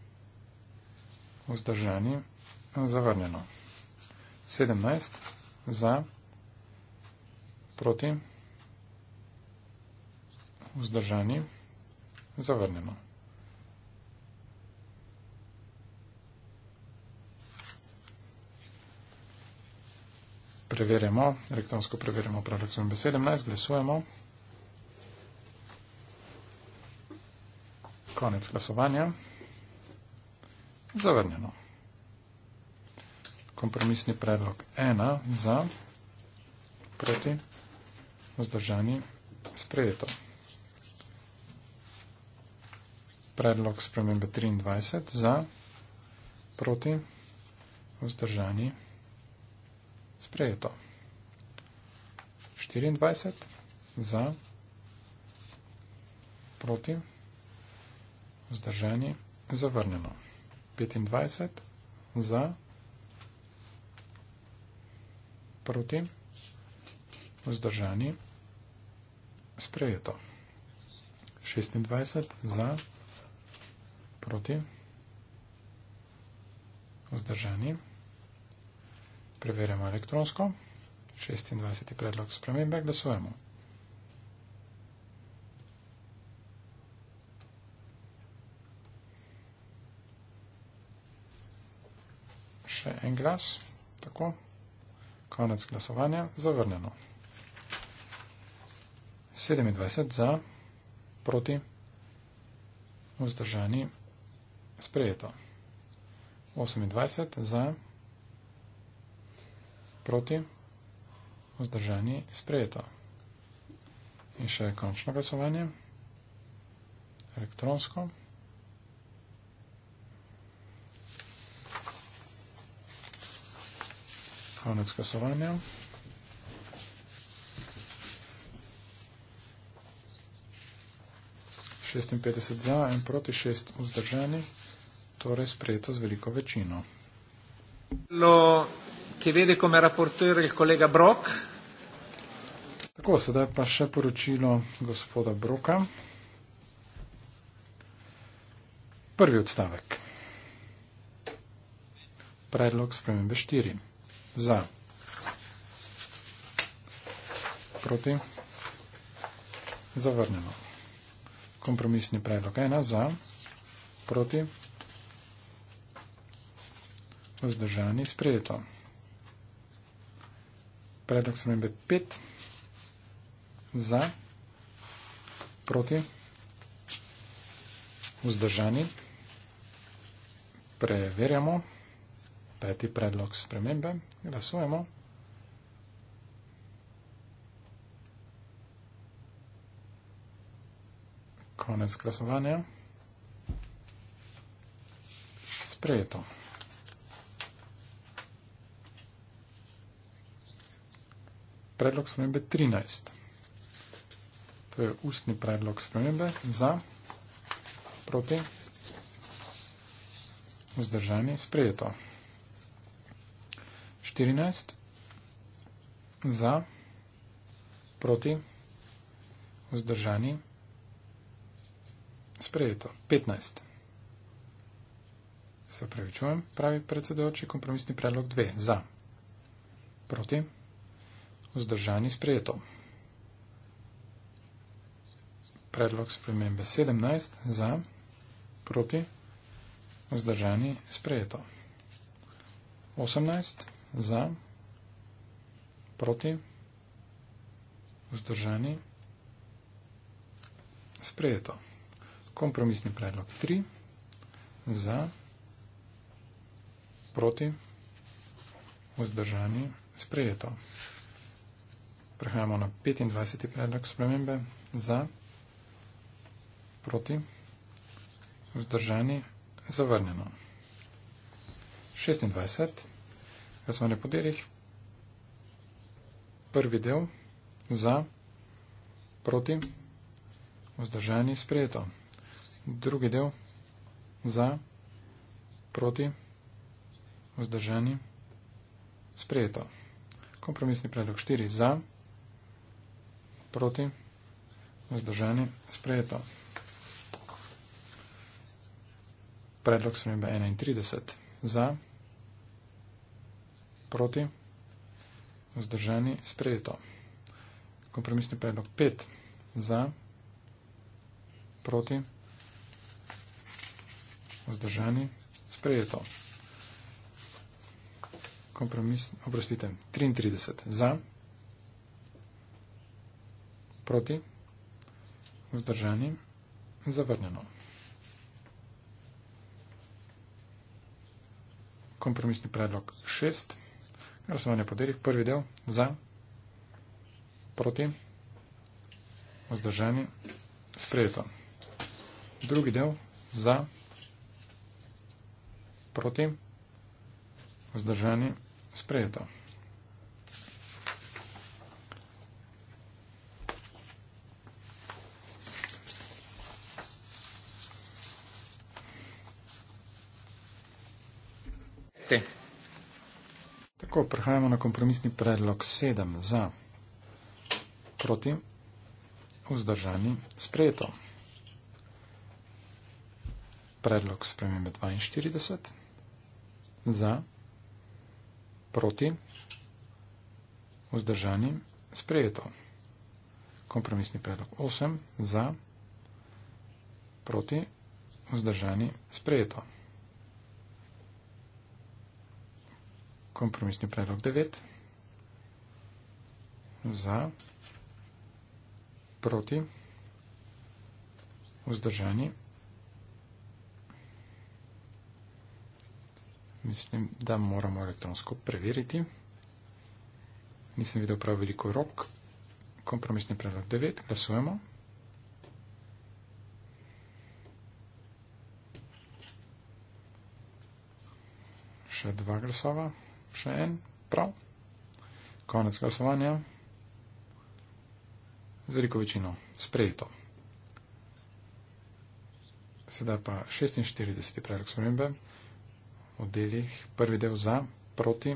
vzdržani, zavrnjeno. 17 za, proti, vzdržani, zavrnjeno. Preverjamo, elektronsko preverjamo pravljico MB17, glasujemo. Konec glasovanja. Zavrnjeno. Kompromisni predlog ena za, proti, vzdržani, sprejeto. Predlog spremembe 23 za, proti, vzdržani, sprejeto. 24 za, proti, vzdržani, zavrnjeno. 25 za proti vzdržanje sprejeto. 26 za proti vzdržanje. Preverjamo elektronsko. 26 je predlog spremembe. Glasujemo. še en glas. Tako, konec glasovanja, zavrnjeno. 27 za, proti, vzdržani, sprejeto. 28 za, proti, vzdržani, sprejeto. In še končno glasovanje, elektronsko. Konec glasovanja. za, en proti šest vzdržani, torej sprejeto z veliko večino. Lo, ki vede, ko me raportuje kolega Brok. Tako, sedaj pa še poročilo gospoda Broka. Prvi odstavek. Predlog spremembe štiri za, proti, zavrnjeno. Kompromisni predlog 1 za, proti, vzdržani, sprejeto. Predlog spremembe 5 za, proti, vzdržani, preverjamo peti predlog spremembe. Glasujemo. Konec glasovanja. Sprejeto. Predlog spremembe 13. To je ustni predlog spremembe za, proti, vzdržanje sprejeto. 14 za, proti, vzdržani, sprejeto. 15. Se upravičujem, pravi predsedojoči, kompromisni predlog 2 za, proti, vzdržani, sprejeto. Predlog spremembe 17 za, proti, vzdržani, sprejeto. 18 za, proti, vzdržani, sprejeto. Kompromisni predlog 3, za, proti, vzdržani, sprejeto. Prehajamo na 25. predlog spremembe, za, proti, vzdržani, zavrnjeno. 26. Jaz vam ne podelih. Prvi del za, proti, vzdržani, sprejeto. Drugi del za, proti, vzdržani, sprejeto. Kompromisni predlog 4 za, proti, vzdržani, sprejeto. Predlog sprememba 31 za, proti, vzdržani, sprejeto proti, vzdržani, sprejeto. Kompromisni predlog 5 za, proti, vzdržani, sprejeto. Kompromis, oprostite, 33 za, proti, vzdržani, zavrnjeno. Kompromisni predlog 6 za, Razumevanje po delih, prvi del za, proti, vzdržani, sprejeto. Drugi del za, proti, vzdržani, sprejeto. Okay. Tako, prehajamo na kompromisni predlog 7 za proti vzdržani sprejeto. Predlog spremembe 42 za proti vzdržani sprejeto. Kompromisni predlog 8 za proti vzdržani sprejeto. kompromisni predlog 9. Za, proti, vzdržani. Mislim, da moramo elektronsko preveriti. Nisem videl prav veliko rok. Kompromisni predlog 9. Glasujemo. Še dva glasova. Še en, prav. Konec glasovanja. Z veliko večino. Sprejeto. Sedaj pa 46. predlog spremembe. V delih prvi del za, proti,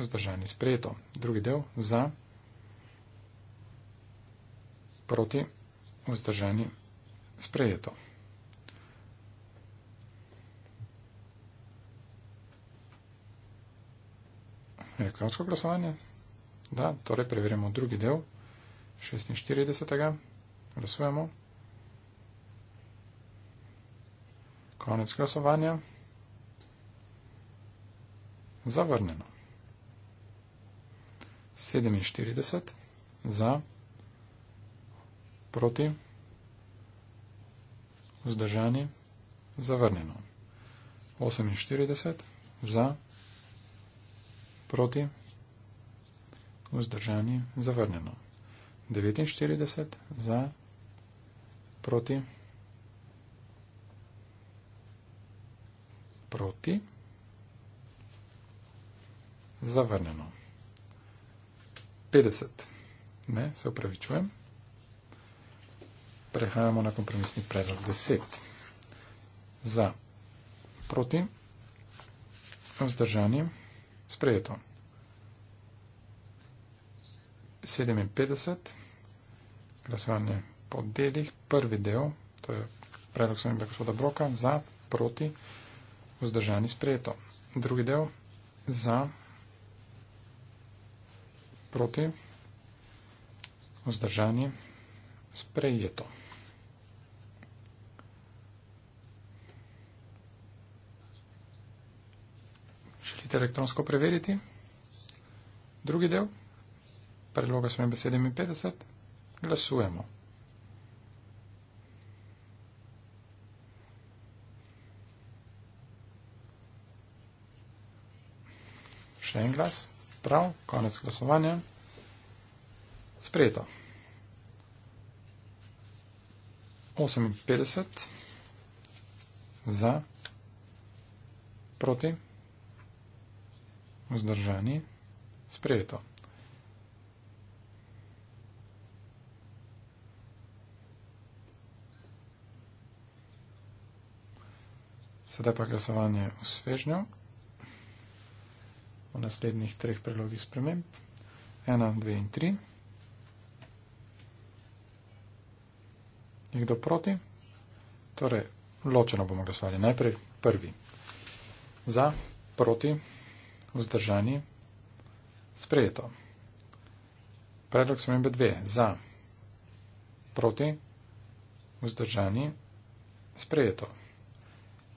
vzdržani sprejeto. Drugi del za, proti, vzdržani sprejeto. elektronsko glasovanje. Da, torej preverjamo drugi del 46. Glasujemo. Konec glasovanja. Zavrnjeno. 47 za, proti, vzdržani, zavrnjeno. 48 za proti, vzdržani, zavrnjeno. 49 za, proti, proti, zavrnjeno. 50. Ne, se upravičujem. Prehajamo na kompromisni predlog. 10. Za, proti, vzdržanje, sprejeto. 57. Glasovanje po delih. Prvi del, to je predlog svojega gospoda Broka, za, proti, vzdržani sprejeto. Drugi del, za, proti, vzdržani sprejeto. poskusite elektronsko preveriti. Drugi del, predloga spremembe 57, glasujemo. Še en glas, prav, konec glasovanja. Sprejeto. 58 za proti vzdržani, sprejeto. Sedaj pa glasovanje v svežnju. V naslednjih treh predlogih sprememb. 1, 2 in 3. Nekdo proti? Torej, ločeno bomo glasovali. Najprej prvi. Za, proti vzdržani. Sprejeto. Predlog spremembe 2. Za. Proti. Vzdržani. Sprejeto.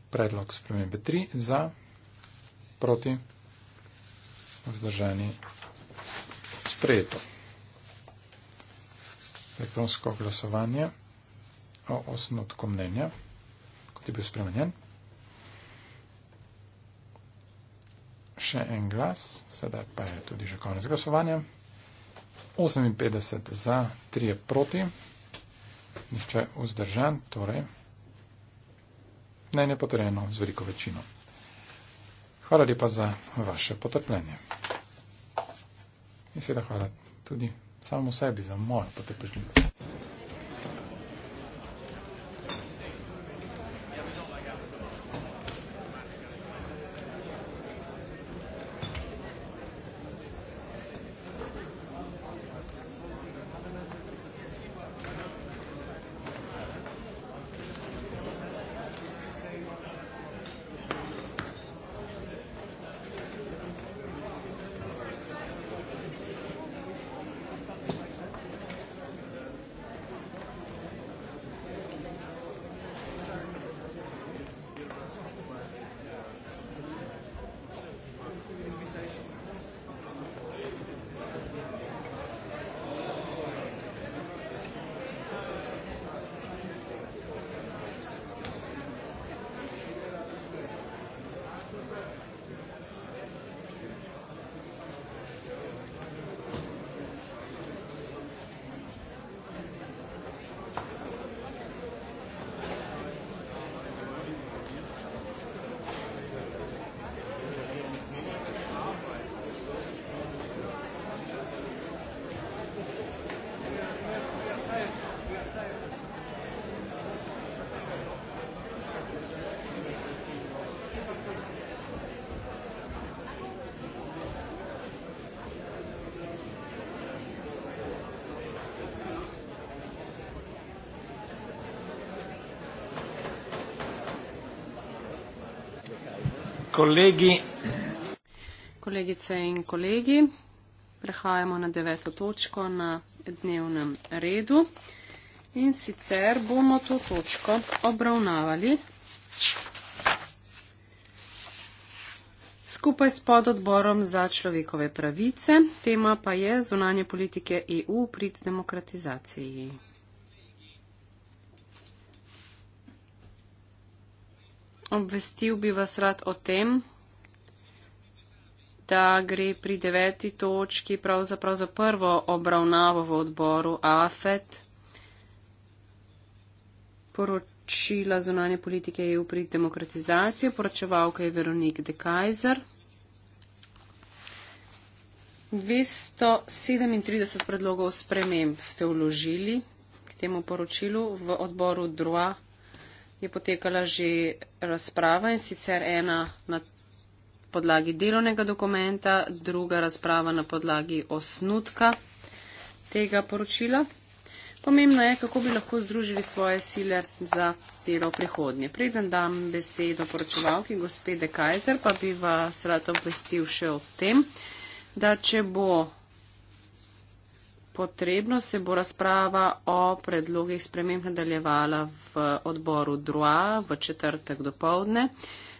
Predlog spremembe 3. Za. Proti. Vzdržani. Sprejeto. Elektronsko glasovanje o osnotku mnenja, kot je bil spremenjen. še en glas, sedaj pa je tudi že konec glasovanja. 58 za, 3 proti, nihče vzdržan, torej ne nepotrejeno z veliko večino. Hvala lepa za vaše potrpljenje. In seveda hvala tudi samo sebi za mojo potrpljenje. kolegi. Kolegice in kolegi, prehajamo na deveto točko na dnevnem redu in sicer bomo to točko obravnavali skupaj s pododborom za človekove pravice. Tema pa je zunanje politike EU prid demokratizaciji. obvestil bi vas rad o tem, da gre pri deveti točki pravzaprav za prvo obravnavo v odboru AFET. Poročila zunanje politike EU pri demokratizaciji, poročevalka je Veronik de Kajzer. 237 predlogov sprememb ste vložili k temu poročilu v odboru DROA je potekala že razprava in sicer ena na podlagi delovnega dokumenta, druga razprava na podlagi osnutka tega poročila. Pomembno je, kako bi lahko združili svoje sile za delo v prihodnje. Preden dam besedo poročevalki gospede Kajzer, pa bi vas rad obvestil še o tem, da če bo potrebno, se bo razprava o predlogih sprememb nadaljevala v odboru DROA v četrtek do povdne.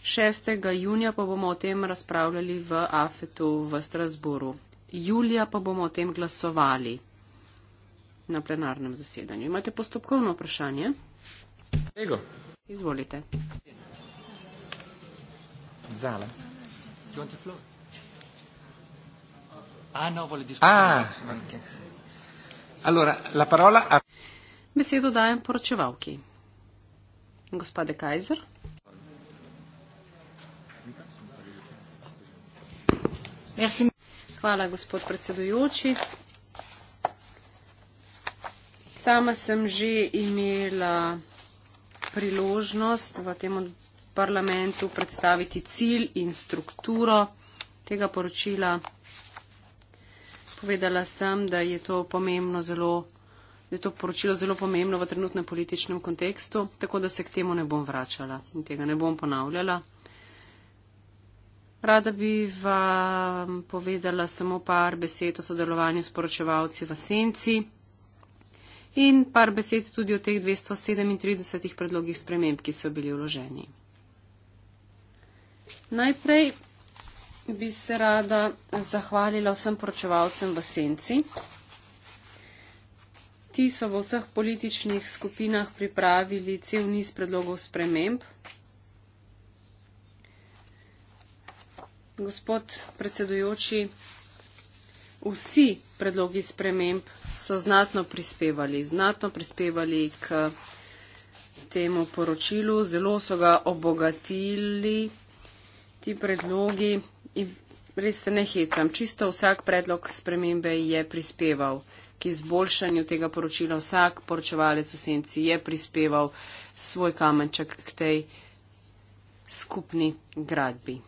6. junija pa bomo o tem razpravljali v AFET-u v Strasburu. Julija pa bomo o tem glasovali na plenarnem zasedanju. Imate postopkovno vprašanje? Ego. Izvolite. Zala. Do you want the floor? Ah, no, vole discutere. Ah, ok. Allora, la parola a... Besedo dajem poročevalki. Gospode Kajzer. Hvala, gospod predsedujoči. Sama sem že imela priložnost v tem parlamentu predstaviti cilj in strukturo tega poročila Povedala sem, da je to pomembno zelo, da je to poročilo zelo pomembno v trenutnem političnem kontekstu, tako da se k temu ne bom vračala in tega ne bom ponavljala. Rada bi vam povedala samo par besed o sodelovanju s poročevalci v Senci in par besed tudi o teh 237 predlogih sprememb, ki so bili vloženi. Najprej bi se rada zahvalila vsem poročevalcem v Senci. Ti so v vseh političnih skupinah pripravili cel niz predlogov sprememb. Gospod predsedujoči, vsi predlogi sprememb so znatno prispevali, znatno prispevali k temu poročilu, zelo so ga obogatili ti predlogi res se ne hecam. Čisto vsak predlog spremembe je prispeval k izboljšanju tega poročila. Vsak poročevalec v senci je prispeval svoj kamenček k tej skupni gradbi.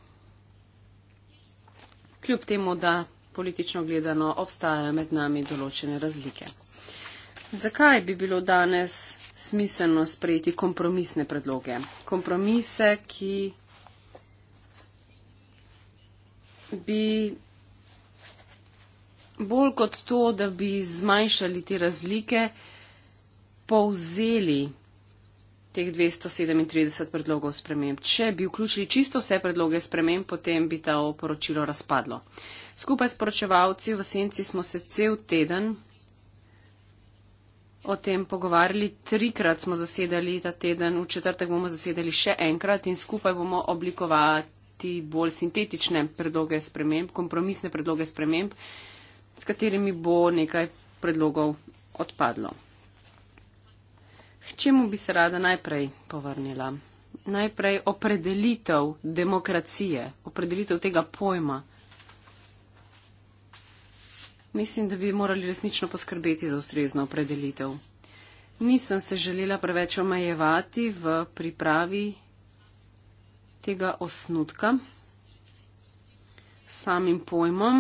Kljub temu, da politično gledano obstajajo med nami določene razlike. Zakaj bi bilo danes smiselno sprejeti kompromisne predloge? Kompromise, ki bi bolj kot to, da bi zmanjšali te razlike, povzeli teh 237 predlogov sprememb. Če bi vključili čisto vse predloge sprememb, potem bi ta oporočilo razpadlo. Skupaj s poročevalci v Senci smo se cel teden o tem pogovarjali. Trikrat smo zasedali ta teden, v četrtek bomo zasedali še enkrat in skupaj bomo oblikovali ti bolj sintetične predloge sprememb, kompromisne predloge sprememb, s katerimi bo nekaj predlogov odpadlo. K čemu bi se rada najprej povrnila? Najprej opredelitev demokracije, opredelitev tega pojma. Mislim, da bi morali resnično poskrbeti za ustrezno opredelitev. Nisem se želela preveč omejevati v pripravi tega osnutka samim pojmom.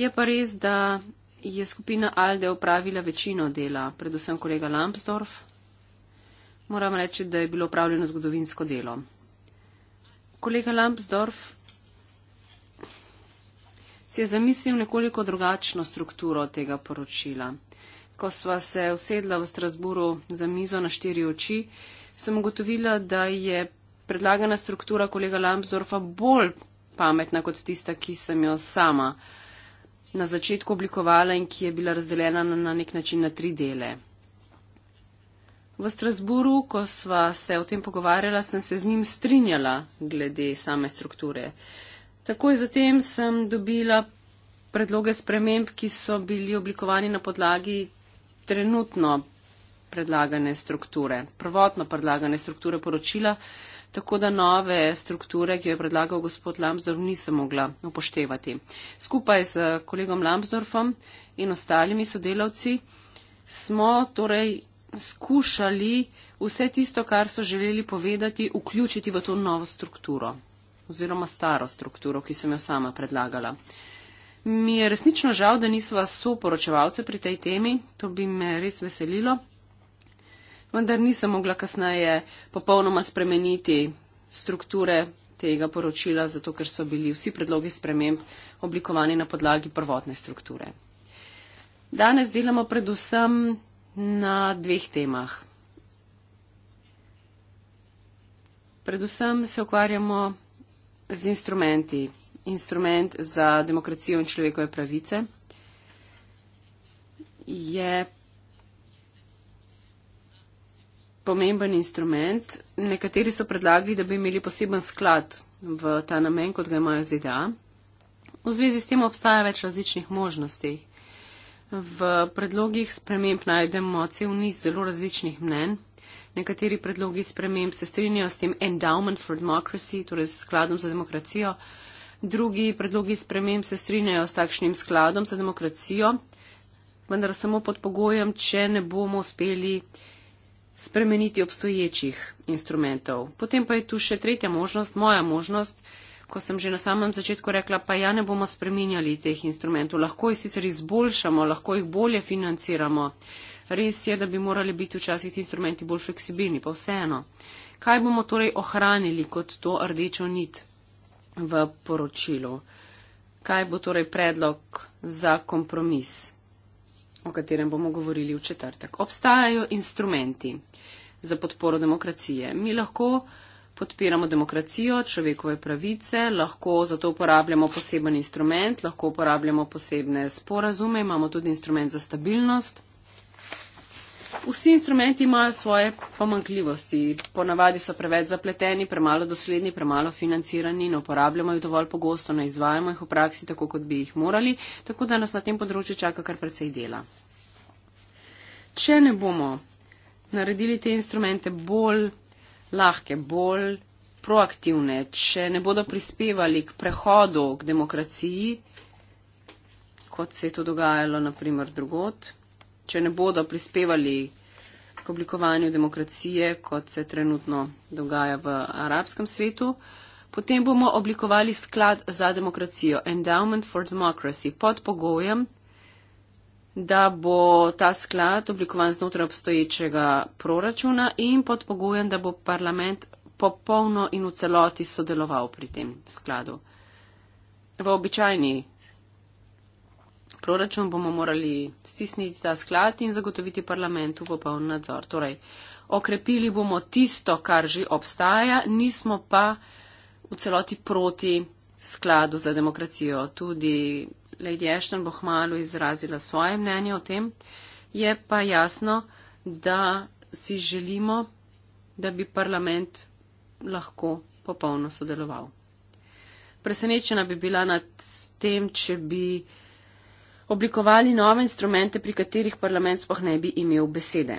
Je pa res, da je skupina Alde opravila večino dela, predvsem kolega Lambsdorff. Moram reči, da je bilo opravljeno zgodovinsko delo. Kolega Lambsdorff si je zamislil nekoliko drugačno strukturo tega poročila. Ko sva se usedla v Strasburu za mizo na štiri oči, sem ugotovila, da je predlagana struktura kolega Lambsdorfa bolj pametna kot tista, ki sem jo sama na začetku oblikovala in ki je bila razdeljena na, na nek način na tri dele. V Strasburu, ko sva se o tem pogovarjala, sem se z njim strinjala glede same strukture. Takoj zatem sem dobila predloge sprememb, ki so bili oblikovani na podlagi trenutno predlagane strukture, prvotno predlagane strukture poročila, tako da nove strukture, ki jo je predlagal gospod Lambsdorf, nisem mogla upoštevati. Skupaj z kolegom Lambsdorfom in ostalimi sodelavci smo torej skušali vse tisto, kar so želeli povedati, vključiti v to novo strukturo oziroma staro strukturo, ki sem jo sama predlagala. Mi je resnično žal, da nisva soporočevalce pri tej temi, to bi me res veselilo vendar nisem mogla kasneje popolnoma spremeniti strukture tega poročila, zato ker so bili vsi predlogi sprememb oblikovani na podlagi prvotne strukture. Danes delamo predvsem na dveh temah. Predvsem se ukvarjamo z instrumenti. Instrument za demokracijo in človekove pravice je pomemben instrument. Nekateri so predlagali, da bi imeli poseben sklad v ta namen, kot ga imajo ZDA. V zvezi s tem obstaja več različnih možnosti. V predlogih sprememb najdemo cel niz zelo različnih mnen. Nekateri predlogi sprememb se strinjajo s tem Endowment for Democracy, torej skladom za demokracijo. Drugi predlogi sprememb se strinjajo s takšnim skladom za demokracijo, vendar samo pod pogojem, če ne bomo uspeli uh, spremeniti obstoječih instrumentov. Potem pa je tu še tretja možnost, moja možnost, ko sem že na samem začetku rekla, pa ja ne bomo spreminjali teh instrumentov, lahko jih sicer izboljšamo, lahko jih bolje financiramo. Res je, da bi morali biti včasih ti instrumenti bolj fleksibilni, pa vseeno. Kaj bomo torej ohranili kot to rdečo nit v poročilu? Kaj bo torej predlog za kompromis? o katerem bomo govorili v četrtek. Obstajajo instrumenti za podporo demokracije. Mi lahko podpiramo demokracijo, človekove pravice, lahko za to uporabljamo poseben instrument, lahko uporabljamo posebne sporazume, imamo tudi instrument za stabilnost. Vsi instrumenti imajo svoje pomankljivosti. Ponavadi so preveč zapleteni, premalo dosledni, premalo financirani in uporabljamo jih dovolj pogosto, ne izvajamo jih v praksi tako, kot bi jih morali, tako da nas na tem področju čaka kar precej dela. Če ne bomo naredili te instrumente bolj lahke, bolj proaktivne, če ne bodo prispevali k prehodu k demokraciji, kot se je to dogajalo naprimer drugot, če ne bodo prispevali k oblikovanju demokracije, kot se trenutno dogaja v arabskem svetu, potem bomo oblikovali sklad za demokracijo, Endowment for Democracy, pod pogojem, da bo ta sklad oblikovan znotraj obstoječega proračuna in pod pogojem, da bo parlament popolno in v celoti sodeloval pri tem skladu. V običajni proračun, bomo morali stisniti ta sklad in zagotoviti parlamentu popoln nadzor. Torej, okrepili bomo tisto, kar že obstaja, nismo pa v celoti proti skladu za demokracijo. Tudi Lady Ashton bo hmalo izrazila svoje mnenje o tem. Je pa jasno, da si želimo, da bi parlament lahko popolno sodeloval. Presenečena bi bila nad tem, če bi oblikovali nove instrumente, pri katerih parlament sploh ne bi imel besede.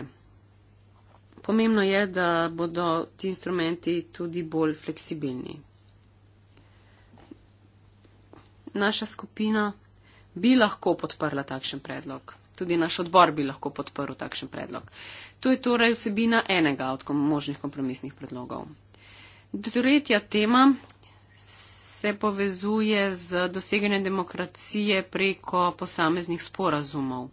Pomembno je, da bodo ti instrumenti tudi bolj fleksibilni. Naša skupina bi lahko podprla takšen predlog. Tudi naš odbor bi lahko podprl takšen predlog. To je torej vsebina enega od možnih kompromisnih predlogov. Tretja tema se povezuje z doseganjem demokracije preko posameznih sporazumov.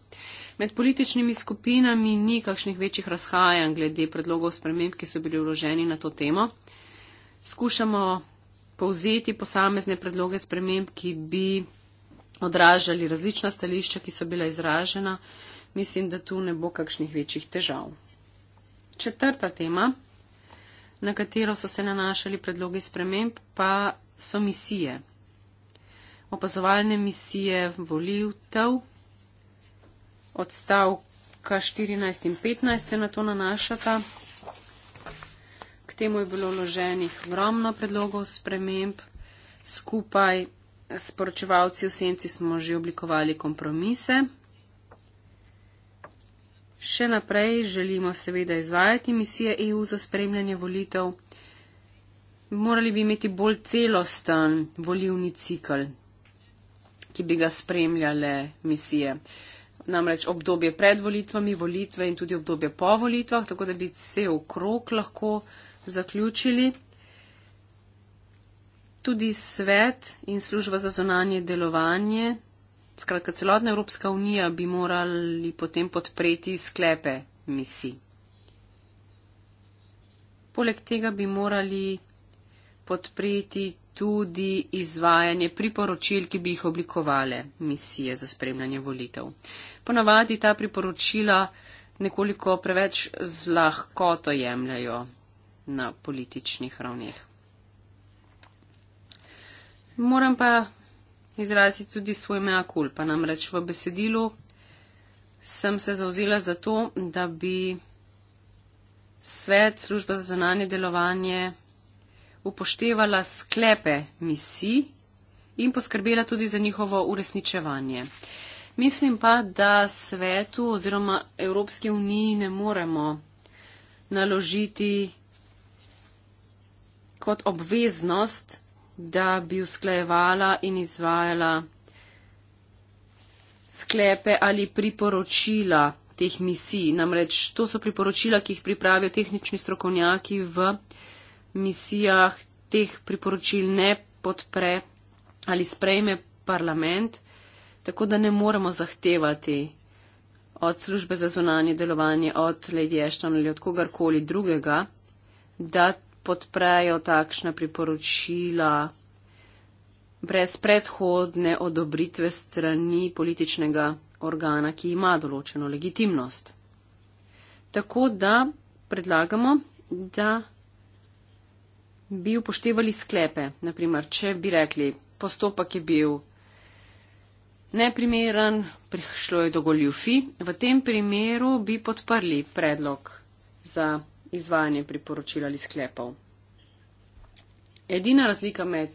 Med političnimi skupinami ni kakšnih večjih razhajanj glede predlogov sprememb, ki so bili vloženi na to temo. Skušamo povzeti posamezne predloge sprememb, ki bi odražali različna stališča, ki so bila izražena. Mislim, da tu ne bo kakšnih večjih težav. Četrta tema, na katero so se nanašali predlogi sprememb, pa so misije. Opazovalne misije volitev odstavka 14 in 15 se na to nanašata. K temu je bilo vloženih ogromno predlogov sprememb. Skupaj s poročevalci v senci smo že oblikovali kompromise. Še naprej želimo seveda izvajati misije EU za spremljanje volitev morali bi imeti bolj celosten volivni cikl, ki bi ga spremljale misije. Namreč obdobje pred volitvami, volitve in tudi obdobje po volitvah, tako da bi se okrog lahko zaključili. Tudi svet in služba za zonanje delovanje, skratka celotna Evropska unija bi morali potem podpreti sklepe misij. Poleg tega bi morali podpreti tudi izvajanje priporočil, ki bi jih oblikovale misije za spremljanje volitev. Ponavadi ta priporočila nekoliko preveč z lahkoto jemljajo na političnih ravneh. Moram pa izraziti tudi svoj mea culpa, namreč v besedilu sem se zauzela za to, da bi svet, služba za zunanje delovanje upoštevala sklepe misij in poskrbela tudi za njihovo uresničevanje. Mislim pa, da svetu oziroma Evropske uniji ne moremo naložiti kot obveznost, da bi usklajevala in izvajala sklepe ali priporočila teh misij. Namreč to so priporočila, ki jih pripravijo tehnični strokovnjaki v misijah teh priporočil ne podpre ali sprejme parlament, tako da ne moremo zahtevati od službe za zunanje delovanje, od Lady Ashton ali od kogarkoli drugega, da podprejo takšna priporočila brez predhodne odobritve strani političnega organa, ki ima določeno legitimnost. Tako da predlagamo, da bi upoštevali sklepe. Naprimer, če bi rekli, postopek je bil neprimeren, prišlo je do goljufi, v tem primeru bi podprli predlog za izvajanje priporočila ali sklepov. Edina razlika med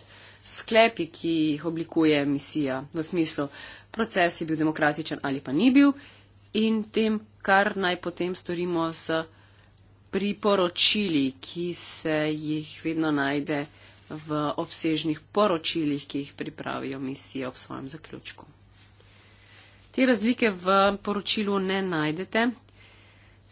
sklepi, ki jih oblikuje misija v smislu proces je bil demokratičen ali pa ni bil in tem, kar naj potem storimo s priporočili, ki se jih vedno najde v obsežnih poročilih, ki jih pripravijo misije ob svojem zaključku. Te razlike v poročilu ne najdete,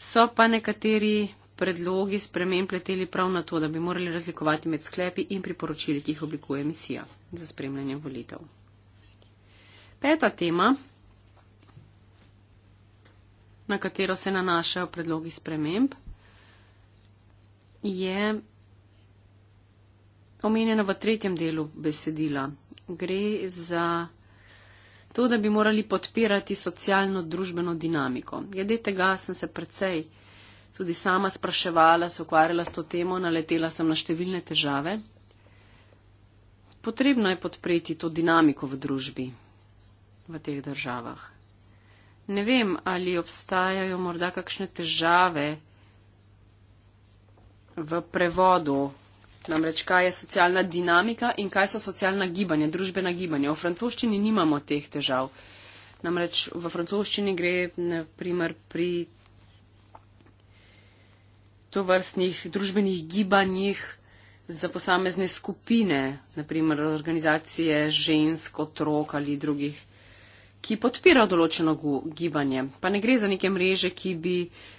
so pa nekateri predlogi spremem pleteli prav na to, da bi morali razlikovati med sklepi in priporočili, ki jih oblikuje misija za spremljanje volitev. Peta tema, na katero se nanašajo predlogi sprememb, je omenjeno v tretjem delu besedila. Gre za to, da bi morali podpirati socialno-družbeno dinamiko. Glede tega sem se precej tudi sama spraševala, se ukvarjala s to temo, naletela sem na številne težave. Potrebno je podpreti to dinamiko v družbi v teh državah. Ne vem, ali obstajajo morda kakšne težave, v prevodu. Namreč, kaj je socialna dinamika in kaj so socialna gibanja, družbena gibanja. V francoščini nimamo teh težav. Namreč v francoščini gre naprimer pri tovrstnih družbenih gibanjih za posamezne skupine, naprimer organizacije žensk, otrok ali drugih ki podpira določeno gibanje. Pa ne gre za neke mreže, ki bi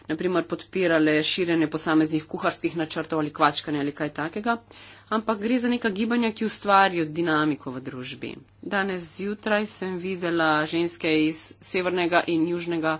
naprimer podpirale širjenje posameznih kuharskih načrtov ali kvačkanja ali kaj takega, ampak gre za neka gibanja, ki ustvarijo dinamiko v družbi. Danes zjutraj sem videla ženske iz severnega in južnega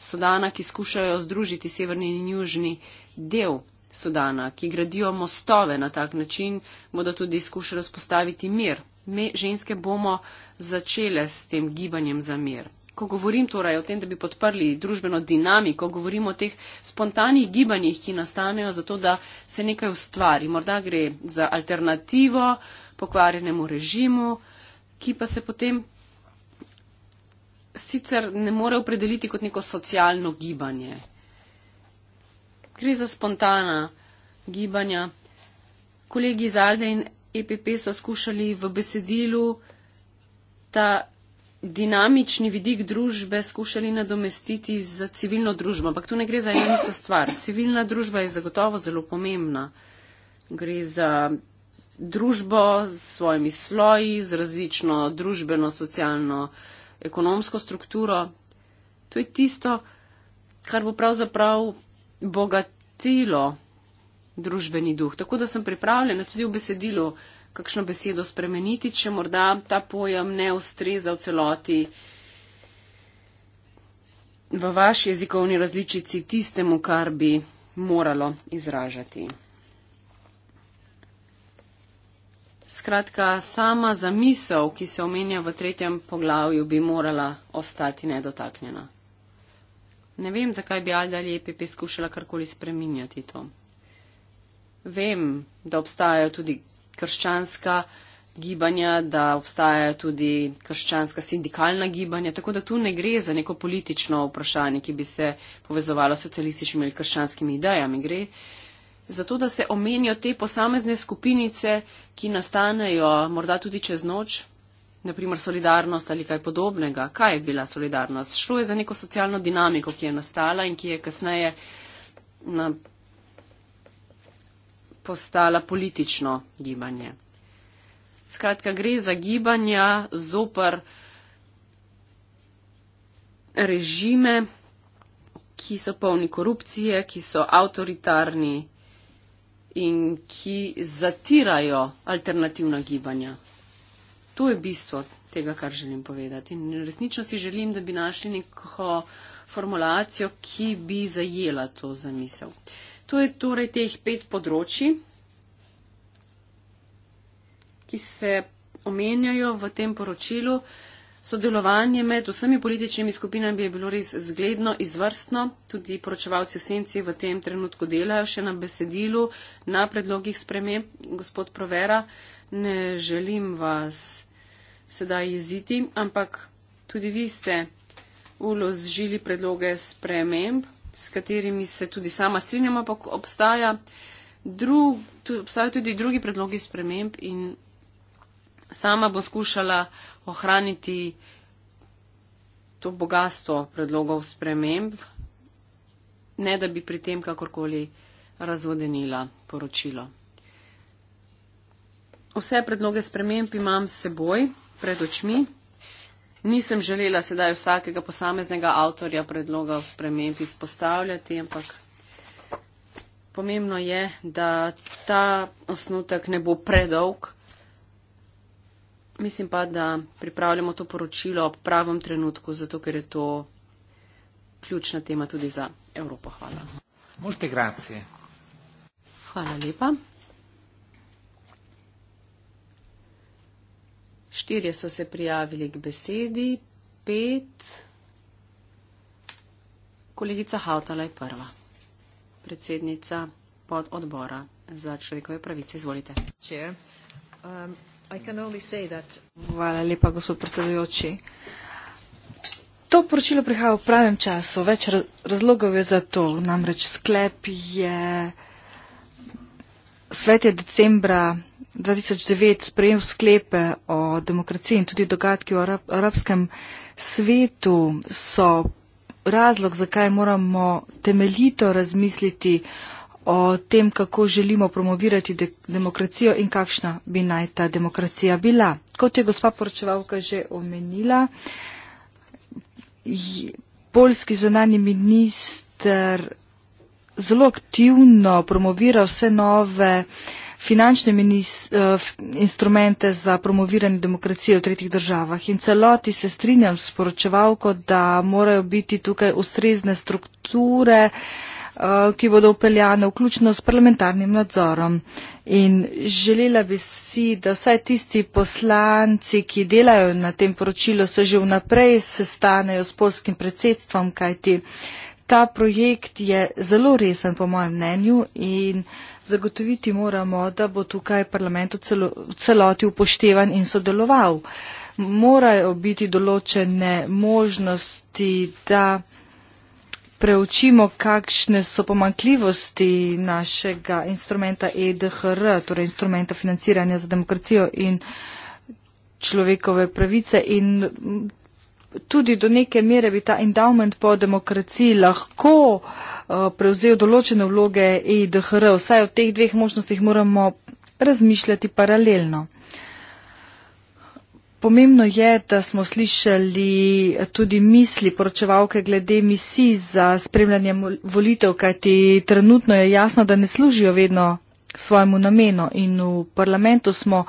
Sudana, ki skušajo združiti severni in južni del Sudana, ki gradijo mostove na tak način, bodo tudi skušali spostaviti mir me ženske bomo začele s tem gibanjem za mir. Ko govorim torej o tem, da bi podprli družbeno dinamiko, govorim o teh spontanih gibanjih, ki nastanejo zato, da se nekaj ustvari. Morda gre za alternativo pokvarjenemu režimu, ki pa se potem sicer ne more opredeliti kot neko socialno gibanje. Gre za spontana gibanja. Kolegi iz Alde in EPP so skušali v besedilu ta dinamični vidik družbe skušali nadomestiti z civilno družbo, ampak tu ne gre za eno isto stvar. Civilna družba je zagotovo zelo pomembna. Gre za družbo s svojimi sloji, z različno družbeno, socialno, ekonomsko strukturo. To je tisto, kar bo pravzaprav bogatilo družbeni duh. Tako da sem pripravljena tudi v besedilu kakšno besedo spremeniti, če morda ta pojem ne ustreza v celoti v vaši jezikovni različici tistemu, kar bi moralo izražati. Skratka, sama zamisel, ki se omenja v tretjem poglavju, bi morala ostati nedotaknjena. Ne vem, zakaj bi Alda ali EPP skušala karkoli spreminjati to vem, da obstajajo tudi krščanska gibanja, da obstajajo tudi krščanska sindikalna gibanja, tako da tu ne gre za neko politično vprašanje, ki bi se povezovalo s socialističnimi ali krščanskimi idejami. Gre zato, da se omenijo te posamezne skupinice, ki nastanejo morda tudi čez noč, naprimer solidarnost ali kaj podobnega. Kaj je bila solidarnost? Šlo je za neko socialno dinamiko, ki je nastala in ki je kasneje na postala politično gibanje. Skratka, gre za gibanja zopr režime, ki so polni korupcije, ki so avtoritarni in ki zatirajo alternativna gibanja. To je bistvo tega, kar želim povedati. In resnično si želim, da bi našli neko formulacijo, ki bi zajela to zamisel. To je torej teh pet področji, ki se omenjajo v tem poročilu. Sodelovanje med vsemi političnimi skupinami je bilo res zgledno, izvrstno, tudi poročevalci v senci v tem trenutku delajo še na besedilu, na predlogih sprememb. Gospod Provera, ne želim vas sedaj jeziti, ampak tudi vi ste vložili predloge sprememb s katerimi se tudi sama strinjam, ampak obstaja drug, tu, obstajajo tudi drugi predlogi sprememb in sama bom skušala ohraniti to bogatstvo predlogov sprememb, ne da bi pri tem kakorkoli razvodenila poročilo. Vse predloge sprememb imam s seboj, pred očmi. Nisem želela sedaj vsakega posameznega avtorja predloga v sprememb izpostavljati, ampak pomembno je, da ta osnutek ne bo predolg. Mislim pa, da pripravljamo to poročilo ob pravem trenutku, zato ker je to ključna tema tudi za Evropo. Hvala. Multigracije. Hvala lepa. Štirje so se prijavili k besedi, pet. Kolegica Hautala je prva, predsednica pod odbora za človekove pravice. Izvolite. Um, Hvala lepa, gospod predsedujoči. To poročilo prihaja v pravem času. Več razlogov je za to. Namreč sklep je. Svet je decembra 2009 sprejel sklepe o demokraciji in tudi dogodki v arab, arabskem svetu, so razlog, zakaj moramo temeljito razmisliti o tem, kako želimo promovirati de demokracijo in kakšna bi naj ta demokracija bila. Kot je gospa poročevalka že omenila, poljski zunani minister zelo aktivno promovira vse nove uh, finančne minis, uh, instrumente za promoviranje demokracije v tretjih državah. In celoti se strinjam s poročevalko, da morajo biti tukaj ustrezne strukture, uh, ki bodo upeljane vključno s parlamentarnim nadzorom. In želela bi si, da vsaj tisti poslanci, ki delajo na tem poročilu, se že vnaprej sestanejo s polskim predsedstvom, kajti. Ta projekt je zelo resen, po mojem mnenju, in uh, zagotoviti moramo, da bo tukaj parlament v, celo, v celoti upoštevan in sodeloval. Morajo biti določene možnosti, da preučimo, kakšne so pomankljivosti našega instrumenta EDHR, torej instrumenta financiranja za demokracijo in človekove pravice. In tudi do neke mere bi ta endowment po demokraciji lahko uh, Eh, prevzel določene vloge EIDHR. Vsaj o teh dveh možnostih moramo razmišljati paralelno. Pomembno je, da smo slišali tudi misli poročevalke glede misij za spremljanje volitev, kajti trenutno je jasno, da ne služijo vedno svojemu namenu in v parlamentu smo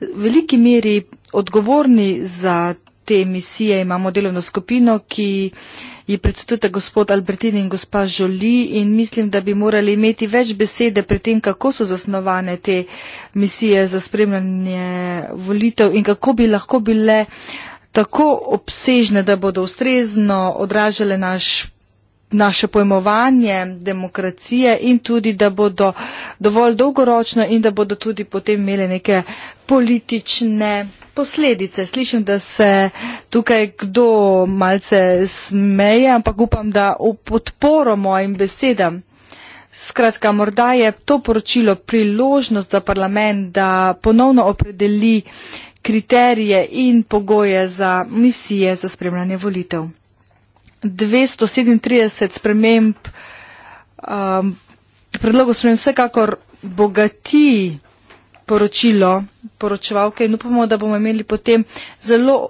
v veliki meri odgovorni za te misije imamo delovno skupino, ki ji predstavljata gospod Albertin in gospa Žoli in mislim, da bi morali imeti več besede pri tem, kako so zasnovane te misije za spremljanje volitev in kako bi lahko bile tako obsežne, da bodo ustrezno odražale naš naše pojmovanje demokracije in tudi, da bodo dovolj dolgoročno in da bodo tudi potem imele neke politične posledice. Slišim, da se tukaj kdo malce smeje, ampak upam, da v podporo mojim besedam. Skratka, morda je to poročilo priložnost za parlament, da ponovno opredeli kriterije in pogoje za misije za spremljanje volitev. 237 sprememb, um, predlogo sprememb vsekakor bogati poročilo poročevalke in upamo, da bomo imeli potem zelo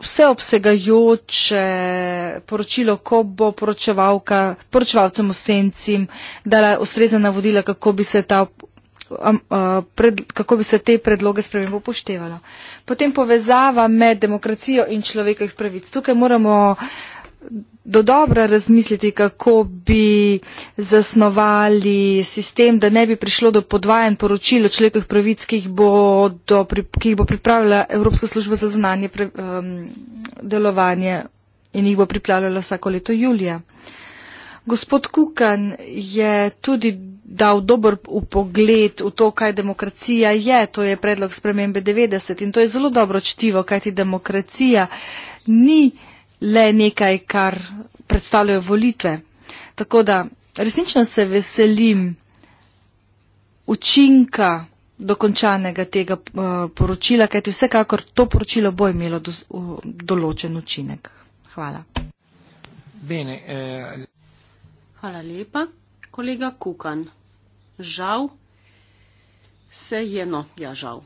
vseobsegajoče poročilo, ko bo poročevalka poročevalcem osencim dala ustrezna navodila, kako bi se ta. Pred, kako bi se te predloge spremembo upoštevalo. Potem povezava med demokracijo in človekovih pravic. Tukaj moramo do dobro razmisliti, kako bi zasnovali sistem, da ne bi prišlo do podvajanj poročil o človekovih pravic, ki jih bo, do, ki jih bo pripravila Evropska služba za zunanje um, delovanje in jih bo pripravljala vsako leto julija. Gospod Kukan je tudi dal dober upogled v to, kaj demokracija je. To je predlog spremembe 90 in to je zelo dobro čtivo, kajti demokracija ni le nekaj, kar predstavljajo volitve. Tako da resnično se veselim učinka dokončanega tega eh, poročila, kajti vsekakor to poročilo bo imelo do, določen učinek. Hvala. Bene, eh... Hvala lepa, kolega Kukan. Žal se je, no, ja, žal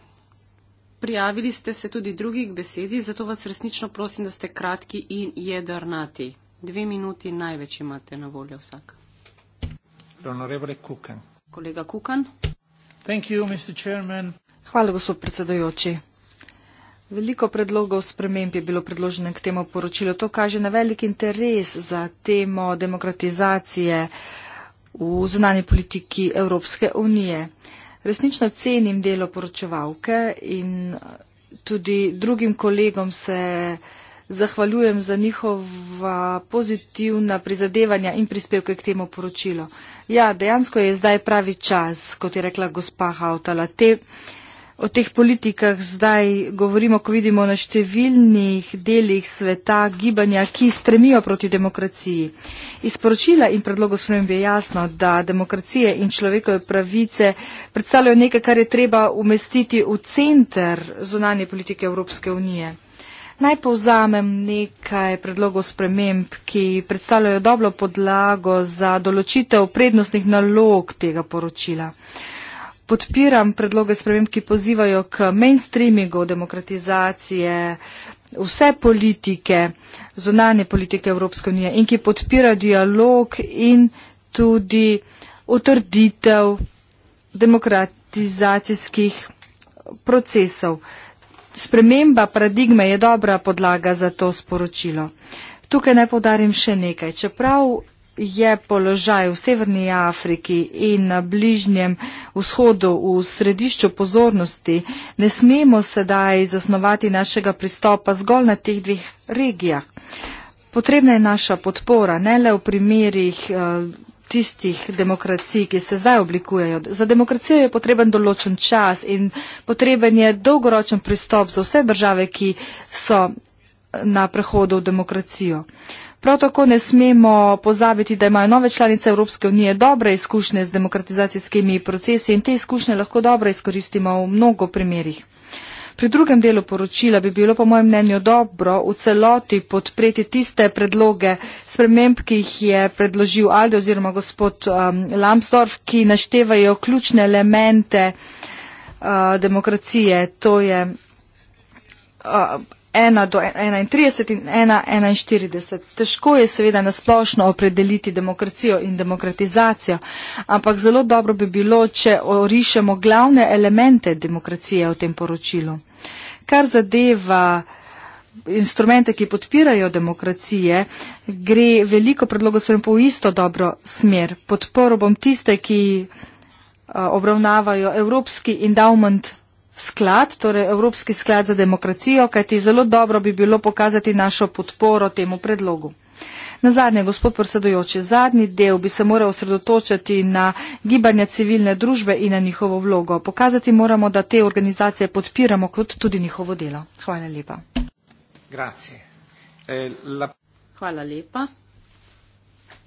prijavili ste se tudi drugi k besedi, zato vas resnično prosim, da ste kratki in jedrnati. Dve minuti največ imate na voljo vsak. Kukan. Kolega Kukan. Thank you, Mr. Hvala, gospod predsedujoči. Veliko predlogov sprememb je bilo predloženo k temu poročilu. To kaže na velik interes za temo demokratizacije v zunanji politiki Evropske unije resnično cenim delo poročevalke in tudi drugim kolegom se zahvaljujem za njihova pozitivna prizadevanja in prispevke k temu poročilu. Ja, dejansko je zdaj pravi čas, kot je rekla gospa Hautala, te o teh politikah zdaj govorimo, ko vidimo na številnih delih sveta gibanja, ki stremijo proti demokraciji. Iz poročila in predlogov sprememb je jasno, da demokracije in človekove pravice predstavljajo nekaj, kar je treba umestiti v center zunanje politike Evropske unije. Naj povzamem nekaj predlogov sprememb, ki predstavljajo dobro podlago za določitev prednostnih nalog tega poročila podpiram predloge sprememb, ki pozivajo k mainstreamingu demokratizacije vse politike, zonalne politike Evropske unije in ki podpira dialog in tudi utrditev demokratizacijskih procesov. Sprememba paradigme je dobra podlaga za to sporočilo. Tukaj ne podarim še nekaj. Čeprav je položaj v Severni Afriki in na bližnjem vzhodu v središču pozornosti, ne smemo sedaj zasnovati našega pristopa zgolj na teh dveh regijah. Potrebna je naša podpora, ne le v primerih eh, tistih demokracij, ki se zdaj oblikujejo. Za demokracijo je potreben določen čas in potreben je dolgoročen pristop za vse države, ki so na prehodu v demokracijo. Prav tako ne smemo pozabiti, da imajo nove članice Evropske unije dobre izkušnje z demokratizacijskimi procesi in te izkušnje lahko dobro izkoristimo v mnogo primerjih. Pri drugem delu poročila bi bilo, po mojem mnenju, dobro v celoti podpreti tiste predloge sprememb, ki jih je predložil Alde oziroma gospod um, Lambsdorff, ki naštevajo ključne elemente uh, demokracije. To je uh, ena do 31 in ena 41. Težko je seveda nasplošno opredeliti demokracijo in demokratizacijo, ampak zelo dobro bi bilo, če orišemo glavne elemente demokracije v tem poročilu. Kar zadeva instrumente, ki podpirajo demokracije, gre veliko predlogov svojim po isto dobro smer. Podporo bom tiste, ki eh, obravnavajo evropski endowment sklad, torej Evropski sklad za demokracijo, kajti zelo dobro bi bilo pokazati našo podporo temu predlogu. Na zadnje, gospod predsedujoči, zadnji del bi se moral osredotočati na gibanja civilne družbe in na njihovo vlogo. Pokazati moramo, da te organizacije podpiramo kot tudi njihovo delo. Hvala lepa. Eh, Hvala lepa.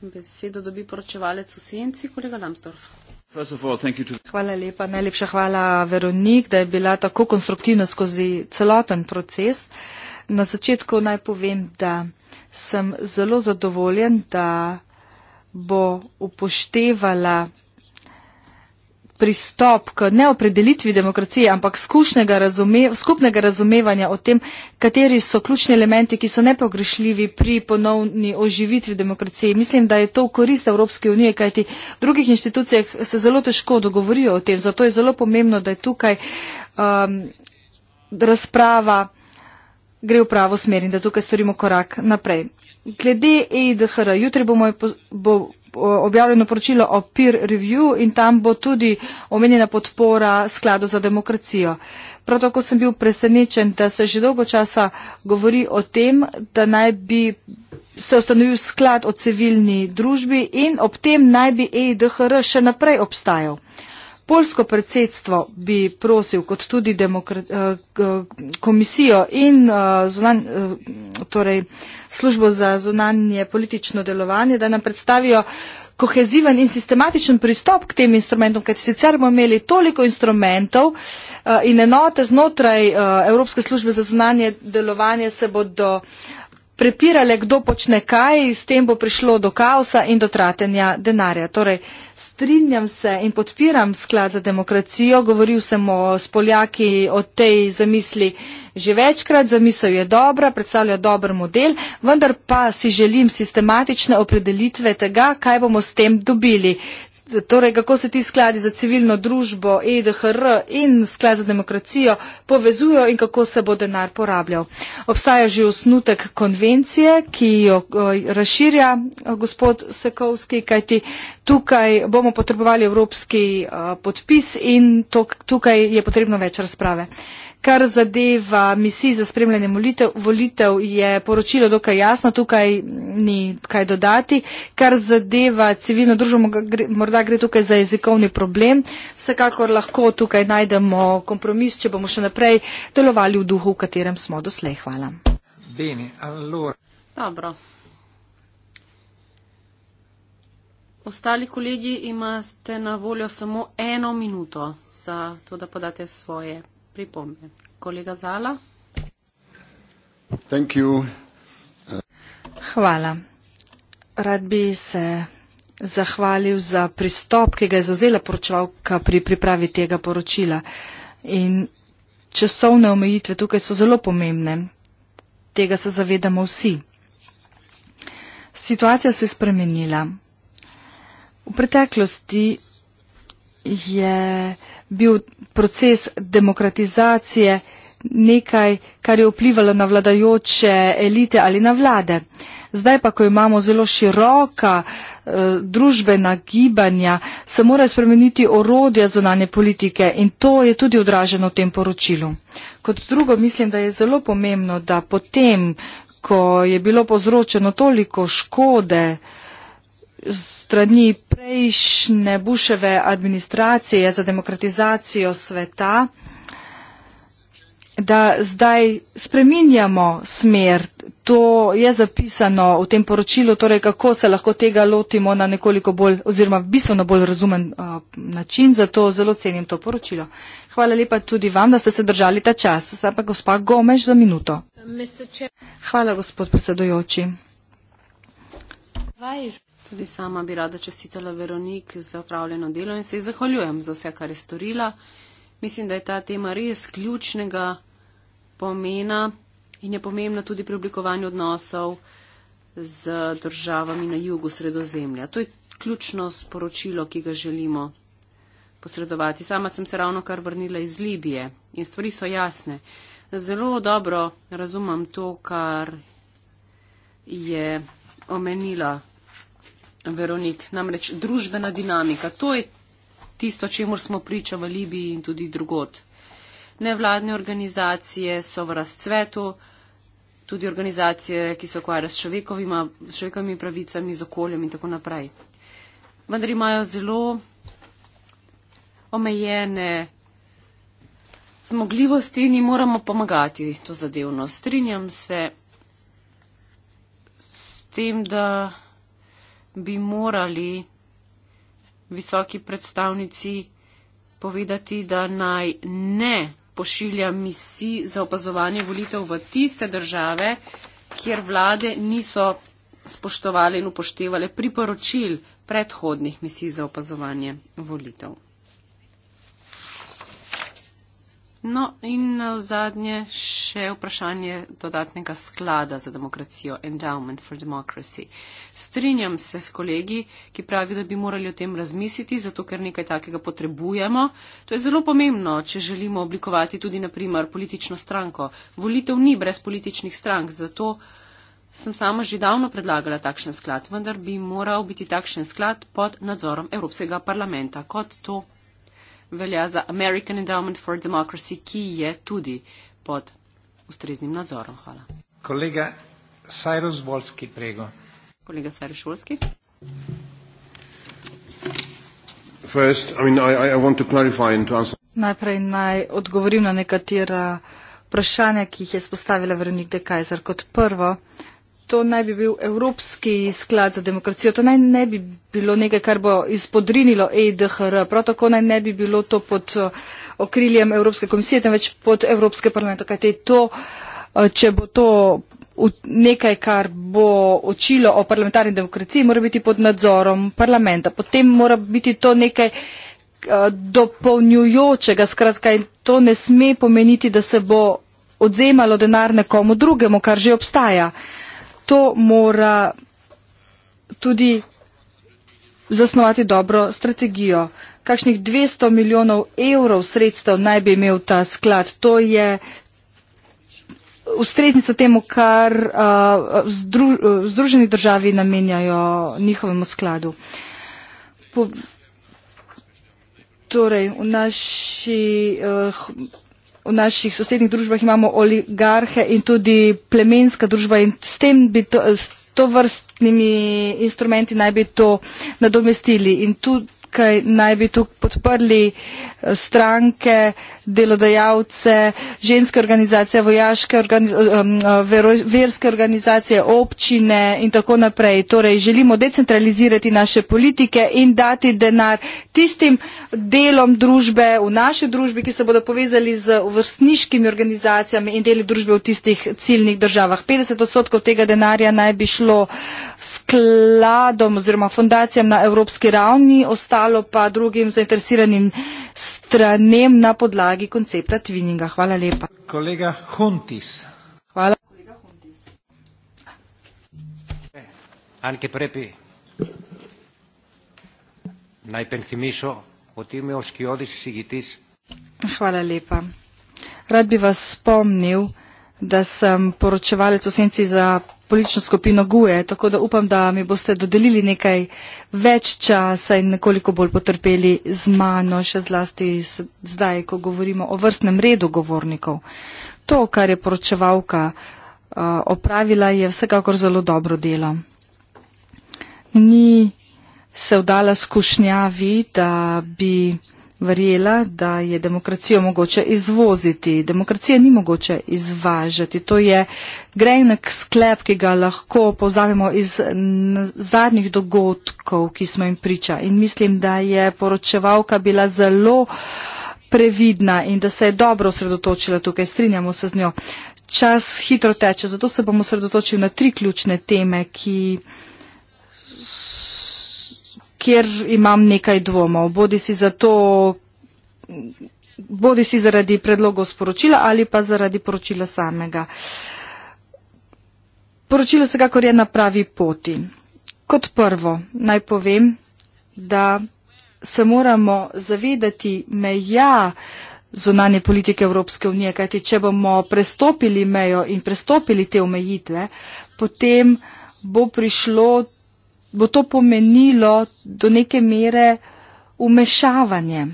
Besedo dobi poročevalec v senci, kolega Lamsdorf. Hvala lepa, najlepša hvala Veronik, da je bila tako konstruktivna skozi celoten proces. Na začetku naj povem, da sem zelo zadovoljen, da bo upoštevala pristop k neopredelitvi demokracije, ampak razume, skupnega razumevanja o tem, kateri so ključni elementi, ki so nepogrešljivi pri ponovni oživitvi demokracije. Mislim, da je to v korist Evropske unije, kajti v drugih institucijah se zelo težko dogovorijo o tem. Zato je zelo pomembno, da je tukaj um, razprava gre v pravo smer in da tukaj storimo korak naprej. Glede EIDHR, jutri bomo, bo objavljeno poročilo o peer review in tam bo tudi omenjena podpora skladu za demokracijo. Prav tako sem bil presenečen, da se že dolgo časa govori o tem, da naj bi se ustanovil sklad o civilni družbi in ob tem naj bi EIDHR še naprej obstajal polsko predsedstvo bi prosil, kot tudi eh, komisijo in eh, zunanj, eh, torej, službo za zunanje politično delovanje, da nam predstavijo koheziven in sistematičen pristop k tem instrumentom, ker sicer bomo imeli toliko instrumentov in enote znotraj Evropske službe za zunanje delovanje se bodo uh, prepirale, kdo počne kaj, s tem bo prišlo do kaosa in do tratenja denarja. Torej, strinjam se in podpiram sklad za demokracijo, govoril sem o spoljaki o tej zamisli že večkrat, zamisel je dobra, predstavlja dober model, vendar pa si želim sistematične opredelitve tega, kaj bomo s tem dobili torej kako se ti skladi za civilno družbo, EDHR in sklad za demokracijo povezujo in kako se bo denar porabljal. Obstaja že osnutek konvencije, ki jo razširja gospod Sekovski, kajti tukaj bomo potrebovali evropski podpis in to, tukaj je potrebno več razprave. Kar zadeva misij za spremljanje molitev, volitev, je poročilo dokaj jasno, tukaj ni kaj dodati. Kar zadeva civilno družbo, morda gre tukaj za jezikovni problem. Vsekakor lahko tukaj najdemo kompromis, če bomo še naprej delovali v duhu, v katerem smo doslej. Hvala. Bene, Dobro. Ostali kolegi imate na voljo samo eno minuto za to, da podate svoje pripombe. Kolega Zala. Hvala. Rad bi se zahvalil za pristop, ki ga je zauzela poročevalka pri pripravi tega poročila. In časovne omejitve tukaj so zelo pomembne. Tega se zavedamo vsi. Situacija se je spremenila. V preteklosti je bil proces demokratizacije nekaj, kar je vplivalo na vladajoče elite ali na vlade. Zdaj pa, ko imamo zelo široka eh, družbena gibanja, se morajo spremeniti orodja zonanje politike in to je tudi odraženo v tem poročilu. Kot drugo mislim, da je zelo pomembno, da potem, ko je bilo povzročeno toliko škode strani prejšnje Buševe administracije za demokratizacijo sveta, da zdaj spreminjamo smer. To je zapisano v tem poročilu, torej kako se lahko tega lotimo na nekoliko bolj oziroma bistveno bolj razumen uh, način, zato zelo cenim to poročilo. Hvala lepa tudi vam, da ste se držali ta čas. Zdaj pa gospa Gomeš za minuto. Hvala, gospod predsedujoči. Tudi sama bi rada čestitala Veronik za upravljeno delo in se ji zahvaljujem za vse, kar je storila. Mislim, da je ta tema res ključnega pomena in je pomembna tudi pri oblikovanju odnosov z državami na jugu sredozemlja. To je ključno sporočilo, ki ga želimo posredovati. Sama sem se ravno kar vrnila iz Libije in stvari so jasne. Zelo dobro razumem to, kar je omenila Veronik, namreč družbena dinamika, to je tisto, če mor smo priča v Libiji in tudi drugot. Nevladne organizacije so v razcvetu, tudi organizacije, ki se okvarjajo s človekovimi pravicami, z okoljem in tako naprej. Vendar imajo zelo omejene zmogljivosti in jim moramo pomagati to zadevno. Strinjam se s tem, da bi morali visoki predstavnici povedati, da naj ne pošilja misij za opazovanje volitev v tiste države, kjer vlade niso spoštovali in upoštevali priporočil predhodnih misij za opazovanje volitev. No in na zadnje še vprašanje dodatnega sklada za demokracijo, Endowment for Democracy. Strinjam se s kolegi, ki pravijo, da bi morali o tem razmisliti, zato ker nekaj takega potrebujemo. To je zelo pomembno, če želimo oblikovati tudi, naprimer, politično stranko. Volitev ni brez političnih strank, zato sem sama že davno predlagala takšen sklad, vendar bi moral biti takšen sklad pod nadzorom Evropskega parlamenta, kot to velja za American Endowment for Democracy, ki je tudi pod ustreznim nadzorom. Hvala. Kolega Sajros Volski, prego. Kolega Sajros Volski. First, I mean, I, I want to clarify and to answer. Najprej naj odgovorim na nekatera vprašanja, ki jih je spostavila Veronika Kajzer. Kot prvo, to naj bi bil Evropski sklad za demokracijo, to naj ne bi bilo nekaj, kar bo izpodrinilo EDHR, prav tako naj ne bi bilo to pod eh, okriljem Evropske komisije, temveč pod Evropske parlamento, kaj te to, eh, če bo to nekaj, kar bo očilo o parlamentarni demokraciji, mora biti pod nadzorom parlamenta. Potem mora biti to nekaj eh, dopolnjujočega, skratka, in to ne sme pomeniti, da se bo odzemalo denar nekomu drugemu, kar že obstaja. Uh, to mora tudi zasnovati dobro strategijo. Kakšnih 200 milijonov evrov sredstev naj bi imel ta sklad. To je ustreznica temu, kar uh, zdru, uh, združeni državi namenjajo njihovemu skladu. Po, torej, v naši uh, v naših sosednjih družbah imamo oligarhe in tudi plemenska družba in s tem bi to, s to vrstnimi instrumenti naj bi to nadomestili. In tudi tukaj naj bi tukaj podprli eh, stranke, delodajalce, ženske organizacije, vojaške organizacije, eh, eh, verske organizacije, občine in tako naprej. Torej, želimo decentralizirati naše politike in dati denar tistim delom družbe v naši družbi, ki se bodo povezali z vrstniškimi organizacijami in deli družbe v tistih ciljnih državah. 50 odstotkov tega denarja naj bi šlo skladom oziroma fundacijam na evropski ravni. Ostalo pomagalo pa drugim zainteresiranim stranem na podlagi koncepta twininga. Hvala lepa. Kolega Huntis. Hvala. Anche Prepi, naj penzimišo o tem, oškijodiš, sigitiš. Hvala lepa. Rad bi vas spomnil, da sem poročevalec v senci za politično skupino Guje, tako da upam, da mi boste dodelili nekaj več časa in nekoliko bolj potrpeli z mano, še zlasti zdaj, ko govorimo o vrstnem redu govornikov. To, kar je poročevalka uh, opravila, je vsekakor zelo dobro delo. Ni se vdala skušnjavi, da bi verjela, da je demokracijo mogoče izvoziti. Demokracije ni mogoče izvažati. To je grejnek sklep, ki ga lahko povzamemo iz zadnjih dogodkov, ki smo jim priča. In mislim, da je poročevalka bila zelo previdna in da se je dobro osredotočila tukaj. Strinjamo se z njo. Čas hitro teče, zato se bomo osredotočili na tri ključne teme, ki kjer imam nekaj dvomov, bodi si zato. Bodi si zaradi predlogov sporočila ali pa zaradi poročila samega. Poročilo vsekakor je na pravi poti. Kot prvo naj povem, da se moramo zavedati meja zunanje politike Evropske unije, kajti če bomo prestopili mejo in prestopili te omejitve, potem bo prišlo bo to pomenilo do neke mere umešavanje.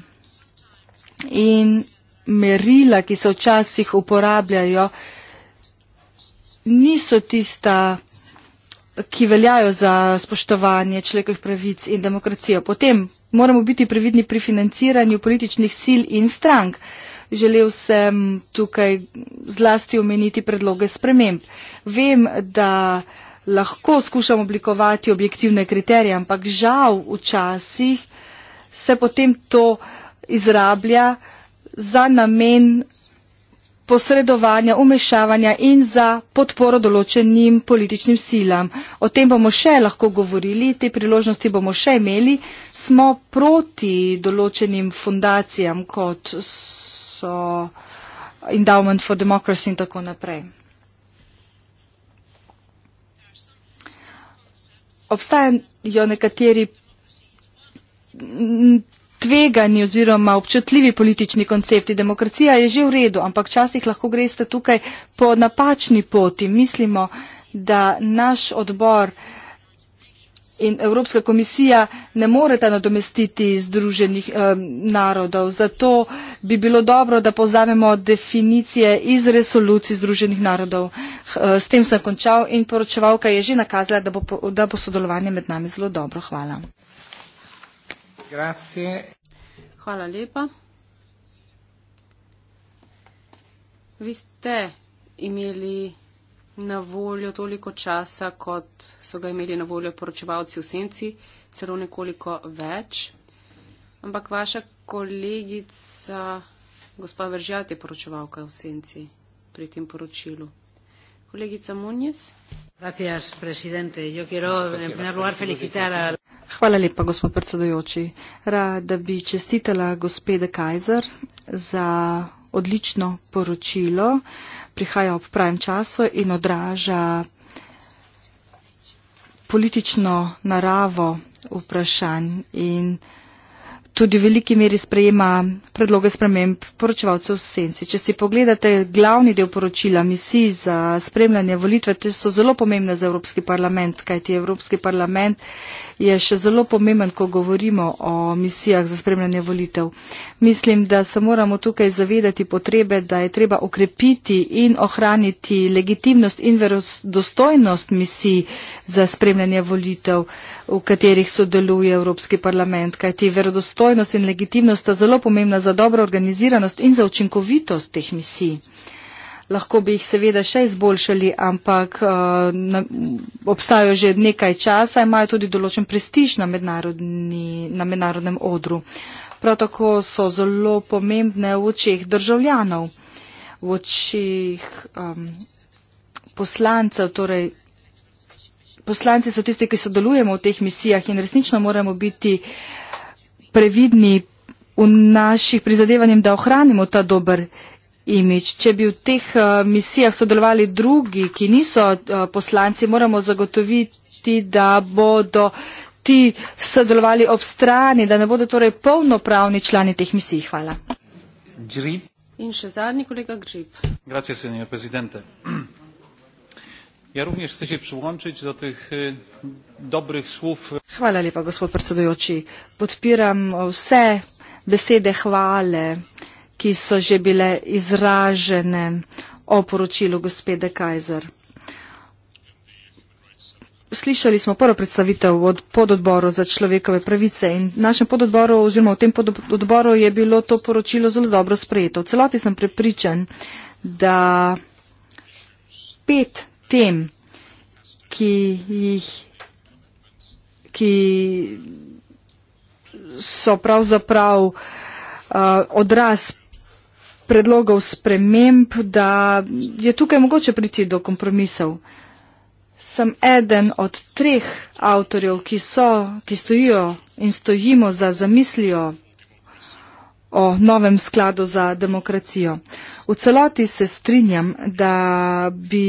In merila, ki se včasih uporabljajo, niso tista, ki veljajo za spoštovanje človekovih pravic in demokracijo. Potem moramo biti previdni pri financiranju političnih sil in strank. Želel sem tukaj zlasti omeniti predloge sprememb. Vem, da lahko skušamo oblikovati objektivne kriterije, ampak žal včasih se potem to izrablja za namen posredovanja, umešavanja in za podporo določenim političnim silam. O tem bomo še lahko govorili, te priložnosti bomo še imeli. Smo proti določenim fundacijam kot so Endowment for Democracy in tako naprej. obstajajo nekateri tvegani oziroma občutljivi politični koncepti. Demokracija je že v redu, ampak včasih lahko greste tukaj po napačni poti. Mislimo, da naš odbor uh, in Evropska komisija ne moreta nadomestiti združenih um, narodov. Zato bi bilo dobro, da povzamemo definicije iz resolucij združenih narodov. Uh, s tem sem končal in poročevalka je že nakazala, da bo, da bo sodelovanje med nami zelo dobro. Hvala. Grazie. Hvala lepa. Vi ste imeli na voljo toliko časa, kot so ga imeli na voljo poročevalci v senci, celo nekoliko več. Ampak vaša kolegica, gospa Veržat, je poročevalka v senci pri tem poročilu. Kolegica Munjes. Gracias, lugar, Hvala lepa, gospod predsedujoči. Rada bi čestitela gospe De Kajzer za odlično poročilo, prihaja ob pravem času in odraža politično naravo vprašanj in vprašanj tudi v veliki meri sprejema predloge sprememb poročevalcev v senci. Če si pogledate glavni del poročila misij za spremljanje volitve, te so zelo pomembne za Evropski parlament, kajti Evropski parlament je še zelo pomemben, ko govorimo o misijah za spremljanje volitev. Mislim, da se moramo tukaj zavedati potrebe, da je treba okrepiti in ohraniti legitimnost in verodostojnost misij za spremljanje volitev. Uh, v katerih sodeluje Evropski parlament, kajti verodostojnost in legitimnost sta zelo pomembna za dobro organiziranost in za učinkovitost teh misij. Lahko bi jih seveda še izboljšali, ampak uh, na, obstajajo že nekaj časa in imajo tudi določen prestiž na, na mednarodnem odru. Prav tako so zelo pomembne v očeh državljanov, v očeh um, poslancev, torej poslanci so tisti, ki sodelujemo v teh misijah in resnično moramo biti previdni v naših prizadevanjem, da ohranimo ta dober imič. Če bi v teh eh, misijah sodelovali drugi, ki niso eh, poslanci, moramo zagotoviti, da bodo ti sodelovali ob strani, da ne bodo torej polnopravni člani teh misij. Hvala. Grip. In še zadnji kolega Grip. Grazie, senjor predsednik ja również chcę się przyłączyć do tych dobrych słów. Hvala lepa, gospod predsedujoči. Podpiram vse besede hvale, ki so že bile izražene o poročilu gospede Kajzer. Slišali smo prvo predstavitev od pododboru za človekove pravice in v našem pododboru oziroma v tem pododboru je bilo to poročilo zelo dobro sprejeto. V celoti sem prepričan, da pet tem, ki jih, ki so pravzaprav uh, odraz predlogov sprememb, da je tukaj mogoče priti do kompromisov. Sem eden od treh avtorjev, ki so, ki stojijo in stojimo za zamislijo o novem skladu za demokracijo. V celoti se strinjam, da bi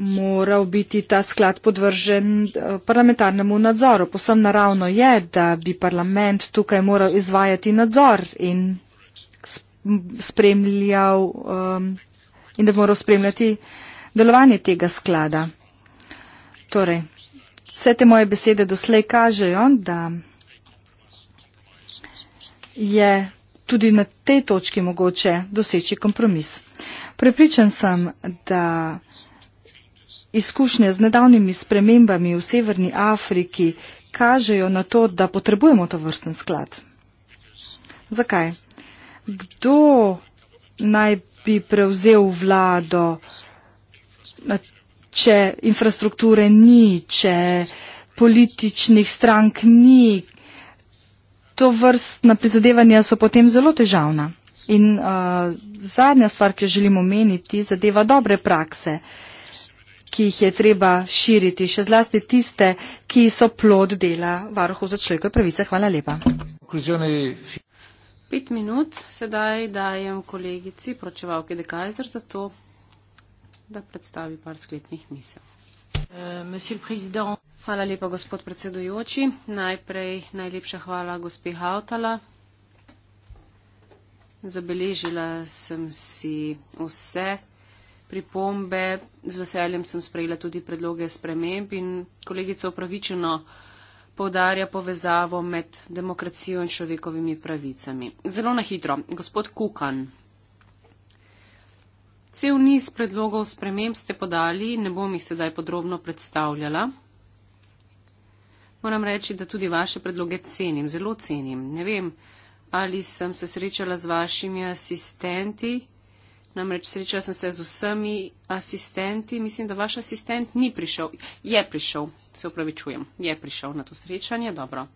moral biti ta sklad podvržen eh, parlamentarnemu nadzoru. Posem naravno je, da bi parlament tukaj moral izvajati nadzor in, spremljal, um, in da bi moral spremljati delovanje tega sklada. Torej, vse te moje besede doslej kažejo, da je tudi na tej točki mogoče doseči kompromis. Prepričan sem, da izkušnje z nedavnimi spremembami v Severni Afriki kažejo na to, da potrebujemo to vrsten sklad. Zakaj? Kdo naj bi prevzel vlado, če infrastrukture ni, če političnih strank ni? To vrstna prizadevanja so potem zelo težavna. In uh, zadnja stvar, ki jo želim omeniti, zadeva dobre prakse. Uh, ki jih je treba širiti, še zlasti tiste, ki so plod dela varohu za človekove pravice. Hvala lepa. Pet minut sedaj dajem kolegici pročevalke De Kaiser za to, da predstavi par sklepnih misel. Euh, hvala lepa, gospod predsedujoči. Najprej najlepša hvala gospe Hautala. Zabeležila sem si vse pripombe, z veseljem sem sprejela tudi predloge sprememb in kolegica upravičeno povdarja povezavo med demokracijo in človekovimi pravicami. Zelo na hitro, gospod Kukan. Cel niz predlogov sprememb ste podali, ne bom jih sedaj podrobno predstavljala. Moram reči, da tudi vaše predloge cenim, zelo cenim. Ne vem, ali sem se srečala z vašimi asistenti. Namreč srečala sem se z vsemi asistenti. Mislim, da vaš asistent ni prišel. Je prišel, se upravičujem. Je prišel na to srečanje, dobro.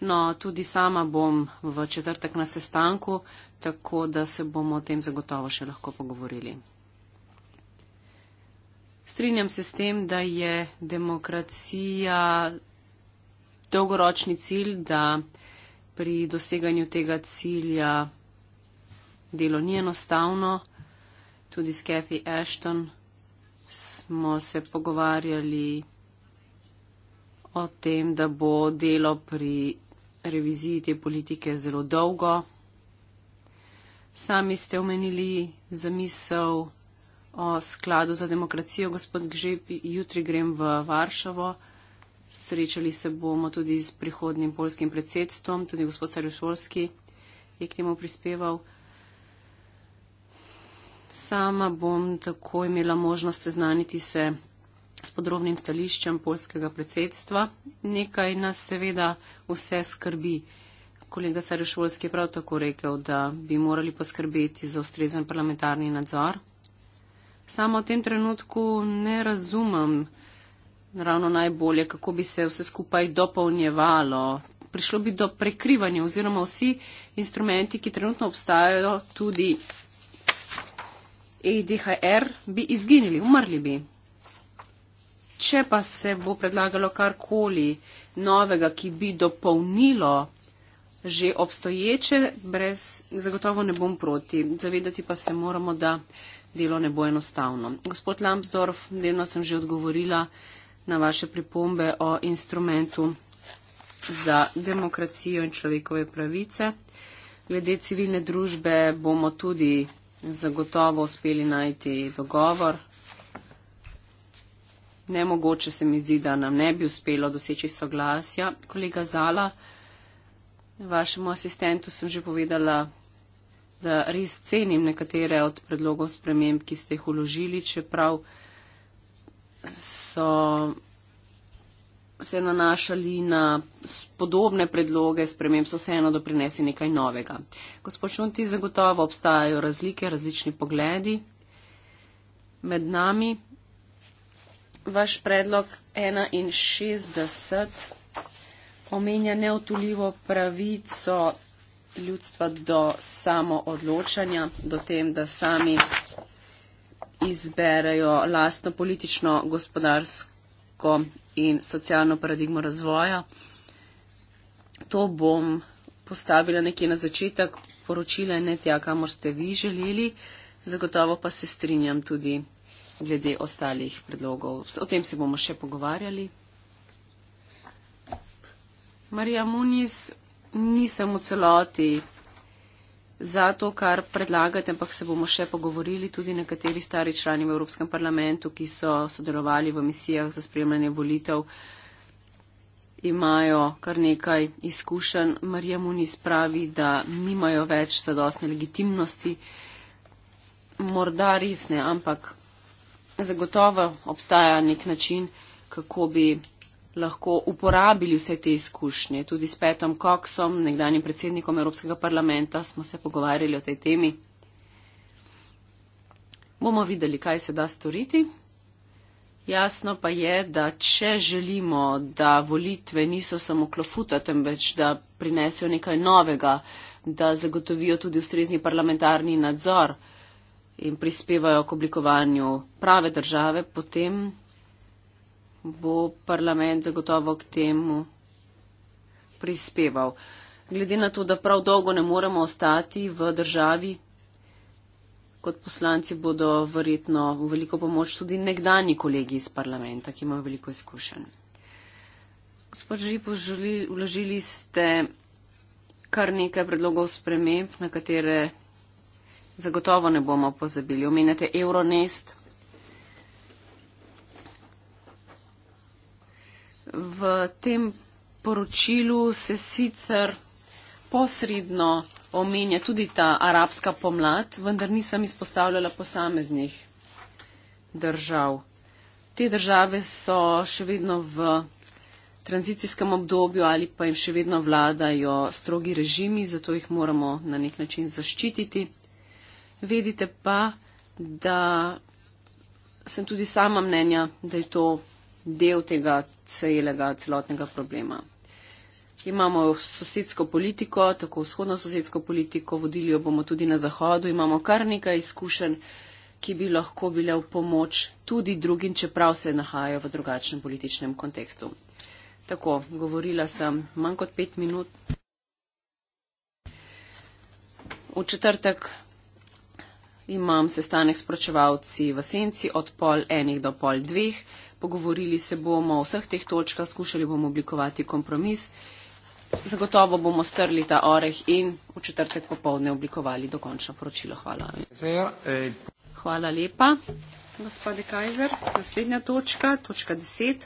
No, tudi sama bom v četrtek na sestanku, tako da se bomo o tem zagotovo še lahko pogovorili. Strinjam se s tem, da je demokracija dolgoročni cilj, da pri doseganju tega cilja delo ni enostavno. Tudi s Kathy Ashton smo se pogovarjali o tem, da bo delo pri reviziji te politike zelo dolgo. Sami ste omenili zamisel o skladu za demokracijo, gospod Gžep, jutri grem v Varšavo. Srečali se bomo tudi s prihodnim polskim predsedstvom, tudi gospod Sarjusolski je k temu prispeval. Sama bom tako imela možnost seznaniti se s podrobnim stališčem polskega predsedstva. Nekaj nas seveda vse skrbi. Kolega Sarišvolski je prav tako rekel, da bi morali poskrbeti za ustrezen parlamentarni nadzor. Samo v tem trenutku ne razumem ravno najbolje, kako bi se vse skupaj dopolnjevalo. Prišlo bi do prekrivanja oziroma vsi instrumenti, ki trenutno obstajajo, tudi EIDHR, bi izginili, umrli bi. Če pa se bo predlagalo karkoli novega, ki bi dopolnilo že obstoječe, brez, zagotovo ne bom proti. Zavedati pa se moramo, da delo ne bo enostavno. Gospod Lambsdorf, delno sem že odgovorila na vaše pripombe o instrumentu za demokracijo in človekove pravice. Glede civilne družbe bomo tudi zagotovo uspeli najti dogovor. Nemogoče se mi zdi, da nam ne bi uspelo doseči soglasja. Kolega Zala, vašemu asistentu sem že povedala, da res cenim nekatere od predlogov sprememb, ki ste jih uložili, čeprav so se nanašali na podobne predloge, sprememb so vseeno doprinesli nekaj novega. Gospod Šunti, zagotovo obstajajo razlike, različni pogledi med nami. Vaš predlog 61 omenja neotuljivo pravico ljudstva do samoodločanja, do tem, da sami izberejo lastno politično, gospodarsko ekonomsko in socialno paradigmo razvoja. To bom postavila nekje na začetek poročila in ne tja, kamor ste vi želeli. Zagotovo pa se strinjam tudi glede ostalih predlogov. O tem se bomo še pogovarjali. Marija Muniz, nisem v celoti za to, kar predlagate, ampak se bomo še pogovorili tudi nekateri stari člani v Evropskem parlamentu, ki so sodelovali v misijah za spremljanje volitev, imajo kar nekaj izkušenj. Marija Muniz pravi, da nimajo več zadostne legitimnosti, morda resne, ampak zagotovo obstaja nek način, kako bi lahko uporabili vse te izkušnje. Tudi s Petom Koksom, nekdanjim predsednikom Evropskega parlamenta, smo se pogovarjali o tej temi. Bomo videli, kaj se da storiti. Jasno pa je, da če želimo, da volitve niso samo klofuta, temveč da prinesejo nekaj novega, da zagotovijo tudi ustrezni parlamentarni nadzor in prispevajo k oblikovanju prave države, potem bo parlament zagotovo k temu prispeval. Glede na to, da prav dolgo ne moremo ostati v državi, kot poslanci bodo verjetno v veliko pomoč tudi nekdani kolegi iz parlamenta, ki imajo veliko izkušenj. Gospod Žipo, vložili ste kar nekaj predlogov sprememb, na katere zagotovo ne bomo pozabili. Omenjate Euronest, v tem poročilu se sicer posredno omenja tudi ta arabska pomlad, vendar nisem izpostavljala posameznih držav. Te države so še vedno v tranzicijskem obdobju ali pa jim še vedno vladajo strogi režimi, zato jih moramo na nek način zaščititi. Vedite pa, da sem tudi sama mnenja, da je to del tega celega, celotnega problema. Imamo sosedsko politiko, tako vzhodno sosedsko politiko, vodili jo bomo tudi na zahodu, imamo kar nekaj izkušenj, ki bi lahko bile v pomoč tudi drugim, čeprav se nahajajo v drugačnem političnem kontekstu. Tako, govorila sem manj kot pet minut. V četrtek imam sestanek s pročevalci v senci od pol enih do pol dveh pogovorili se bomo o vseh teh točkah, skušali bomo oblikovati kompromis. Zagotovo bomo strli ta oreh in v četrtek popovdne oblikovali dokončno poročilo. Hvala. Hvala lepa, gospode Kajzer. Naslednja točka, točka 10.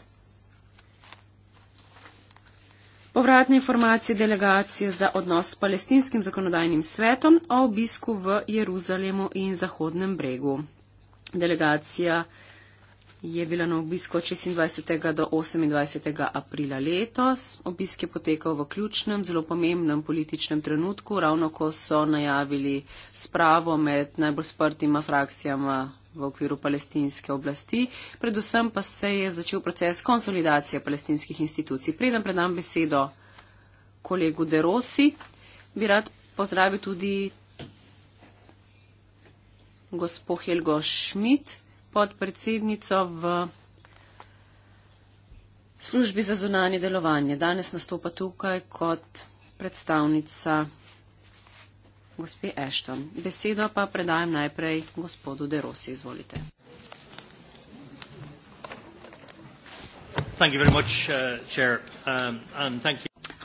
Povratne informacije delegacije za odnos s palestinskim zakonodajnim svetom o obisku v Jeruzalemu in Zahodnem bregu. Delegacija je bila na obisku 26. do 28. aprila letos. Obisk je potekal v ključnem, zelo pomembnem političnem trenutku, ravno ko so najavili spravo med najbolj sprtima frakcijama v okviru palestinske oblasti. Predvsem pa se je začel proces konsolidacije palestinskih institucij. Preden predam besedo kolegu Derosi, bi rad pozdravil tudi gospod Helgo Schmidt podpredsednico v službi za zunanje delovanje. Danes nastopa tukaj kot predstavnica gospe Ashton. Besedo pa predajem najprej gospodu Derosi. Izvolite. Uh, um,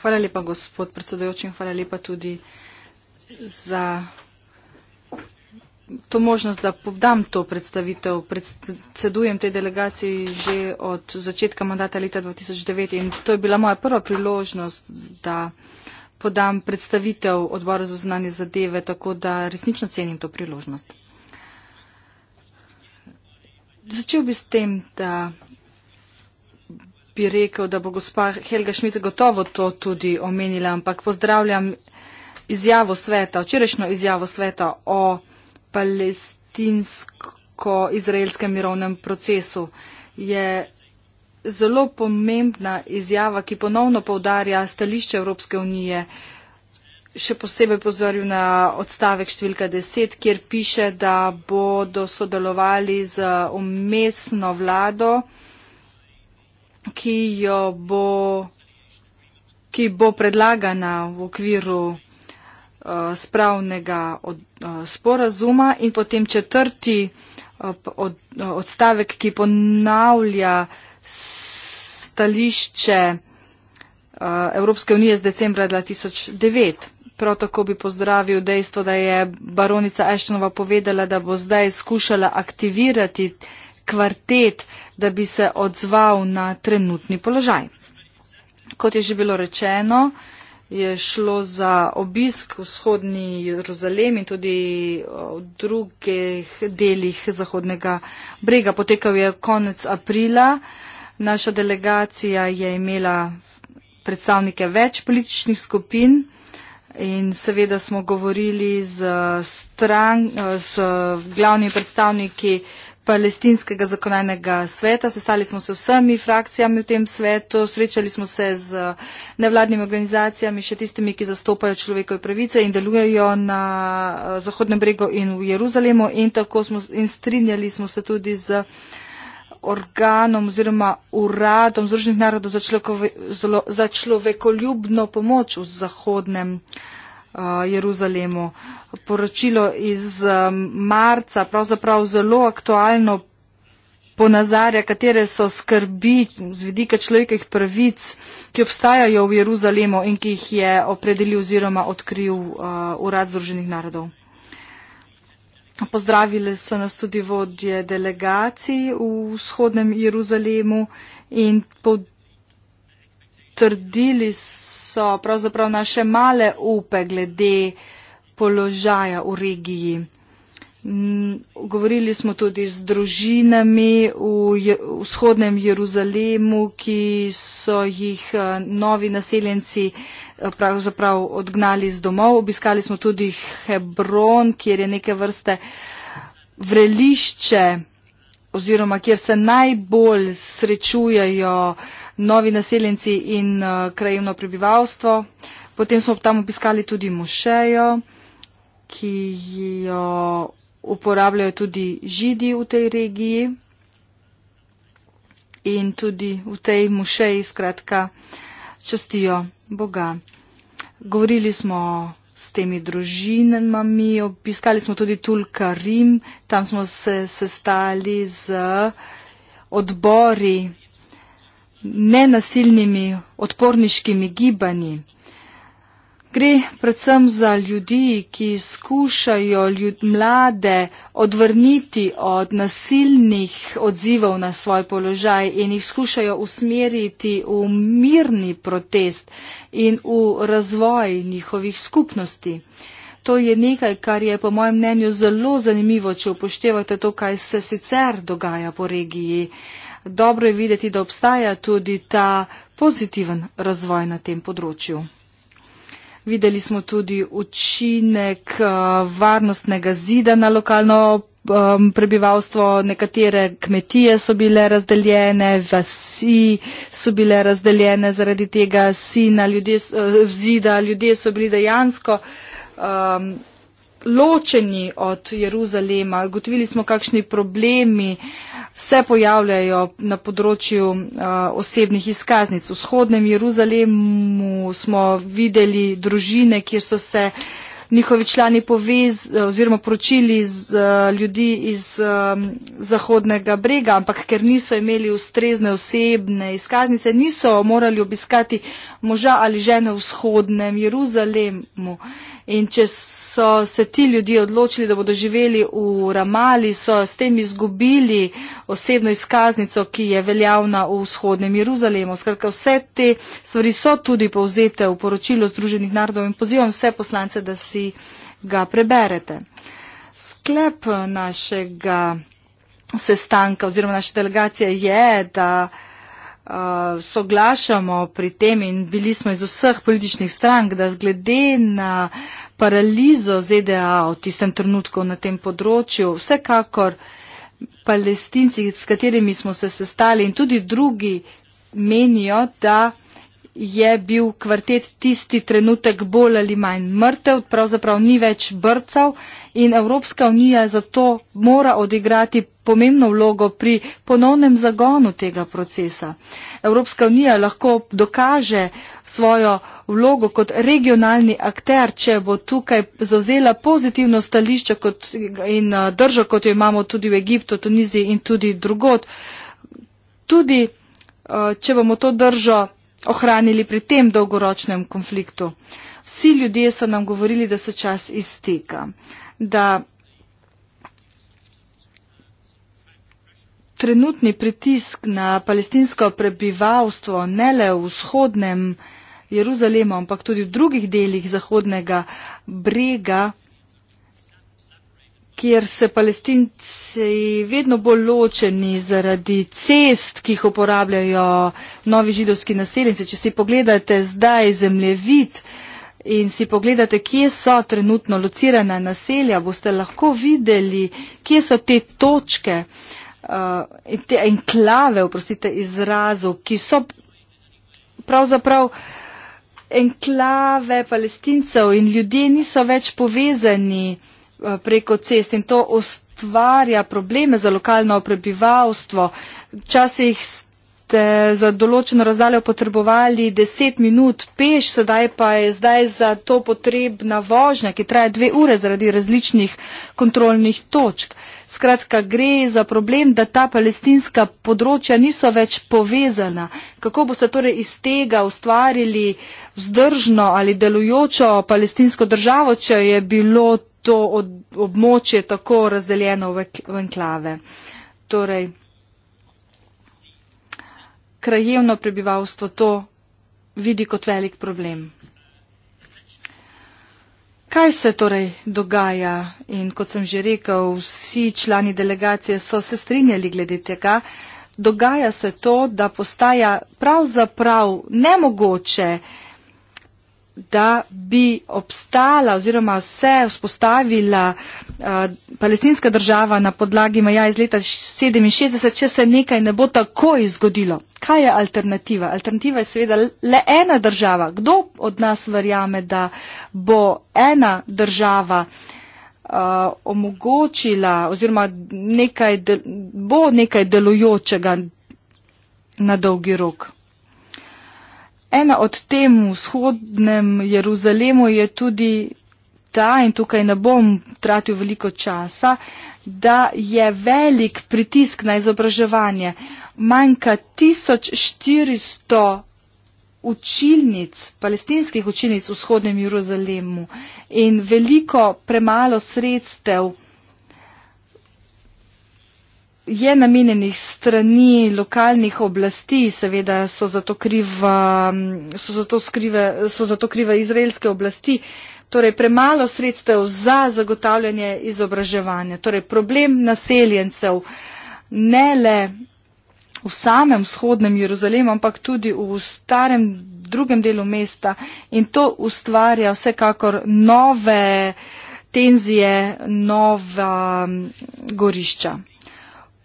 hvala lepa, gospod predsedujoči, in hvala lepa tudi za to možnost, da podam to predstavitev. Predsedujem tej delegaciji že od začetka mandata leta 2009 in to je bila moja prva priložnost, da podam predstavitev odboru za znanje zadeve, tako da resnično cenim to priložnost. Začel bi s tem, da bi rekel, da bo gospa Helga Šmit gotovo to tudi omenila, ampak pozdravljam izjavo sveta, včerajšnjo izjavo sveta o palestinsko-izraelskem mirovnem procesu. Je zelo pomembna izjava, ki ponovno povdarja stališče Evropske unije, še posebej pozoril na odstavek številka 10, kjer piše, da bodo sodelovali z umestno vlado, ki, bo, ki bo predlagana v okviru Eh, spravnega od, eh, sporazuma in potem četrti eh, od, odstavek, ki ponavlja stališče Evropske unije z decembra 2009. Prav tako bi pozdravil dejstvo, da je baronica Ashtonova povedala, da bo zdaj skušala aktivirati kvartet, da bi se odzval na trenutni položaj. Kot je že bilo rečeno, je šlo za obisk v vzhodni Jeruzalem in tudi eh, v drugih delih Zahodnega brega. Potekal je konec aprila. Naša delegacija je imela predstavnike več političnih skupin in seveda smo govorili z, stran, eh, z glavnimi predstavniki uh, palestinskega zakonajnega sveta. Sestali smo se vsemi frakcijami v tem svetu, srečali smo se z nevladnimi organizacijami, še tistimi, ki zastopajo človekove pravice in delujejo na eh, Zahodnem bregu in v Jeruzalemu in, smo, in strinjali smo se tudi z organom oziroma uradom Združenih narodov za, človekov, za človekoljubno pomoč v Zahodnem bregu. Uh, Jeruzalemu. Poročilo iz um, marca, pravzaprav zelo aktualno, ponazarja, katere so skrbi z vidika človekovih pravic, ki obstajajo v Jeruzalemu in ki jih je opredelil oziroma odkril uh, Urad Združenih narodov. Pozdravili so nas tudi vodje delegacij v vzhodnem Jeruzalemu in potrdili so, so pravzaprav naše male upe glede položaja v regiji. Mm, govorili smo tudi z družinami v vzhodnem Jeruzalemu, ki so jih eh, novi naseljenci eh, pravzaprav odgnali z domov. Obiskali smo tudi Hebron, kjer je neke vrste vrelišče oziroma kjer se najbolj srečujejo novi naseljenci in uh, krajevno prebivalstvo. Potem smo tam obiskali tudi mošejo, ki jo uporabljajo tudi židi v tej regiji. In tudi v tej mošeji, skratka, častijo Boga. Govorili smo o temi družinami. Obiskali smo tudi Tulkarim, tam smo se sestali z odbori, nenasilnimi odporniškimi gibanji. Gre predvsem za ljudi, ki skušajo ljud, mlade odvrniti od nasilnih odzivov na svoj položaj in jih skušajo usmeriti v mirni protest in v razvoj njihovih skupnosti. To je nekaj, kar je po mojem mnenju zelo zanimivo, če upoštevate to, kaj se sicer dogaja po regiji. Dobro je videti, da obstaja tudi ta pozitiven razvoj na tem področju. Videli smo tudi učinek eh, varnostnega zida na lokalno prebivalstvo, nekatere kmetije so bile razdeljene, vasi so bile razdeljene zaradi tega sina, ljudje, eh, zida, ljudje so bili dejansko um, ločeni od Jeruzalema. Gotovili smo, kakšni problemi uh, se pojavljajo na področju uh, osebnih izkaznic. V vzhodnem Jeruzalemu smo videli družine, kjer so se njihovi člani povez eh, oziroma poročili z uh, ljudi iz uh, zahodnega brega, ampak ker niso imeli ustrezne osebne izkaznice, niso morali obiskati moža ali žene v vzhodnem Jeruzalemu. In če so se ti ljudje odločili, da bodo živeli v Ramali, so s tem izgubili osebno izkaznico, ki je veljavna v vzhodnem Jeruzalemu. Skratka, vse te stvari so tudi povzete v poročilo Združenih narodov in pozivam vse poslance, da si ga preberete. Sklep našega sestanka oziroma naše delegacije je, da. Eh, soglašamo pri tem in bili smo iz vseh političnih strank, da zglede na paralizo ZDA v tistem trenutku na tem področju, vsekakor palestinci, s katerimi smo se sestali in tudi drugi menijo, da je bil kvartet tisti trenutek bolj ali manj mrtev, pravzaprav ni več brcev, uh, in Evropska unija zato mora odigrati pomembno vlogo pri ponovnem zagonu tega procesa. Evropska unija lahko dokaže svojo vlogo kot regionalni akter, če bo tukaj zauzela pozitivno stališče in eh, držo, kot jo imamo tudi v Egiptu, Tuniziji in tudi drugot. Tudi, eh, če bomo to držo ohranili pri tem dolgoročnem konfliktu. Vsi ljudje so nam govorili, da se čas izteka da trenutni pritisk na palestinsko prebivalstvo ne le v vzhodnem Jeruzalemu, ampak tudi v drugih delih zahodnega brega, kjer se palestinci vedno bolj ločeni zaradi cest, ki jih uporabljajo novi židovski naseljenci. Če si pogledate zdaj zemljevid, in si pogledate, kje so trenutno locirana naselja, boste lahko videli, kje so te točke uh, in te enklave, oprostite, izrazov, ki so pravzaprav enklave palestincev in ljudje niso več povezani uh, preko cest in to ustvarja probleme za lokalno prebivalstvo. Včasih ste za določeno razdaljo potrebovali 10 minut peš, sedaj pa je zdaj za to potrebna vožnja, ki traja dve ure zaradi različnih kontrolnih točk. Skratka, gre za problem, da ta palestinska področja niso več povezana. Kako boste torej iz tega ustvarili vzdržno ali delujočo palestinsko državo, če je bilo to območje tako razdeljeno v enklave? Torej, krajevno prebivalstvo to vidi kot velik problem. Kaj se torej dogaja? In kot sem že rekel, vsi člani delegacije so se strinjali glede tega. Dogaja se to, da postaja pravzaprav nemogoče, da bi obstala oziroma se vzpostavila uh, palestinska država na podlagi meja iz leta 67, če se nekaj ne bo takoj zgodilo. Kaj je alternativa? Alternativa je seveda le ena država. Kdo od nas verjame, da bo ena država uh, omogočila oziroma nekaj de, bo nekaj delujočega na dolgi rok? Ena od tem v vzhodnem Jeruzalemu je tudi ta, in tukaj ne bom tratil veliko časa, da je velik pritisk na izobraževanje. Manjka 1400 učilnic, palestinskih učilnic v vzhodnem Jeruzalemu in veliko premalo sredstev je namenjenih strani lokalnih oblasti, seveda so za to krive, so za to krive, so za to krive izraelske oblasti, torej premalo sredstev za zagotavljanje izobraževanja. Torej problem naseljencev ne le v samem vzhodnem Jeruzalemu, ampak tudi v starem drugem delu mesta in to ustvarja vsekakor nove tenzije, nova gorišča.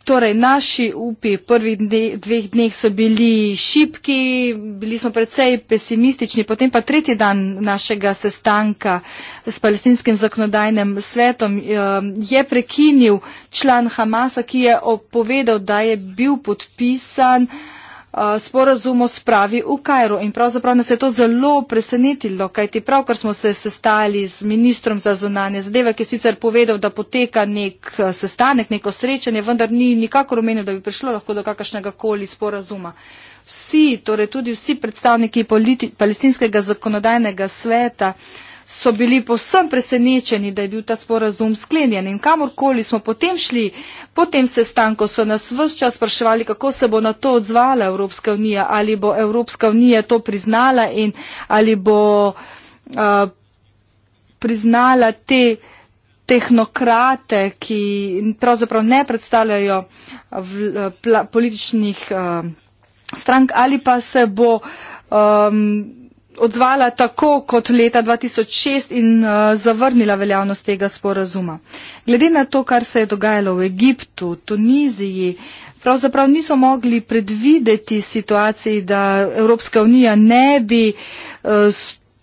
Torej, naši upi v prvih dne, dveh dneh so bili šipki, bili smo predvsej pesimistični, potem pa tretji dan našega sestanka s palestinskim zakonodajnem svetom eh, je prekinil član Hamasa, ki je opovedal, da je bil podpisan. Eh, sporazum o spravi v Kajru in pravzaprav nas je to zelo presenetilo, kajti pravkar smo se sestali z ministrom za zunanje zadeve, ki je sicer povedal, da poteka nek eh, sestanek, neko srečanje, vendar ni nikakor omenil, da bi prišlo lahko do kakršnega koli sporazuma. Vsi, torej tudi vsi predstavniki politi, palestinskega zakonodajnega sveta, uh, so bili povsem presenečeni, da je bil ta sporazum sklenjen in kamorkoli smo potem šli, potem se stanko so nas vse čas spraševali, kako se bo na to odzvala Evropska unija, ali bo Evropska unija to priznala in ali bo uh, priznala te tehnokrate, ki pravzaprav ne predstavljajo v, pla, političnih uh, strank, ali pa se bo um, odzvala tako kot leta 2006 in uh, zavrnila veljavnost tega sporazuma. Glede na to, kar se je dogajalo v Egiptu, Tuniziji, pravzaprav niso mogli predvideti situaciji, da Evropska unija ne bi uh,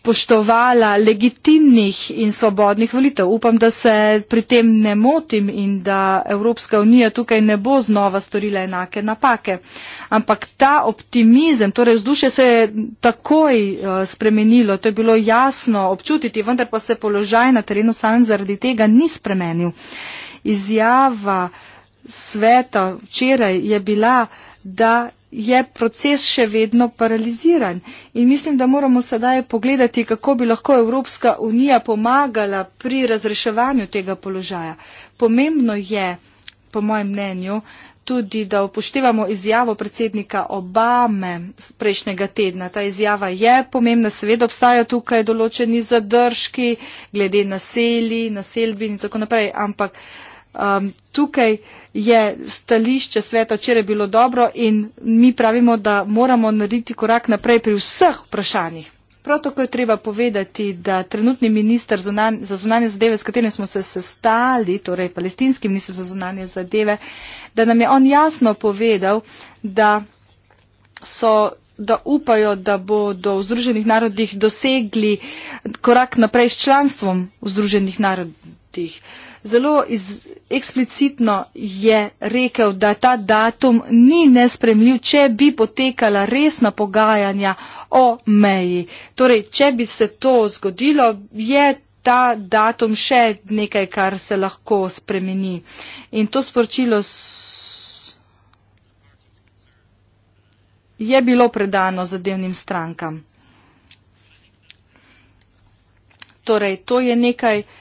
spoštovala legitimnih in svobodnih volitev. Upam, da se pri tem ne motim in da Evropska unija tukaj ne bo znova storila enake napake. Ampak ta optimizem, torej vzdušje se je takoj eh, spremenilo, to je bilo jasno občutiti, vendar pa se položaj na terenu samem zaradi tega ni spremenil. Izjava sveta včeraj je bila, da je proces še vedno paraliziran. In mislim, da moramo sedaj pogledati, kako bi lahko Evropska unija pomagala pri razreševanju tega položaja. Pomembno je, po mojem mnenju, tudi, da upoštevamo izjavo predsednika Obame z prejšnjega tedna. Ta izjava je pomembna, seveda obstajajo tukaj določeni zadržki glede naselji, naselbin in tako naprej, ampak uh, Um, tukaj je stališče sveta včeraj bilo dobro in mi pravimo, da moramo narediti korak naprej pri vseh vprašanjih. Prav tako je treba povedati, da trenutni minister za zunanje zadeve, s katerim smo se sestali, torej palestinski minister za zunanje zadeve, da nam je on jasno povedal, da, so, da upajo, da bodo v Združenih narodih dosegli korak naprej s članstvom v Združenih narodih. Uh, zelo iz, eksplicitno je rekel, da ta datum ni nespremljiv, če bi potekala resna pogajanja o meji. Torej, če bi se to zgodilo, je ta datum še nekaj, kar se lahko spremeni. In to sporočilo je bilo predano zadevnim strankam. Torej, to je nekaj, kar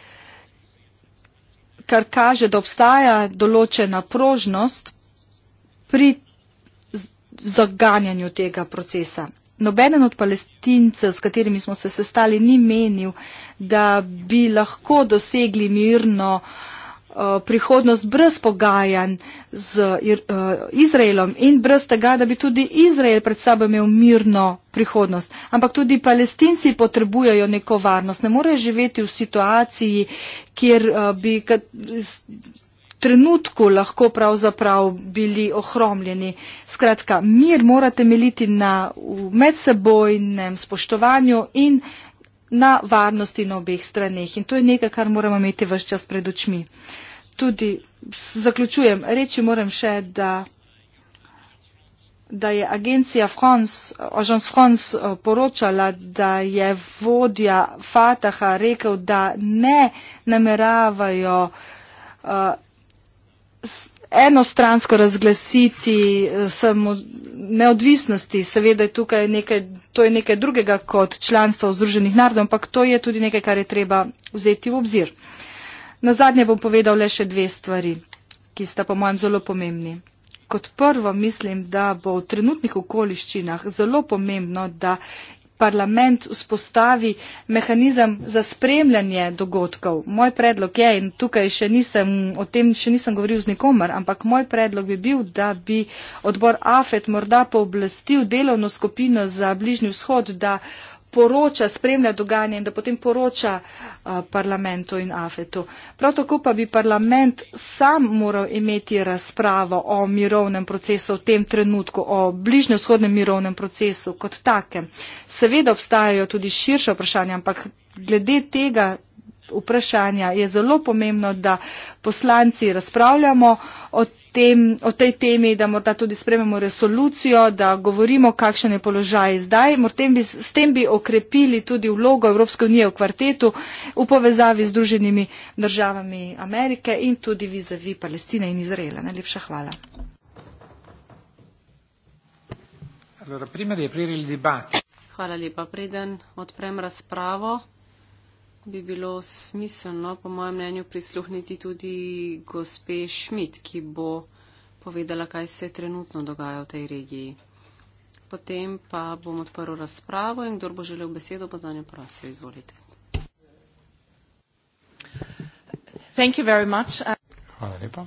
kar kaže, da obstaja določena prožnost pri zaganjanju tega procesa. Nobenen od palestincev, s katerimi smo se sestali, ni menil, da bi lahko dosegli mirno uh, Eh, prihodnost brez pogajanj z eh, Izraelom in brez tega, da bi tudi Izrael pred sabo imel mirno prihodnost. Ampak tudi palestinci potrebujejo neko varnost. Ne morejo živeti v situaciji, kjer eh, bi trenutku lahko pravzaprav bili ohromljeni. Skratka, mir morate meliti na medsebojnem spoštovanju in na varnosti na obeh straneh. In to je nekaj, kar moramo imeti vse čas pred očmi. Tudi zaključujem, reči moram še, da, da je agencija Agence France eh, poročala, da je vodja Fataha rekel, da ne nameravajo uh, enostransko razglasiti eh, samo neodvisnosti, seveda je tukaj nekaj, to je nekaj drugega kot članstvo v Združenih narodov, ampak to je tudi nekaj, kar je treba vzeti v obzir. Na zadnje bom povedal le še dve stvari, ki sta po mojem zelo pomembni. Kot prvo mislim, da bo v trenutnih okoliščinah zelo pomembno, da parlament vzpostavi mehanizem za spremljanje dogodkov. Moj predlog je, in tukaj še nisem, o tem še nisem govoril z nikomer, ampak moj predlog bi bil, da bi odbor AFET morda pooblastil delovno skupino za Bližnji vzhod, da poroča, spremlja dogajanje in da potem poroča parlamentu in afetu. Prav tako pa bi parlament sam moral imeti razpravo o mirovnem procesu v tem trenutku, o bližnjo vzhodnem mirovnem procesu kot takem. Seveda obstajajo tudi širše vprašanja, ampak glede tega vprašanja je zelo pomembno, da poslanci razpravljamo o tem, o tej temi, da morda tudi sprememo resolucijo, da govorimo, kakšen je položaj zdaj. Bi, s tem bi okrepili tudi vlogo Evropske unije v kvartetu v povezavi z druženimi državami Amerike in tudi vizavi Palestine in Izraela. Najlepša hvala. Hvala lepa. Preden odprem razpravo, bi bilo smiselno, po mojem mnenju, prisluhniti tudi gospe Šmit, ki bo povedala, kaj se trenutno dogaja v tej regiji. Potem pa bom odprl razpravo in kdo bo želel besedo, pa za njo prosim, izvolite. Hvala lepa.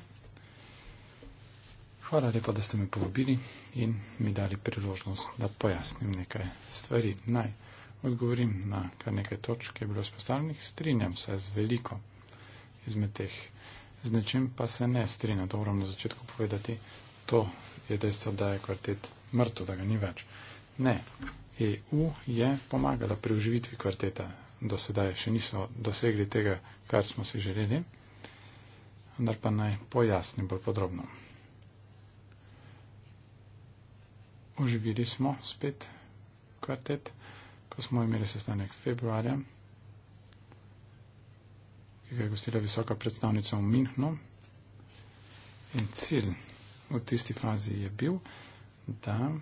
Hvala lepa, da ste me povabili in mi dali priložnost, da pojasnim nekaj stvari. Naj odgovorim na kar nekaj točk, ki je bilo spostavljenih, strinjam se z veliko izmed teh. Z nečim pa se ne strinjam, to moram na začetku povedati, to je dejstvo, da je kvartet mrtev, da ga ni več. Ne, EU je pomagala pri uživitvi kvarteta, do sedaj še niso dosegli tega, kar smo si želeli, vendar pa naj pojasnim bolj podrobno. Oživili smo spet kvartet ko smo imeli sestanek februarja, ki ga je gostila visoka predstavnica v Minhnu. In cilj v tisti fazi je bil, da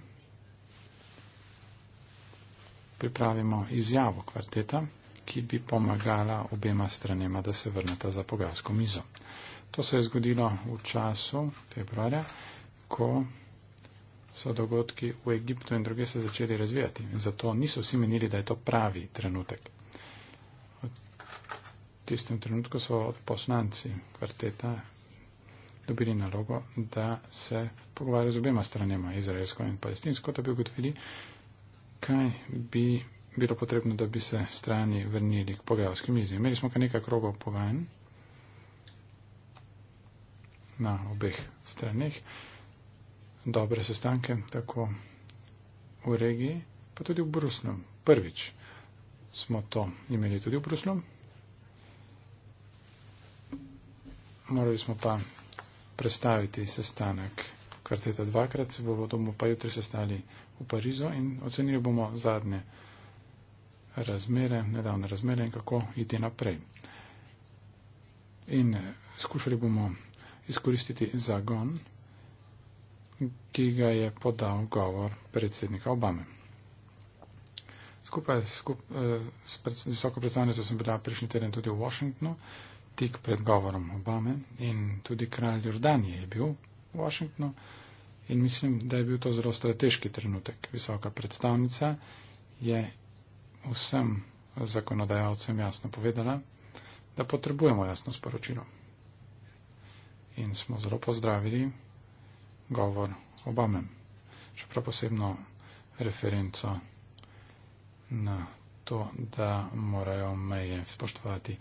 pripravimo izjavo kvarteta, ki bi pomagala obema stranema, da se vrneta za pogajalsko mizo. To se je zgodilo v času februarja, ko so dogodki v Egiptu in druge se začeli razvijati. In zato niso vsi menili, da je to pravi trenutek. V tistem trenutku so poslanci kvarteta dobili nalogo, da se pogovarjajo z obema stranema, izraelsko in palestinsko, da bi ugotovili, kaj bi bilo potrebno, da bi se strani vrnili k pogajalski mizi. Imeli smo kar nekaj krogov pogajanj na obeh straneh dobre sestanke, tako v regiji, pa tudi v Bruslju. Prvič smo to imeli tudi v Bruslju. Morali smo pa predstaviti sestanek kvarteta dvakrat, se bomo domu pa jutri sestali v Parizu in ocenili bomo zadnje razmere, nedavne razmere in kako iti naprej. In skušali bomo izkoristiti zagon ki ga je podal govor predsednika Obame. Skupaj skup, eh, s pred, visoko predstavnico sem bila prejšnji teden tudi v Washingtonu, tik pred govorom Obame in tudi kralj Jordanije je bil v Washingtonu in mislim, da je bil to zelo strateški trenutek. Visoka predstavnica je vsem zakonodajalcem jasno povedala, da potrebujemo jasno sporočilo. In smo zelo pozdravili govor obamem. Čeprav posebno referenco na to, da morajo meje spoštovati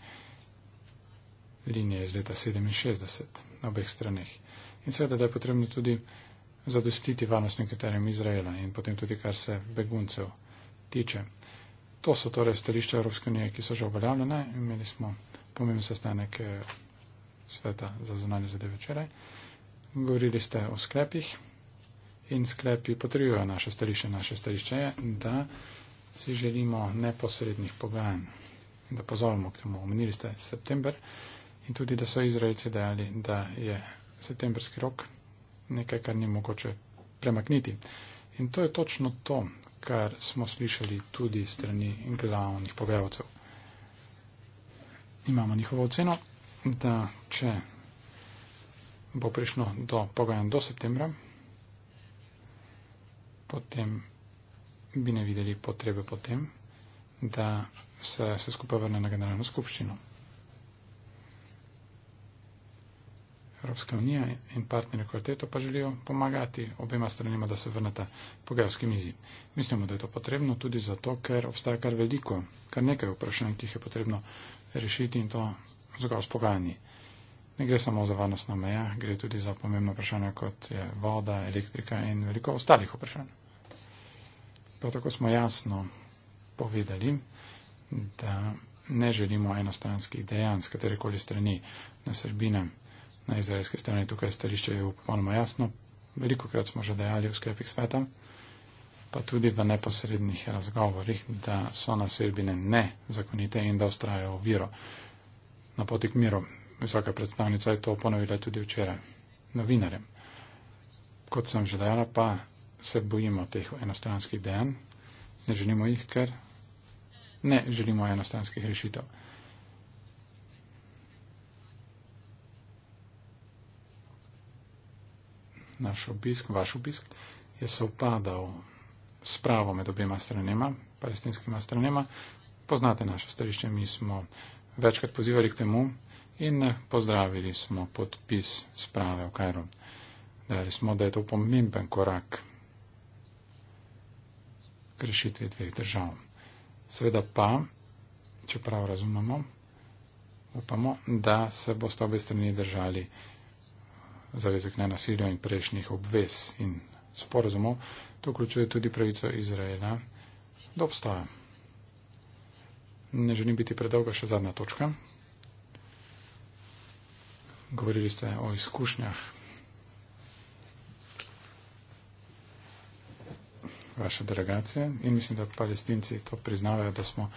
linije iz leta 67 na obeh straneh. In seveda, da je potrebno tudi zadostiti varnostnim kriterijem Izraela in potem tudi, kar se beguncev tiče. To so torej stališče Evropske unije, ki so že uveljavljene. Imeli smo pomemben sestanek eh, sveta za zunanje zadeve včeraj. Govorili ste o sklepih in sklepi potrjujejo naše stališče. Naše stališče je, da si želimo neposrednih pogajanj, da pozovemo k temu. Omenili ste september in tudi, da so izraelci dejali, da je septembrski rok nekaj, kar ni mogoče premakniti. In to je točno to, kar smo slišali tudi strani glavnih pogajalcev. Imamo njihovo oceno, da če bo prišlo do pogajanj do septembra, potem bi ne videli potrebe potem, da se vse skupaj vrne na generalno skupščino. Evropska unija in partnerje kvaliteto pa želijo pomagati obema stranima, da se vrneta pogajalski mizi. Mislimo, da je to potrebno tudi zato, ker obstaja kar veliko, kar nekaj vprašanj, ki jih je potrebno rešiti in to zgolj s pogajanji. Ne gre samo za varnost na mejah, gre tudi za pomembna vprašanja, kot je voda, elektrika in veliko ostalih vprašanj. Prav tako smo jasno povedali, da ne želimo enostranskih dejanj z katerekoli strani na Srbinem, na izraelski strani, tukaj stališče je popolnoma jasno. Veliko krat smo že dejali v sklepih sveta, pa tudi v neposrednih razgovorih, da so na Srbine nezakonite in da ustrajajo viro na poti k miru visoka predstavnica je to ponovila tudi včeraj novinarjem. Kot sem že dejala, pa se bojimo teh enostranskih dejanj, ne želimo jih, ker ne želimo enostranskih rešitev. Naš obisk, vaš obisk je sovpadal s pravo med obema stranema, palestinskima stranema. Poznate naše stališče, mi smo večkrat pozivali k temu, in eh, pozdravili smo podpis sprave v Kajru. Dali smo, da je to pomemben korak k rešitvi dveh držav. Sveda pa, čeprav razumemo, upamo, da se boste obe strani držali zaveze k nenasilju in prejšnjih obvez in sporozumov. To vključuje tudi pravico Izraela do obstoja. Ne želim biti predolga, še zadnja točka govorili ste o izkušnjah. Vaša delegacija in mislim, da palestinci to priznavajo, da smo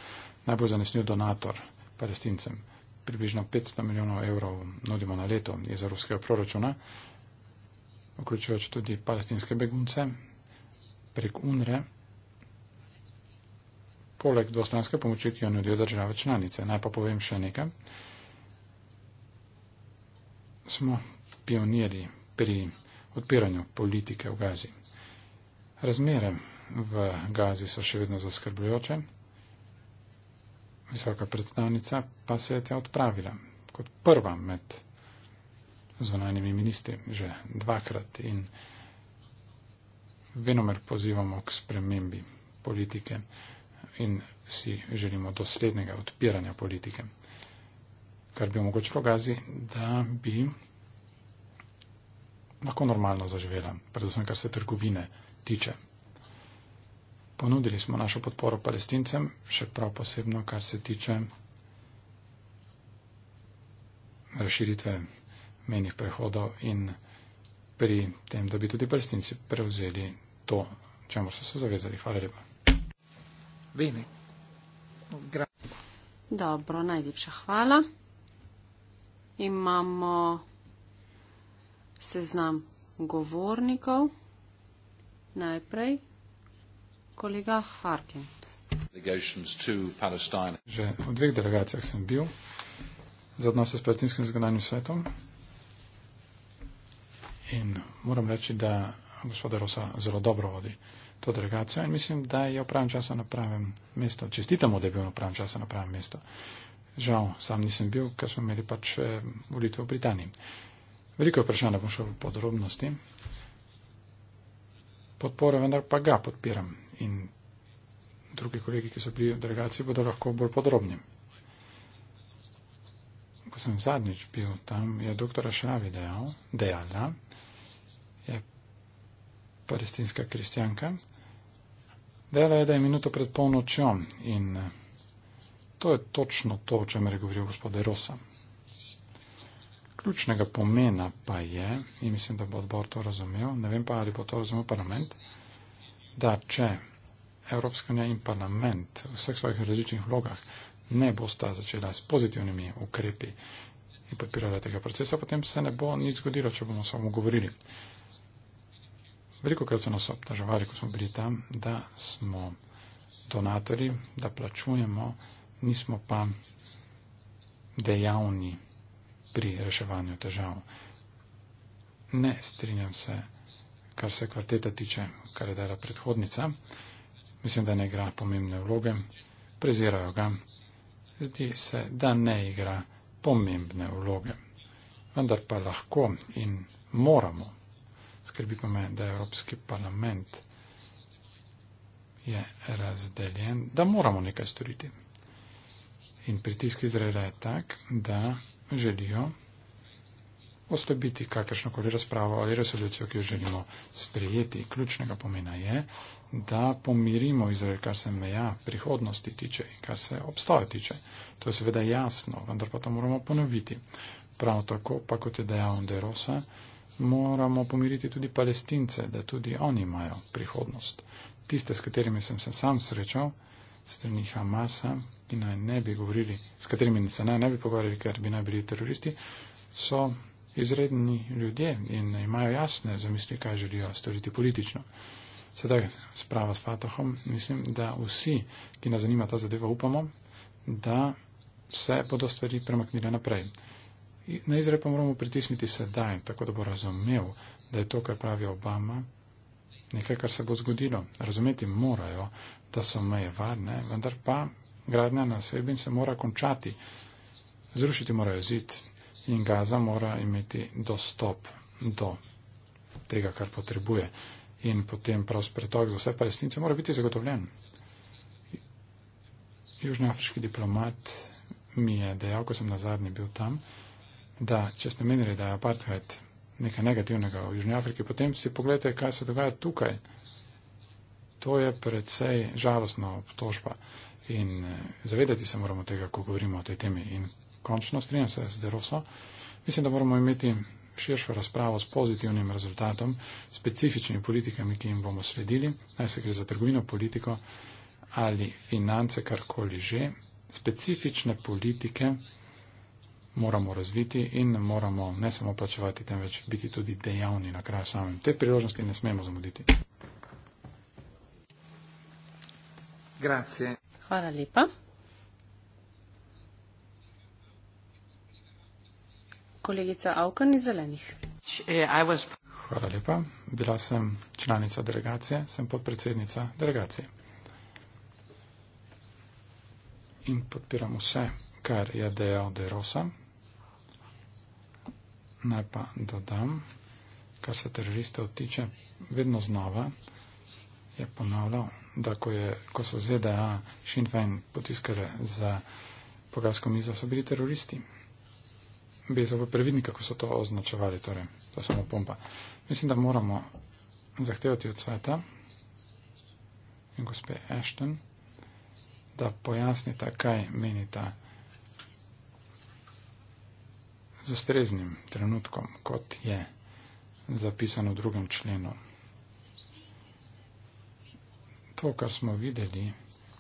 najbolj zanesljiv donator palestincem. Približno 500 milijonov evrov nudimo na leto iz evropskega proračuna, vključujoč tudi palestinske begunce prek UNRE, poleg dvostranske pomoči, ki jo nudijo države članice. Naj pa povem še nekaj smo pionirji pri odpiranju politike v Gazi. Razmere v Gazi so še vedno zaskrbljujoče. Visoka predstavnica pa se je tja odpravila kot prva med zunanjimi ministri že dvakrat in venomer pozivamo k spremembi politike in si želimo doslednega odpiranja politike kar bi omogočilo gazi, da bi lahko normalno zaživela, predvsem kar se trgovine tiče. Ponudili smo našo podporo palestincem, še prav posebno kar se tiče razširitve menih prehodov in pri tem, da bi tudi palestinci prevzeli to, čemu so se zavezali. Hvala lepa. Dobro, najlepša hvala imamo seznam govornikov. Najprej kolega Harkin. Že v dveh delegacijah sem bil za odnose s palestinskim zagonanjem svetom in moram reči, da gospoda Rosa zelo dobro vodi to delegacijo in mislim, da je v pravem času na pravem mestu. Čestitamo, da je bil v pravem času na pravem mestu. Žal, sam nisem bil, ker smo imeli pač eh, volitve v Britaniji. Veliko vprašanj bom šel v podrobnosti. Podporo vendar pa ga podpiram in drugi kolegi, ki so bili v delegaciji, bodo lahko bolj podrobni. Ko sem zadnjič bil tam, je doktor Ašravi dejal, dejala, je palestinska kristjanka, dejala je, da je minuto pred polnočjo in eh, to je točno to, o čemer je govoril gospod Rosa. Ključnega pomena pa je, in mislim, da bo odbor to razumel, ne vem pa, ali bo to razumel parlament, da če Evropska unija in parlament v vseh svojih različnih vlogah ne bo sta začela s pozitivnimi ukrepi in podpirala tega procesa, potem se ne bo nič zgodilo, če bomo samo govorili. Veliko krat so nas obtaževali, ko smo bili tam, da smo donatori, da plačujemo nismo pa dejavni pri reševanju težav. Ne strinjam se, kar se kvarteta tiče, kar je dala predhodnica. Mislim, da ne igra pomembne vloge, prezirajo ga. Zdi se, da ne igra pomembne vloge. Vendar pa lahko in moramo. Skrbi pa me, da je Evropski parlament je razdeljen, da moramo nekaj storiti. In pritisk Izraela je tak, da želijo oslabiti kakršnokoli razpravo ali resolucijo, ki jo želimo sprejeti. Ključnega pomena je, da pomirimo Izrael, kar se meja prihodnosti tiče in kar se obstoja tiče. To je seveda jasno, vendar pa to moramo ponoviti. Prav tako, pa kot je dejal Anderosa, moramo pomiriti tudi palestince, da tudi oni imajo prihodnost. Tiste, s katerimi sem se sam srečal, strani Hamasa, ki naj ne bi govorili, s katerimi se naj ne bi pogovarjali, ker bi naj bili teroristi, so izredni ljudje in imajo jasne zamisli, kaj želijo storiti politično. Sedaj sprava s Fatahom, mislim, da vsi, ki nas zanima ta zadeva, upamo, da se bodo stvari premaknile naprej. Na Izrael pa moramo pritisniti sedaj, tako da bo razumel, da je to, kar pravi Obama, nekaj, kar se bo zgodilo. Razumeti morajo, da so meje varne, vendar pa gradnja na Srebrenici se mora končati. Zrušiti morajo zid in Gaza mora imeti dostop do tega, kar potrebuje. In potem prost pretok za vse palestince mora biti zagotovljen. Južnoafriški diplomat mi je dejal, ko sem na zadnji bil tam, da če ste menili, da je apartheid nekaj negativnega v Južnji Afriki, potem si pogledajte, kaj se dogaja tukaj to je predvsej žalostna obtožba in eh, zavedati se moramo tega, ko govorimo o tej temi. In končno strinjam se z Deroso, mislim, da moramo imeti širšo razpravo s pozitivnim rezultatom, specifičnimi politikami, ki jim bomo sledili, naj se gre za trgovino, politiko ali finance, karkoli že, specifične politike moramo razviti in moramo ne samo plačevati, temveč biti tudi dejavni na kraju samem. Te priložnosti ne smemo zamuditi. Grazie. Hvala lepa. Kolegica Avkan iz Zelenih. Eh, Hvala lepa. Bila sem članica delegacije, sem podpredsednica delegacije. In podpiram vse, kar je dejal De Rosa. Naj pa dodam, kar se teroristov tiče, vedno znova je ponavljal, da ko, je, ko so ZDA Sinn Fein potiskale za pogasko mizo, so bili teroristi. Bezo bo previdni, kako so to označevali, torej, to je samo pompa. Mislim, da moramo zahtevati od sveta in gospe Ashton, da pojasnite, kaj menite z ustreznim trenutkom, kot je zapisano v drugem členu. To, kar smo videli,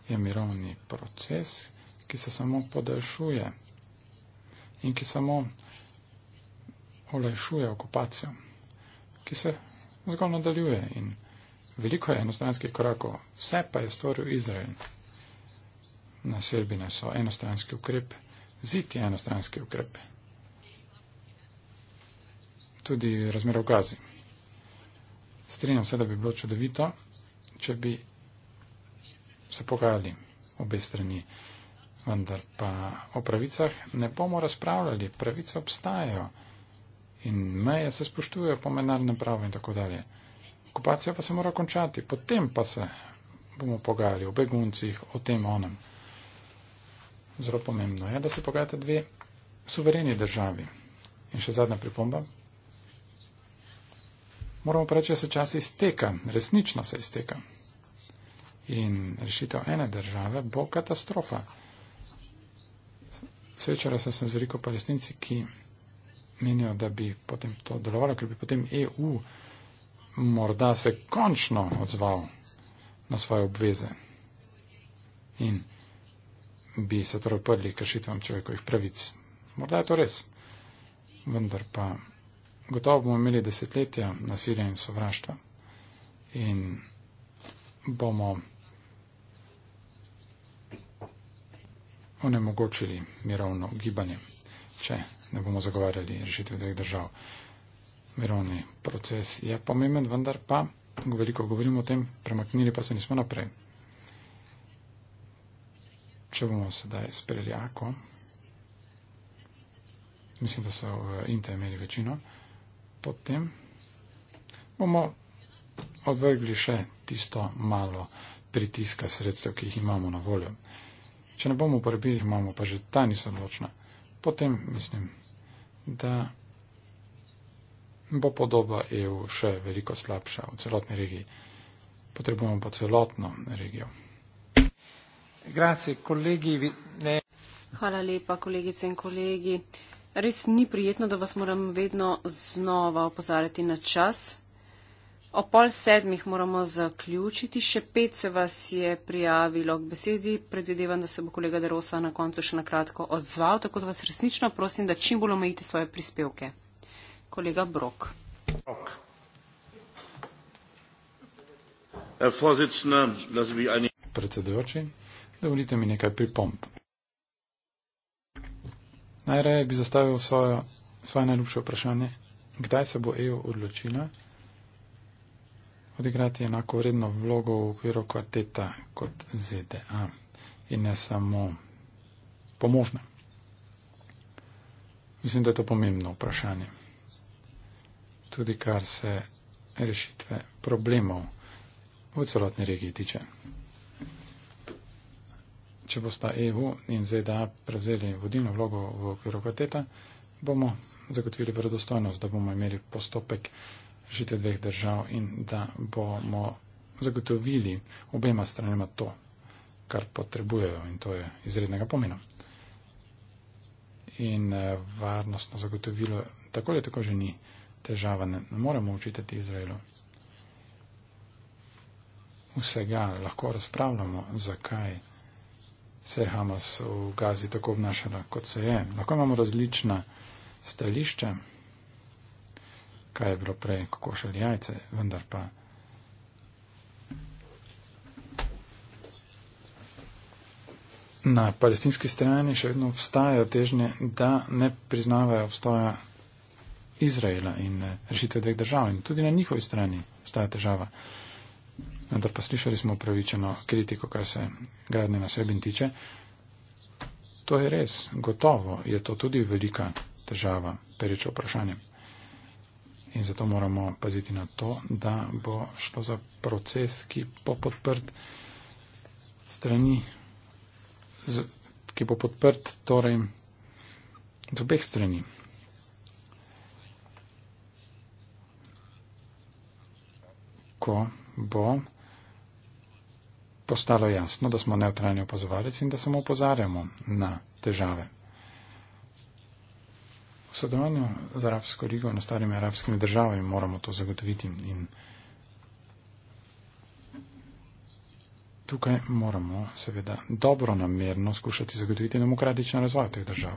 je mirovni proces, ki se samo podaljšuje in ki samo olajšuje okupacijo, ki se zgolj nadaljuje in veliko je enostranskih korakov, vse pa je storil Izrael. Na Srbine so enostranski ukrep, zid je enostranski ukrep. Tudi razmere v gazi. Strinjam se, da bi bilo čudovito, če bi se pogajali obe strani. Vendar pa o pravicah ne bomo razpravljali, pravice obstajajo in meje se spoštujejo po mednarodnem pravu in tako dalje. Okupacija pa se mora končati, potem pa se bomo pogajali o beguncih, o tem onem. Zelo pomembno je, da se pogajate dve suvereni državi. In še zadnja pripomba. Moramo pa reči, da se čas izteka, resnično se izteka. In rešitev ene države bo katastrofa. Srečala sem se z veliko palestinci, ki menijo, da bi potem to delovalo, ker bi potem EU morda se končno odzval na svoje obveze in bi se torej uprli kršitvam človekovih pravic. Morda je to res, vendar pa gotovo bomo imeli desetletja nasilja in sovraštva in bomo onemogočili mirovno gibanje, če ne bomo zagovarjali rešitve dveh držav. Mirovni proces je pomemben, vendar pa, veliko govorimo o tem, premaknili pa se nismo naprej. Če bomo sedaj sprejeli ako, mislim, da so v Inte imeli večino, potem bomo odvrgli še tisto malo pritiska sredstev, ki jih imamo na voljo. Če ne bomo uporabili, imamo pa že ta niso odločna. Potem mislim, da bo podoba EU še veliko slabša v celotni regiji. Potrebujemo pa celotno regijo. Grazie, kolegi. Ne. Hvala lepa, kolegice in kolegi. Res ni prijetno, da vas moram vedno znova opozarjati na čas, O pol sedmih moramo zaključiti, še pet se vas je prijavilo k besedi, predvidevam, da se bo kolega Derosa na koncu še nakratko odzval, tako da vas resnično prosim, da čim bolj omejite svoje prispevke. Kolega Brok. Brok. Predsedujoči, dovolite mi nekaj pripomb. Najraje bi zastavil svoje, svoje najljubše vprašanje, kdaj se bo EU odločila, odigrati enako vredno vlogo v okviru kvarteta kot ZDA in ne samo pomožna. Mislim, da je to pomembno vprašanje. Tudi kar se rešitve problemov v celotni regiji tiče. Če bosta EU in ZDA prevzeli vodilno vlogo v okviru kvarteta, bomo zagotovili verodostojnost, da bomo imeli postopek žitev dveh držav in da bomo zagotovili obema stranima to, kar potrebujejo in to je izrednega pomena. In eh, varnostno zagotovilo tako ali tako že ni težava, ne, ne moremo učitati Izraelu. Vsega lahko razpravljamo, zakaj se je Hamas v Gazi tako obnašala, kot se je. Lahko imamo različna stališča kaj je bilo prej, kako šel jajce, vendar pa. Na palestinski strani še vedno obstajajo težnje, da ne priznavajo obstoja Izraela in eh, rešitve dveh držav. In tudi na njihovi strani obstaja težava. Vendar pa slišali smo pravičeno kritiko, kar se gradne na sebi tiče. To je res, gotovo je to tudi velika težava, pereče vprašanje in zato moramo paziti na to, da bo šlo za proces, ki bo podprt strani, z, ki bo podprt torej z obeh strani. Ko bo postalo jasno, da smo neutralni opozovalec in da samo opozarjamo na težave. V sodelovanju z Arabsko ligo in ostalimi arabskimi državami moramo to zagotoviti in tukaj moramo seveda dobro namerno skušati zagotoviti demokratičen razvoj teh držav.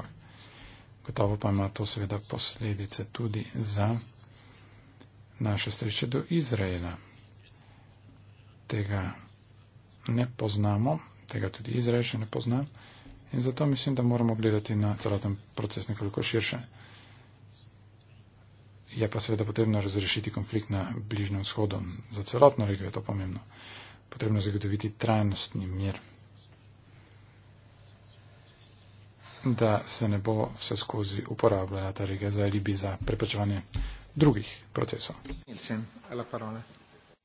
Gotovo pa ima to seveda posledice tudi za naše sreče do Izraela. Tega ne poznamo, tega tudi Izrael še ne pozna in zato mislim, da moramo gledati na celoten proces nekoliko širše je pa seveda potrebno razrešiti konflikt na Bližnjem vzhodu. Za celotno regijo je to pomembno. Potrebno je zagotoviti trajnostni mir, da se ne bo vse skozi uporabljala ta regija za alibi za preprečevanje drugih procesov.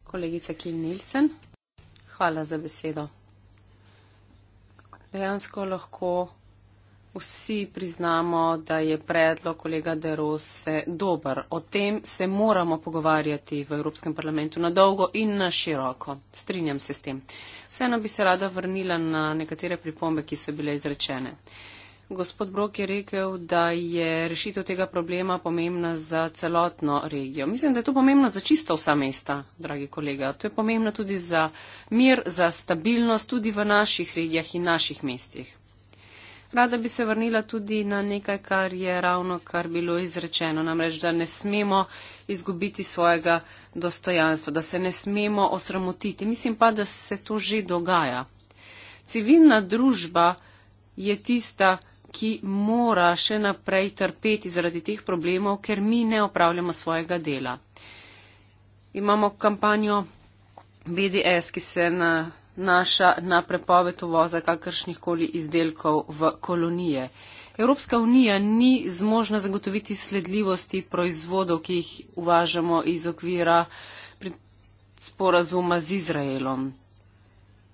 Kolegica Kil Nilsen, hvala za besedo. Dejansko lahko vsi priznamo, da je predlog kolega Derose dober. O tem se moramo pogovarjati v Evropskem parlamentu na dolgo in na široko. Strinjam se s tem. Vseeno bi se rada vrnila na nekatere pripombe, ki so bile izrečene. Gospod Brok je rekel, da je rešitev tega problema pomembna za celotno regijo. Mislim, da je to pomembno za čisto vsa mesta, dragi kolega. To je pomembno tudi za mir, za stabilnost tudi v naših regijah in naših mestih rada bi se vrnila tudi na nekaj, kar je ravno kar bilo izrečeno, namreč, da ne smemo izgubiti svojega dostojanstva, da se ne smemo osramotiti. Mislim pa, da se to že dogaja. Civilna družba je tista, ki mora še naprej trpeti zaradi teh problemov, ker mi ne opravljamo svojega dela. Imamo kampanjo BDS, ki se na nanaša na prepoved uvoza kakršnih koli izdelkov v kolonije. Evropska unija ni zmožna zagotoviti sledljivosti proizvodov, ki jih uvažamo iz okvira sporazuma z Izraelom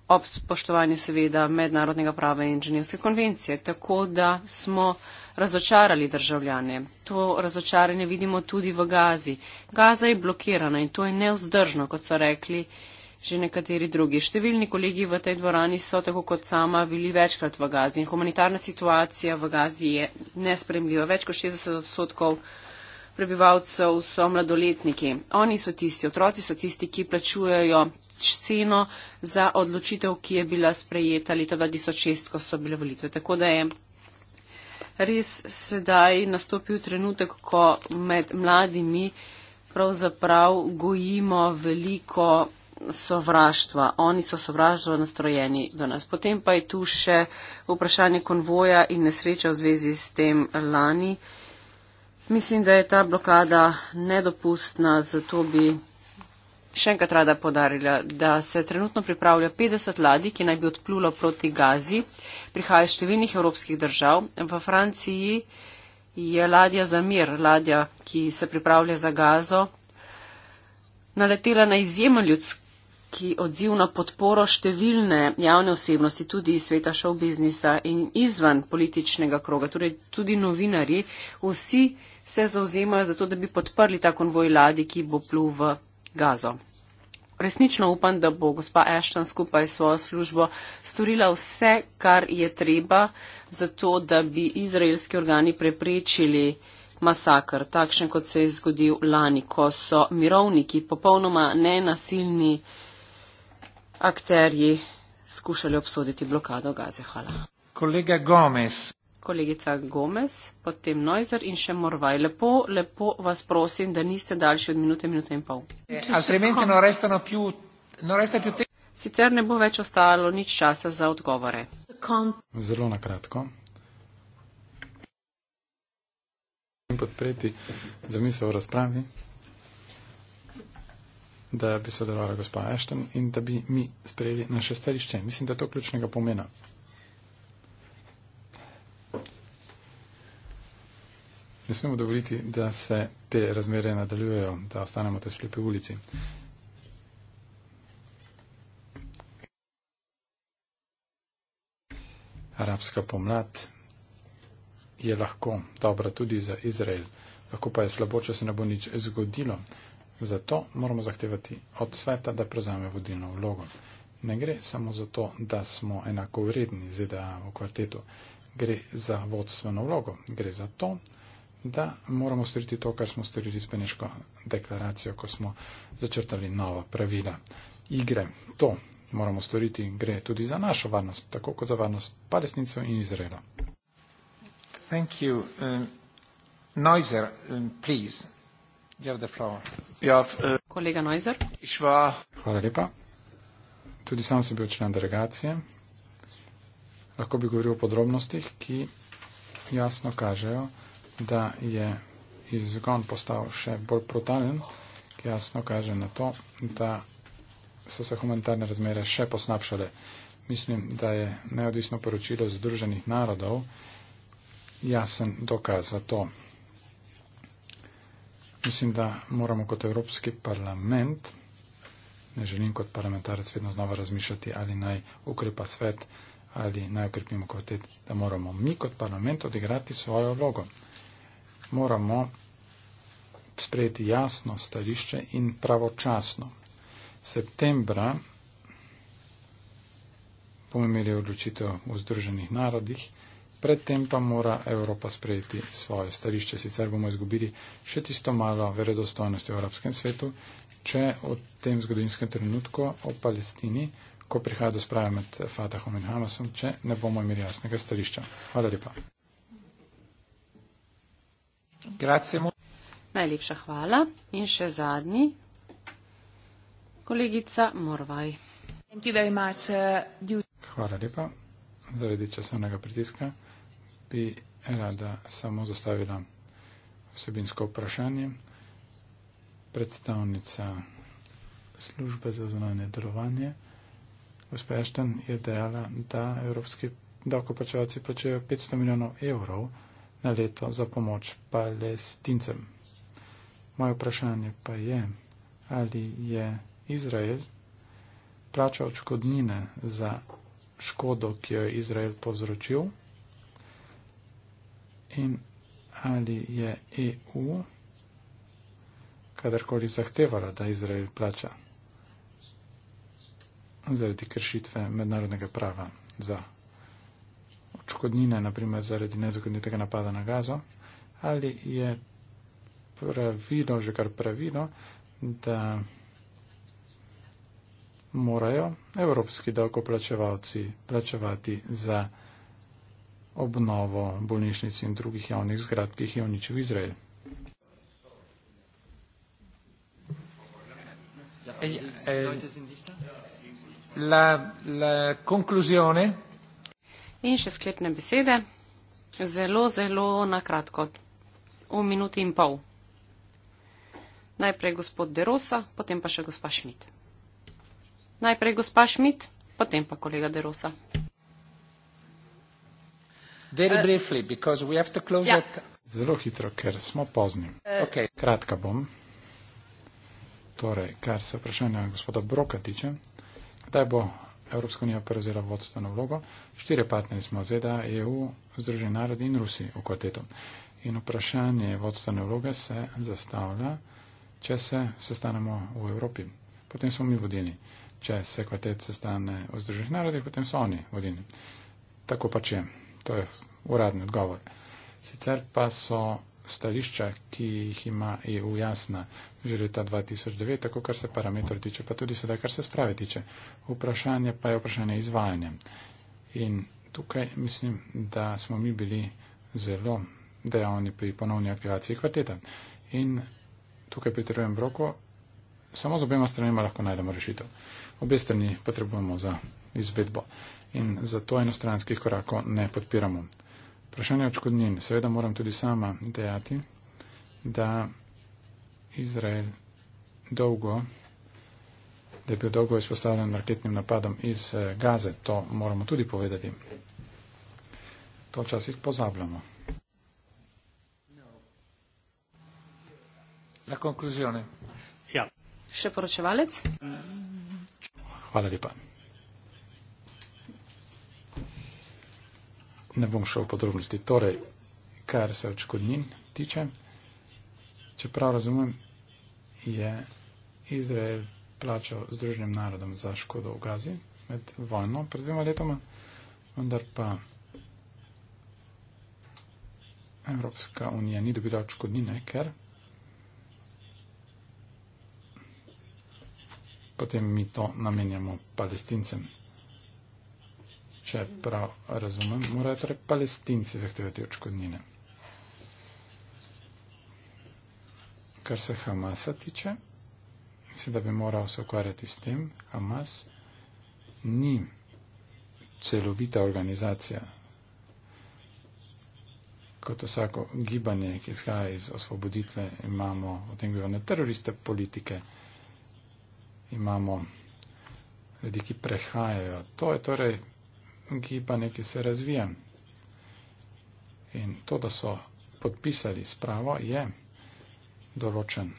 ob spoštovanju seveda mednarodnega prava in inženirske konvencije, tako da smo razočarali državljane. To razočaranje vidimo tudi v Gazi. Gaza je blokirana in to je neuzdržno, kot so rekli že nekateri drugi. Številni kolegi v tej dvorani so, tako kot sama, bili večkrat v Gazi in humanitarna situacija v Gazi je nespremljiva. Več kot 60 odstotkov prebivalcev so mladoletniki. Oni so tisti, otroci so tisti, ki plačujejo ceno za odločitev, ki je bila sprejeta leta 2006, ko so bile volitve. Tako da je res sedaj nastopil trenutek, ko med mladimi pravzaprav gojimo veliko sovraštva, oni so sovraštvo nastrojeni do nas. Potem pa je tu še vprašanje konvoja in nesreča v zvezi s tem lani. Mislim, da je ta blokada nedopustna, zato bi še enkrat rada podarila, da se trenutno pripravlja 50 ladij, ki naj bi odplulo proti Gazi, prihaja iz številnih evropskih držav. V Franciji je ladja za mir, ladja, ki se pripravlja za Gazo, naletela na izjemen ljudski ki odzivno podporo številne javne osebnosti, tudi iz sveta šov biznisa in izvan političnega kroga, torej tudi novinari, vsi se zauzemajo za to, da bi podprli ta konvoj ladi, ki bo plul v gazo. Resnično upam, da bo gospa Ashton skupaj s svojo službo storila vse, kar je treba, zato da bi izraelski organi preprečili masakr, takšen kot se je zgodil lani, ko so mirovniki popolnoma nenasilni akterji skušali obsoditi blokado Gaze. Hvala. Kolega Gomez. Kolegica Gomez, potem Neuser in še Morvaj. Lepo, lepo vas prosim, da niste daljši od minute, minute in pol. Eh, Sicer ne bo več ostalo nič časa za odgovore. Zelo na kratko. Podpreti zamisel v razpravi da bi sodelovali gospod Ashton in da bi mi sprejeli naše stališče. Mislim, da je to ključnega pomena. Ne smemo dovoliti, da se te razmere nadaljujejo, da ostanemo te slepe ulici. Arabska pomlad je lahko dobra tudi za Izrael, lahko pa je slabo, če se ne bo nič zgodilo. Zato moramo zahtevati od sveta, da prevzame vodilno vlogo. Ne gre samo za to, da smo enako vredni ZDA v kvartetu, gre za vodstveno vlogo, gre za to, da moramo storiti to, kar smo storili s Beneško deklaracijo, ko smo začrtali nova pravila igre. To moramo storiti in gre tudi za našo varnost, tako kot za varnost palestincev in Izraela. Thank you. Um, Neuser, um, please. Ja, f, eh, Kolega Neuser. Išva. Hvala lepa. Tudi sam sem bil član delegacije. Lahko bi govoril o podrobnostih, ki jasno kažejo, da je izgon postal še bolj brutalen, ki jasno kaže na to, da so se humanitarne razmere še poslabšale. Mislim, da je neodvisno poročilo Združenih narodov jasen dokaz za to. Mislim, da moramo kot Evropski parlament, ne želim kot parlamentarec vedno znova razmišljati, ali naj ukrepa svet ali naj ukrepimo kvalitet, da moramo mi kot parlament odigrati svojo vlogo. Moramo sprejeti jasno stališče in pravočasno. Septembra bomo imeli odločitev v Združenih narodih predtem pa mora Evropa sprejeti svoje stališče. Sicer bomo izgubili še tisto malo veredostojnosti v arabskem svetu, če v tem zgodovinskem trenutku o Palestini, ko prihaja do sprave med Fatahom in Hamasom, če ne bomo imeli jasnega stališča. Hvala lepa. Najlepša hvala. In še zadnji, kolegica Morvaj. Uh, hvala lepa zaradi časovnega pritiska bi rada samo zastavila vsebinsko vprašanje. Predstavnica službe za zunanje delovanje, gospod Ešten, je dejala, da evropski davkoplačevalci plačujejo 500 milijonov evrov na leto za pomoč palestincem. Moje vprašanje pa je, ali je Izrael plačal odškodnine za škodo, ki jo je Izrael povzročil in ali je EU kadarkoli zahtevala, da Izrael plača zaradi kršitve mednarodnega prava za očkodnine, naprimer zaradi nezakonitega napada na gazo, ali je pravilo, že kar pravilo, da morajo evropski davkoplačevalci plačevati za obnovo bolnišnic in drugih javnih zgradb, ki jih je uničil Izrael. La, la in še sklepne besede, zelo, zelo nakratko, v minuti in pol. Najprej gospod Derosa, potem pa še gospa Šmit. Najprej gospa Šmit, potem pa kolega Derosa. Very uh, briefly, because we have to close yeah. Ja. that. Zelo hitro, ker smo pozni. Uh, okay. Kratka bom. Torej, kar se vprašanja gospoda Broka tiče, kdaj bo Evropska unija prevzela vodstveno vlogo? Štirje partneri smo ZDA, EU, Združeni narodi in Rusi v kvartetu. In vprašanje vodstvene vloge se zastavlja, če se sestanemo v Evropi. Potem smo mi vodilni. Če se kvartet sestane v Združenih narodih, potem so oni vodilni. Tako pač je. To je uradni odgovor. Sicer pa so stališča, ki jih ima EU jasna že leta 2009, tako kar se parametrov tiče, pa tudi sedaj, kar se sprave tiče. Vprašanje pa je vprašanje izvajanja. In tukaj mislim, da smo mi bili zelo dejavni pri ponovni aktivaciji kvarteta. In tukaj pritrujem broko, samo z obema stranima lahko najdemo rešitev. Obe strani potrebujemo za izvedbo in zato enostranskih korakov ne podpiramo. Vprašanje očkodnin. Seveda moram tudi sama dejati, da Izrael dolgo, da je bil dolgo izpostavljen raketnim napadom iz eh, Gaze. To moramo tudi povedati. To včasih pozabljamo. La conclusione. Ja. Še poročevalec? Hvala lepa. ne bom šel v podrobnosti. Torej, kar se očkodnin tiče, čeprav razumem, je Izrael plačal Združenim narodom za škodo v Gazi med vojno pred dvema letoma, vendar pa Evropska unija ni dobila očkodnine, ker potem mi to namenjamo palestincem če prav razumem, morajo torej palestinci zahtevati očkodnine. Kar se Hamasa tiče, mislim, da bi moral se ukvarjati s tem, Hamas ni celovita organizacija kot vsako gibanje, ki izhaja iz osvoboditve, imamo v tem gibanju teroriste politike, imamo ljudi, ki prehajajo. To je torej gibanje, ki se razvija. In to, da so podpisali spravo, je določen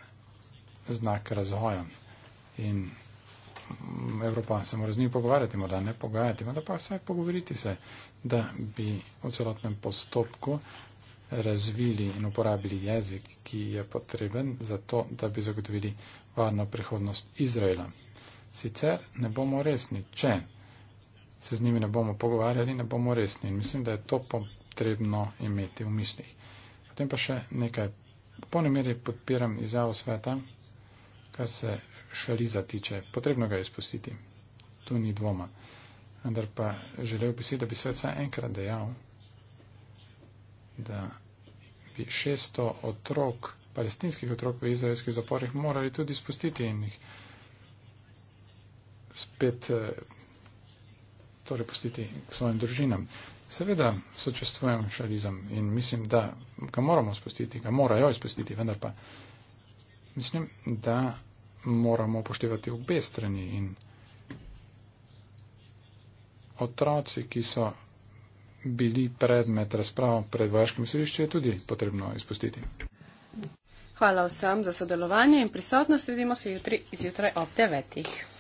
znak razvoja. In Evropa se mora z njim pogovarjati, morda ne pogajati, morda pa vsaj pogovoriti se, da bi v celotnem postopku razvili in uporabili jezik, ki je potreben za to, da bi zagotovili varno prihodnost Izraela. Sicer ne bomo resni, če se z njimi ne bomo pogovarjali, ne bomo resni. In mislim, da je to potrebno imeti v mislih. Potem pa še nekaj. V polni meri podpiram izjavo sveta, kar se šaliza tiče. Potrebno ga je izpustiti. Tu ni dvoma. Vendar pa želel bi si, da bi svet vsaj enkrat dejal, da bi 600 otrok, palestinskih otrok v izraelskih zaporih morali tudi spustiti in jih spet eh, torej postiti svojim družinam. Seveda sočustvujem šalizem in mislim, da ga moramo spustiti, ga morajo spustiti, vendar pa mislim, da moramo upoštevati obe strani in otroci, ki so bili predmet razprav pred vojaškim središčem, je tudi potrebno izpustiti. Hvala vsem za sodelovanje in prisotnost. Vidimo se jutri zjutraj ob 9.